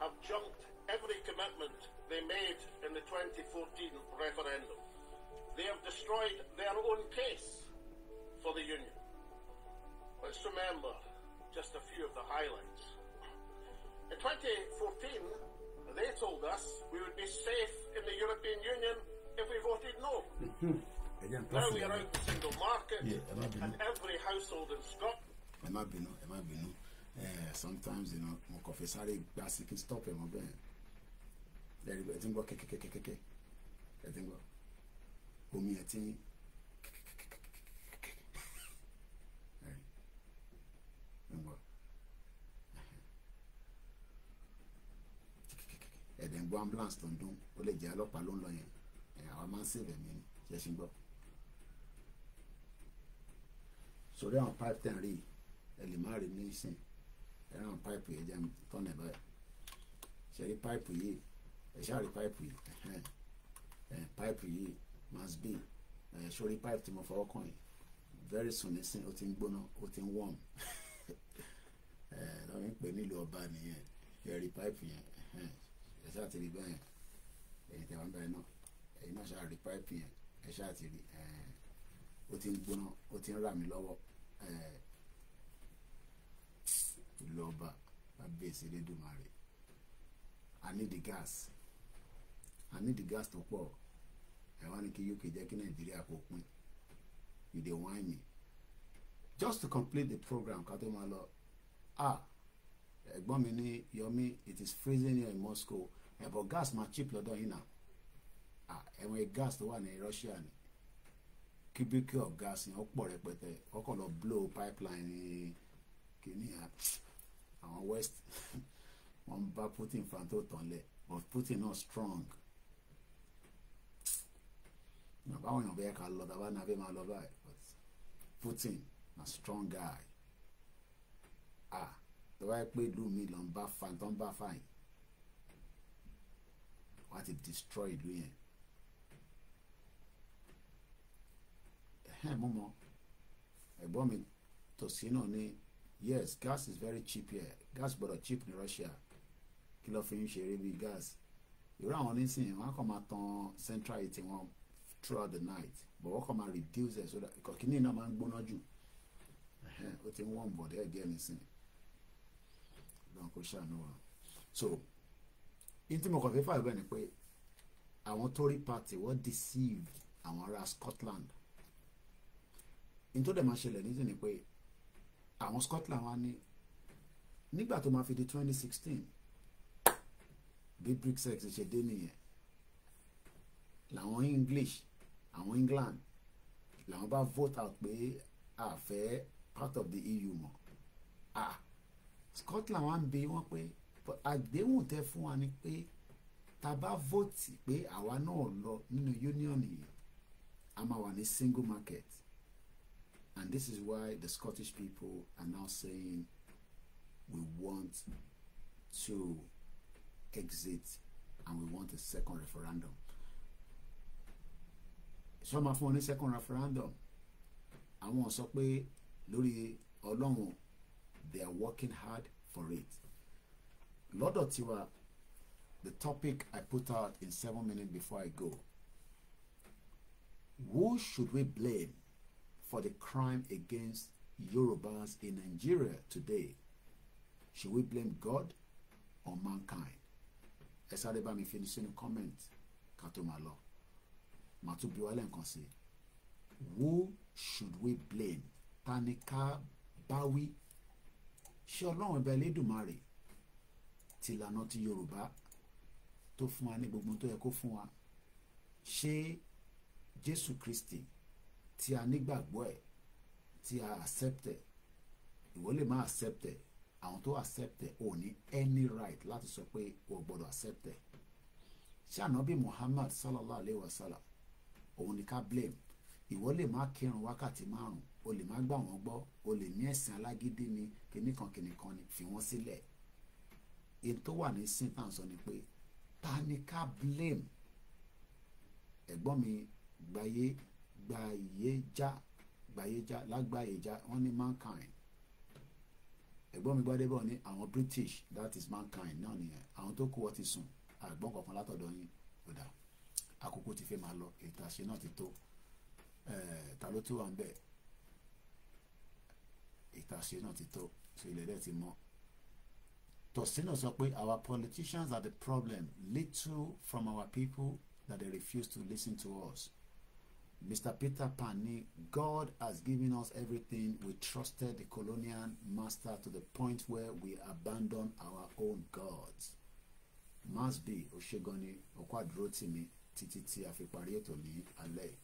have jumped every commitment they made in the 2014 referendum. They have destroyed their own case. for the Union. Let's remember just a few of the highlights. In 2014, they told us we would be safe in the European Union if we voted no. now we are out the single market yeah, and every household in Scotland. Ẹ má bínú, ẹ má bínú. Sometimes, you know, my kàn fẹ́ sáré you can stop ẹ̀ mọ́ bẹ́ẹ̀. Lẹ́yìn ìgbà ẹ ngɔ ẹ̀dẹ̀ ń gbọ́ ambulance tó ń dún ó lè jẹ́ ọlọ́pàá ló ń lọ yẹn àwa máa ń sèbẹ̀ mí ni ṣe ṣe ń gbọ́. sórí àwọn pipe tẹ̀ ń rí ẹ lè má rí nísìn ẹ rán àwọn pipe yẹn jẹ́ tọ́nà ẹ̀ báyìí ṣe rí pipe yìí ẹ ṣáà rí pipe yìí pipe yìí must be sórí pipe tí mo fọwọ́ kàn yìí very soon nísìn ó ti ń gbóná ó ti ń warm. lọ́wọ́ ń pè nílùú ọba nìyẹn ẹ̀rí páìpù yẹn ẹ̀ ṣáà ti rí bẹ́ẹ̀ ẹ̀yìn tẹ̀wá ń báyìí náà ẹ̀yìn náà ṣáà rí páìpù yẹn ẹ̀ ṣáà ti rí ó ti ń gbóná ó ti ń rà mí lọ́wọ́ ìlú ọba bàbáyèsí Elédùmarè I need the gas I need the gas tó pọ̀ ẹ̀ wá ní kí UK jẹ́ kí Nàìjíríà kó pín you dey just to complete the program ká tó máa lọ ah ẹ̀gbọ́n mi ní Yomi it is freezing here in Moscow ẹ̀ gas máa cheap lọ́dọ̀ yìí náà ah ẹ̀wọ̀n gas tó wà ní Russia ni cubic of gas yẹn ó pọ̀ rẹpẹtẹ ọkọ̀ lọ blow pipeline kìíní àwọn west wọ́n bá Putin fan tó tàn lẹ̀ but Putin náà strong báwọn èèyàn bẹ́ẹ̀ ká lọ tàbá náà bẹ́ẹ̀ máa lọ báyìí but Putin na strong guy à tó bá yẹ pé ìlú mi lọ ń bá fa tó ń bá fa yìí wọ́n á ti destroy ìlú yẹn ẹ̀hẹ́n mú mọ́ ẹ̀gbọ́n mi tòsí náà ní yes gas is very cheap here gas gbọ́dọ̀ cheap ní Russia kí ló fi ń ṣeré bíi gas irú àwọn onísìn wọn kàn máa tan central heating wọn throughout the night but wọ́n kàn máa reduce ẹ̀ so that ìkọ̀kí ní iná máa ń gbóná jù ó ti ń wọ́n bọ̀ díẹ̀ díẹ̀ nísìnyí lọ́n ṣàánú wa so in tí mo kàn fẹ́ ni pé àwọn Tory party wọ́n deceive àwọn ará Scotland in tó dẹ̀ máa ṣẹlẹ̀ nídìí ni pé àwọn Scotland wá ní nígbà tó máa fi di twenty sixteen bí Brexit ṣe dé nìyẹn làwọn English àwọn England làwọn bá vote out pé a part of the EU mọ́ Scotland wá ń bi wọ́n pé àdéhùn tẹ fún wa ni pé ta bá vóòtì pé àwa náà lọ nínú union yìí a máa wà ní single market and this is why the Scottish people are now saying we want to exit and we want a second referendum sọ ma fún ọ ní second referendum àwọn sọ pé lórí ọlọ́run they are working hard for it. Lord tiwa the topic I put out in seven minutes before I go. Who should we blame for the crime against Yorubas in Nigeria today? Should we blame God or mankind? Ẹ sáré bá mi fi sínú comment ká tó máa lọ. Màá Who should we blame? Ta Bawi ṣé ọlọ́run ẹ̀bẹ̀ Elédùmarè tìlànà ti Yorùbá tó fún wa ní gbogbo tó yẹ kó fún wa ṣé Jésù Kristi tí a nígbàgbọ́ ẹ̀ tí a accept ìwọ lè má accept àwọn tó accept ò ní any right láti sọ pé o gbọ́dọ̀ accept ẹ̀ ṣé ànábì Muhammad sallallahu alayhi wa sallam òun ni ká blame ìwọ lè má kírun wákàtí márùn-ún o lè má gbà wọ́n gbọ́ o lè ní ẹ̀sìn alágídí ni kìnnìkan kìnnìkan ni fi wọ́n sílẹ̀ èyí tó wà ní sentence sọ ni pé ta ni ká blame ẹ̀gbọ́n mi gbàyé gbàyéjá gbàyéjá lágbàyéjá wọ́n ní mankind ẹ̀gbọ́n mi gbọ́dọ̀ bọ̀ ní àwọn British that is mankind náà nìyẹn àwọn tó kú wọ́n ti sùn àgbọ̀n kankan látọ̀dọ̀ yín kò dáa àkókò ti fẹ́ máa lọ ètò àṣẹ náà ti tó ta ló tó wà ń bẹ́ẹ̀ ìtàṣe náà ti tó so ilẹ̀ dẹ̀ ti mọ́. Tostino sọ pé our politicians are the problem little from our people that they refuse to listen to us. Mr. Peter Pan ní God has given us everything we trusted the colonial master to the point where we abandon our own gods. Masbi Oṣegoni Okwadurotimi títí tí a fi parí ètò ní alẹ́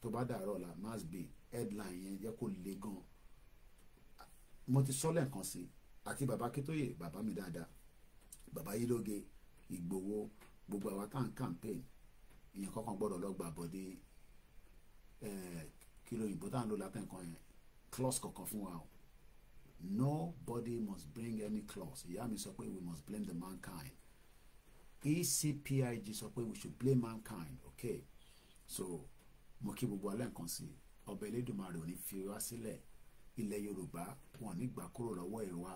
tó bá dàárọ̀ la be headline yẹn jẹ́ kó le gan-an mo ti sọ lẹ́ẹ̀kan sí àti bàbá Akíntóyè bàbá mi dáadáa bàbá Yílóge Ìgbòho gbogbo àwa tá à ń campaign ìyẹn kankan gbọ́dọ̀ lọ gbà bọ́dé kí ló yìnbó tá à ń lò látẹ̀kọ́ yẹn clause kankan fún wa o nobody must bring any clause ìyá mi sọ pé we must blame the mankind ECPIG sọ pé we should blame mankind okay so mo kí gbogbo alẹ́ nǹkan sí ọbẹ̀ Elédùmarè ò ní fi wá sílẹ̀. Si ilẹ̀ yorùbá wọn nígbà kúrò lọ́wọ́ ẹ̀ wá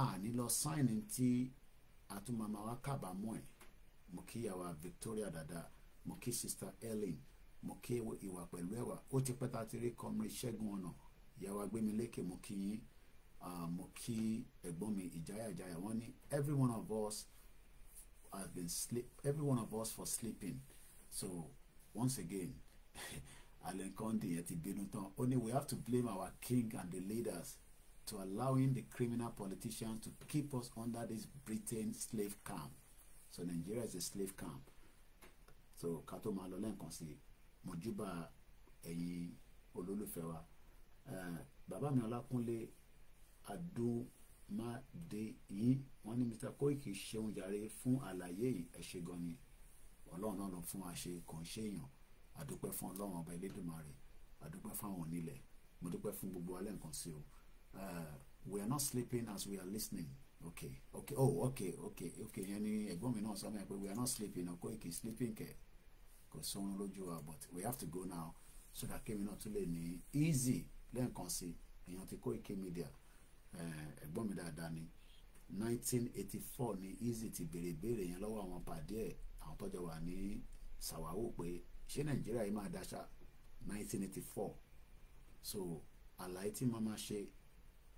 a ní lọ sáìnì tí àtúmọ̀mọ́ wa kábàámọ̀ ẹ̀ mo kí ìyàwó Victoria dada mo kí sista Ellen mo kí ìwà pẹ̀lú ẹ̀wà ó ti pẹ́ ta ti rí comrade Ṣẹ́gun ọ̀nà ìyàwó agbémilékè mo kí yín mo kí ẹ̀gbọ́n mi ìjáyà wọ́n ní every one of us has been sleep every one of us for sleeping so once again Alan Conde yẹn ti bínú we have to blame our king and the leaders to allowing the criminal politicians to keep us under this Britain slave camp so Nigeria is a slave camp so kato tó máa lọ lẹ́ǹkan sí i mojúbà ẹ̀yin olólùfẹ́ wa eh, bàbá mi Ọlákúnlé Adúmádéyìn Mr Koiki ṣeun jàre fun àlàyé eshegoni. ẹ ṣé fun ni ọlọ́run náà àdúpẹ́ fún ọlọ́run ọba elédùnmarè àdúpẹ́ fún àwọn onílẹ̀ mo dúpẹ́ fún gbogbo alẹ́ nǹkan sí o uh, we are not sleeping as we are listening okay okay oh okay okay okay yẹn ni ẹ̀gbọ́n mi náà sọ mẹ́rin pé we are not sleeping ọkọ èkì sleeping kẹ̀ kò sọ́run lójú wa but we have to go now so that kémi náà tún lè ní easy lẹ́ǹkan sí èèyàn ti Koiki Media uh, ẹ̀gbọ́n mi dáadáa ni nineteen eighty four ni easy ti béèrè béèrè yẹn lọ́wọ́ àwọn pàdé ẹ̀ àwọn tọ́jọ́ wà ní sàwáwò pé ṣé nàìjíríà yìí máa dáṣà 1984 so àlàyé tí màmá ṣe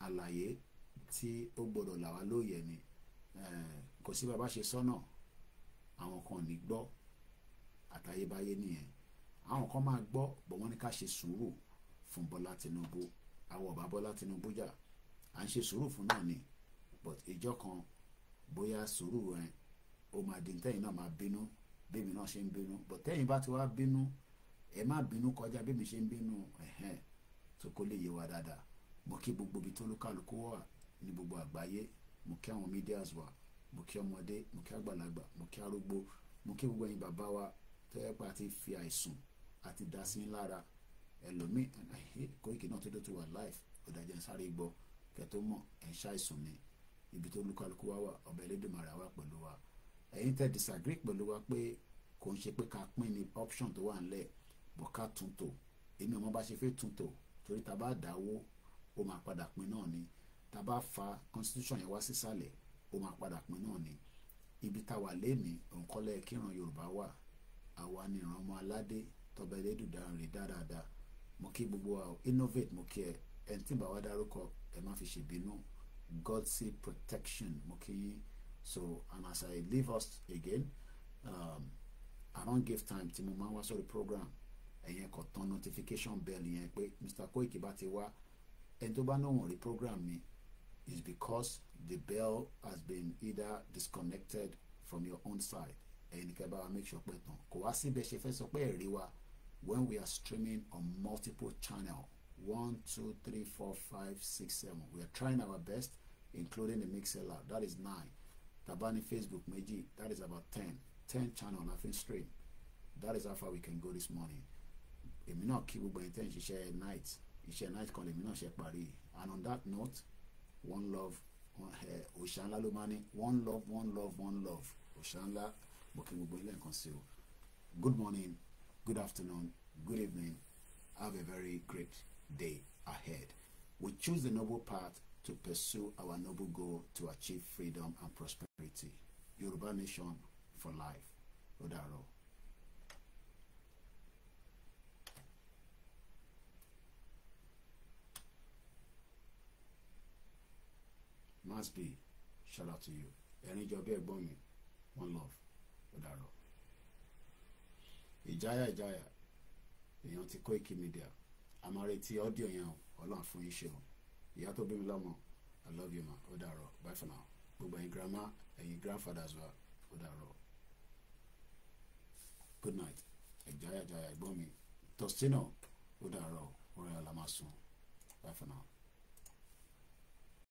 àlàyé tí ó gbọdọ̀ là wá lóye ni eh, kò sí bàbá ṣe sọ́nà àwọn kan ní gbọ́ àtayébáyé nìyẹn àwọn kan máa gbọ́ bọ̀ wọ́n ní ká ṣe sùúrù fún bọ́lá tinubu àwọn ọ̀bá bọ́lá tinubu jà à ń ṣe sùúrù fún náà ni but ìjọ kan bóyá sùúrù rẹ ó máa di ntẹ́yìn náà máa bínú bẹ́ẹ̀ mi náà ṣe ń bínú but tẹ́yìn bá ti wá bínú ẹ má bínú kọjá bẹ́ẹ̀ mi ṣe ń bínú ẹ̀hẹ́n tó kó lè yé wa dáadáa mo kí gbogbo ibi tó lókàlùkù wà ní gbogbo àgbáyé mo kí àwọn medias wa mo kí ọmọdé mo kí àgbàlagbà mo kí arúgbó mo kí gbogbo ẹ̀yin bàbá wa tẹ́yẹ pa ti fi àìsùn àti dá sí lára ẹlòmíì Koiki náà tó dé tó wà live ọ̀dàjẹ́ sáré gbọ́ kẹ́tọ́ mọ̀ ẹ̀ ń ibi tó lókàlùkù wà wà ọ̀bẹ Elédùmarè wà pẹ̀lú wa ẹ̀yin tẹ́ disagree pẹ̀lú wa pé kò ń ṣe pé ká pín ní option tó wà ńlẹ̀ bọ̀ ká tún tò èmi ọmọ bá ṣe fẹ́ tún torí tá bá dáwó ó máa padà pín náà ni tá bá fa constitution yẹn wá sísàlẹ̀ ó máa padà pín náà ni ibi tá a wà lẹ́ni òǹkọ́lẹ̀ kíran yorùbá wà àwa ni ìran ọmọ aládé tọba ẹlẹ́dùn dáhùn rè dáadáa mo kí gbogbo wa innovate mo kí ẹ ẹni tí bàbá dárúkọ ẹ má fi ṣèbínú God's protection mo kí yín so and as i leave us again um, don't give time tí mo máa the program. sórí program ẹ̀yẹn kò notification bell yẹn pé mr Koiki bá ti wá ẹni tó bá náà is because the bell has been either disconnected from your own side And you can make sure pé when we are streaming on multiple channels one two three four five six seven we are trying our best including the mixer lab that is nine Tabani facebook Meji. that is about ten ten channel nothing fi stream that is how far we can go this morning èmi náà kí gbogbo ẹni tẹ́ ń ṣiṣẹ́ night iṣẹ́ night call èmi náà ṣe parí and on that note one love òṣà eh, ńlá ló máa ní one love one love one love òṣà ńlá mo kí gbogbo ilé nǹkan sí o good morning good afternoon good evening have a very great day ahead we choose the noble path to pursue our noble goal to achieve freedom and prosperity. Yoruba Nation for life. Ó Must be. Shout out to you. Any job bí ẹ̀gbọ́n mi. One love. Ó dàárọ̀. Ìjáyà ìjáyà. Èèyàn Media. A máa audio ọ́díò yẹn o. Ọlọ́run fún yín ìyá tó bí mi lọ́mọ i love you ma ó dàárọ̀ bye for now gbogbo ẹ̀yin grandma ẹ̀yin grandfathers wa ó dàárọ̀ good night ẹ̀jáyàjáyà ẹ̀gbọ́n mi tọ́sítínà ó dàárọ̀ orin alamásun bye for now.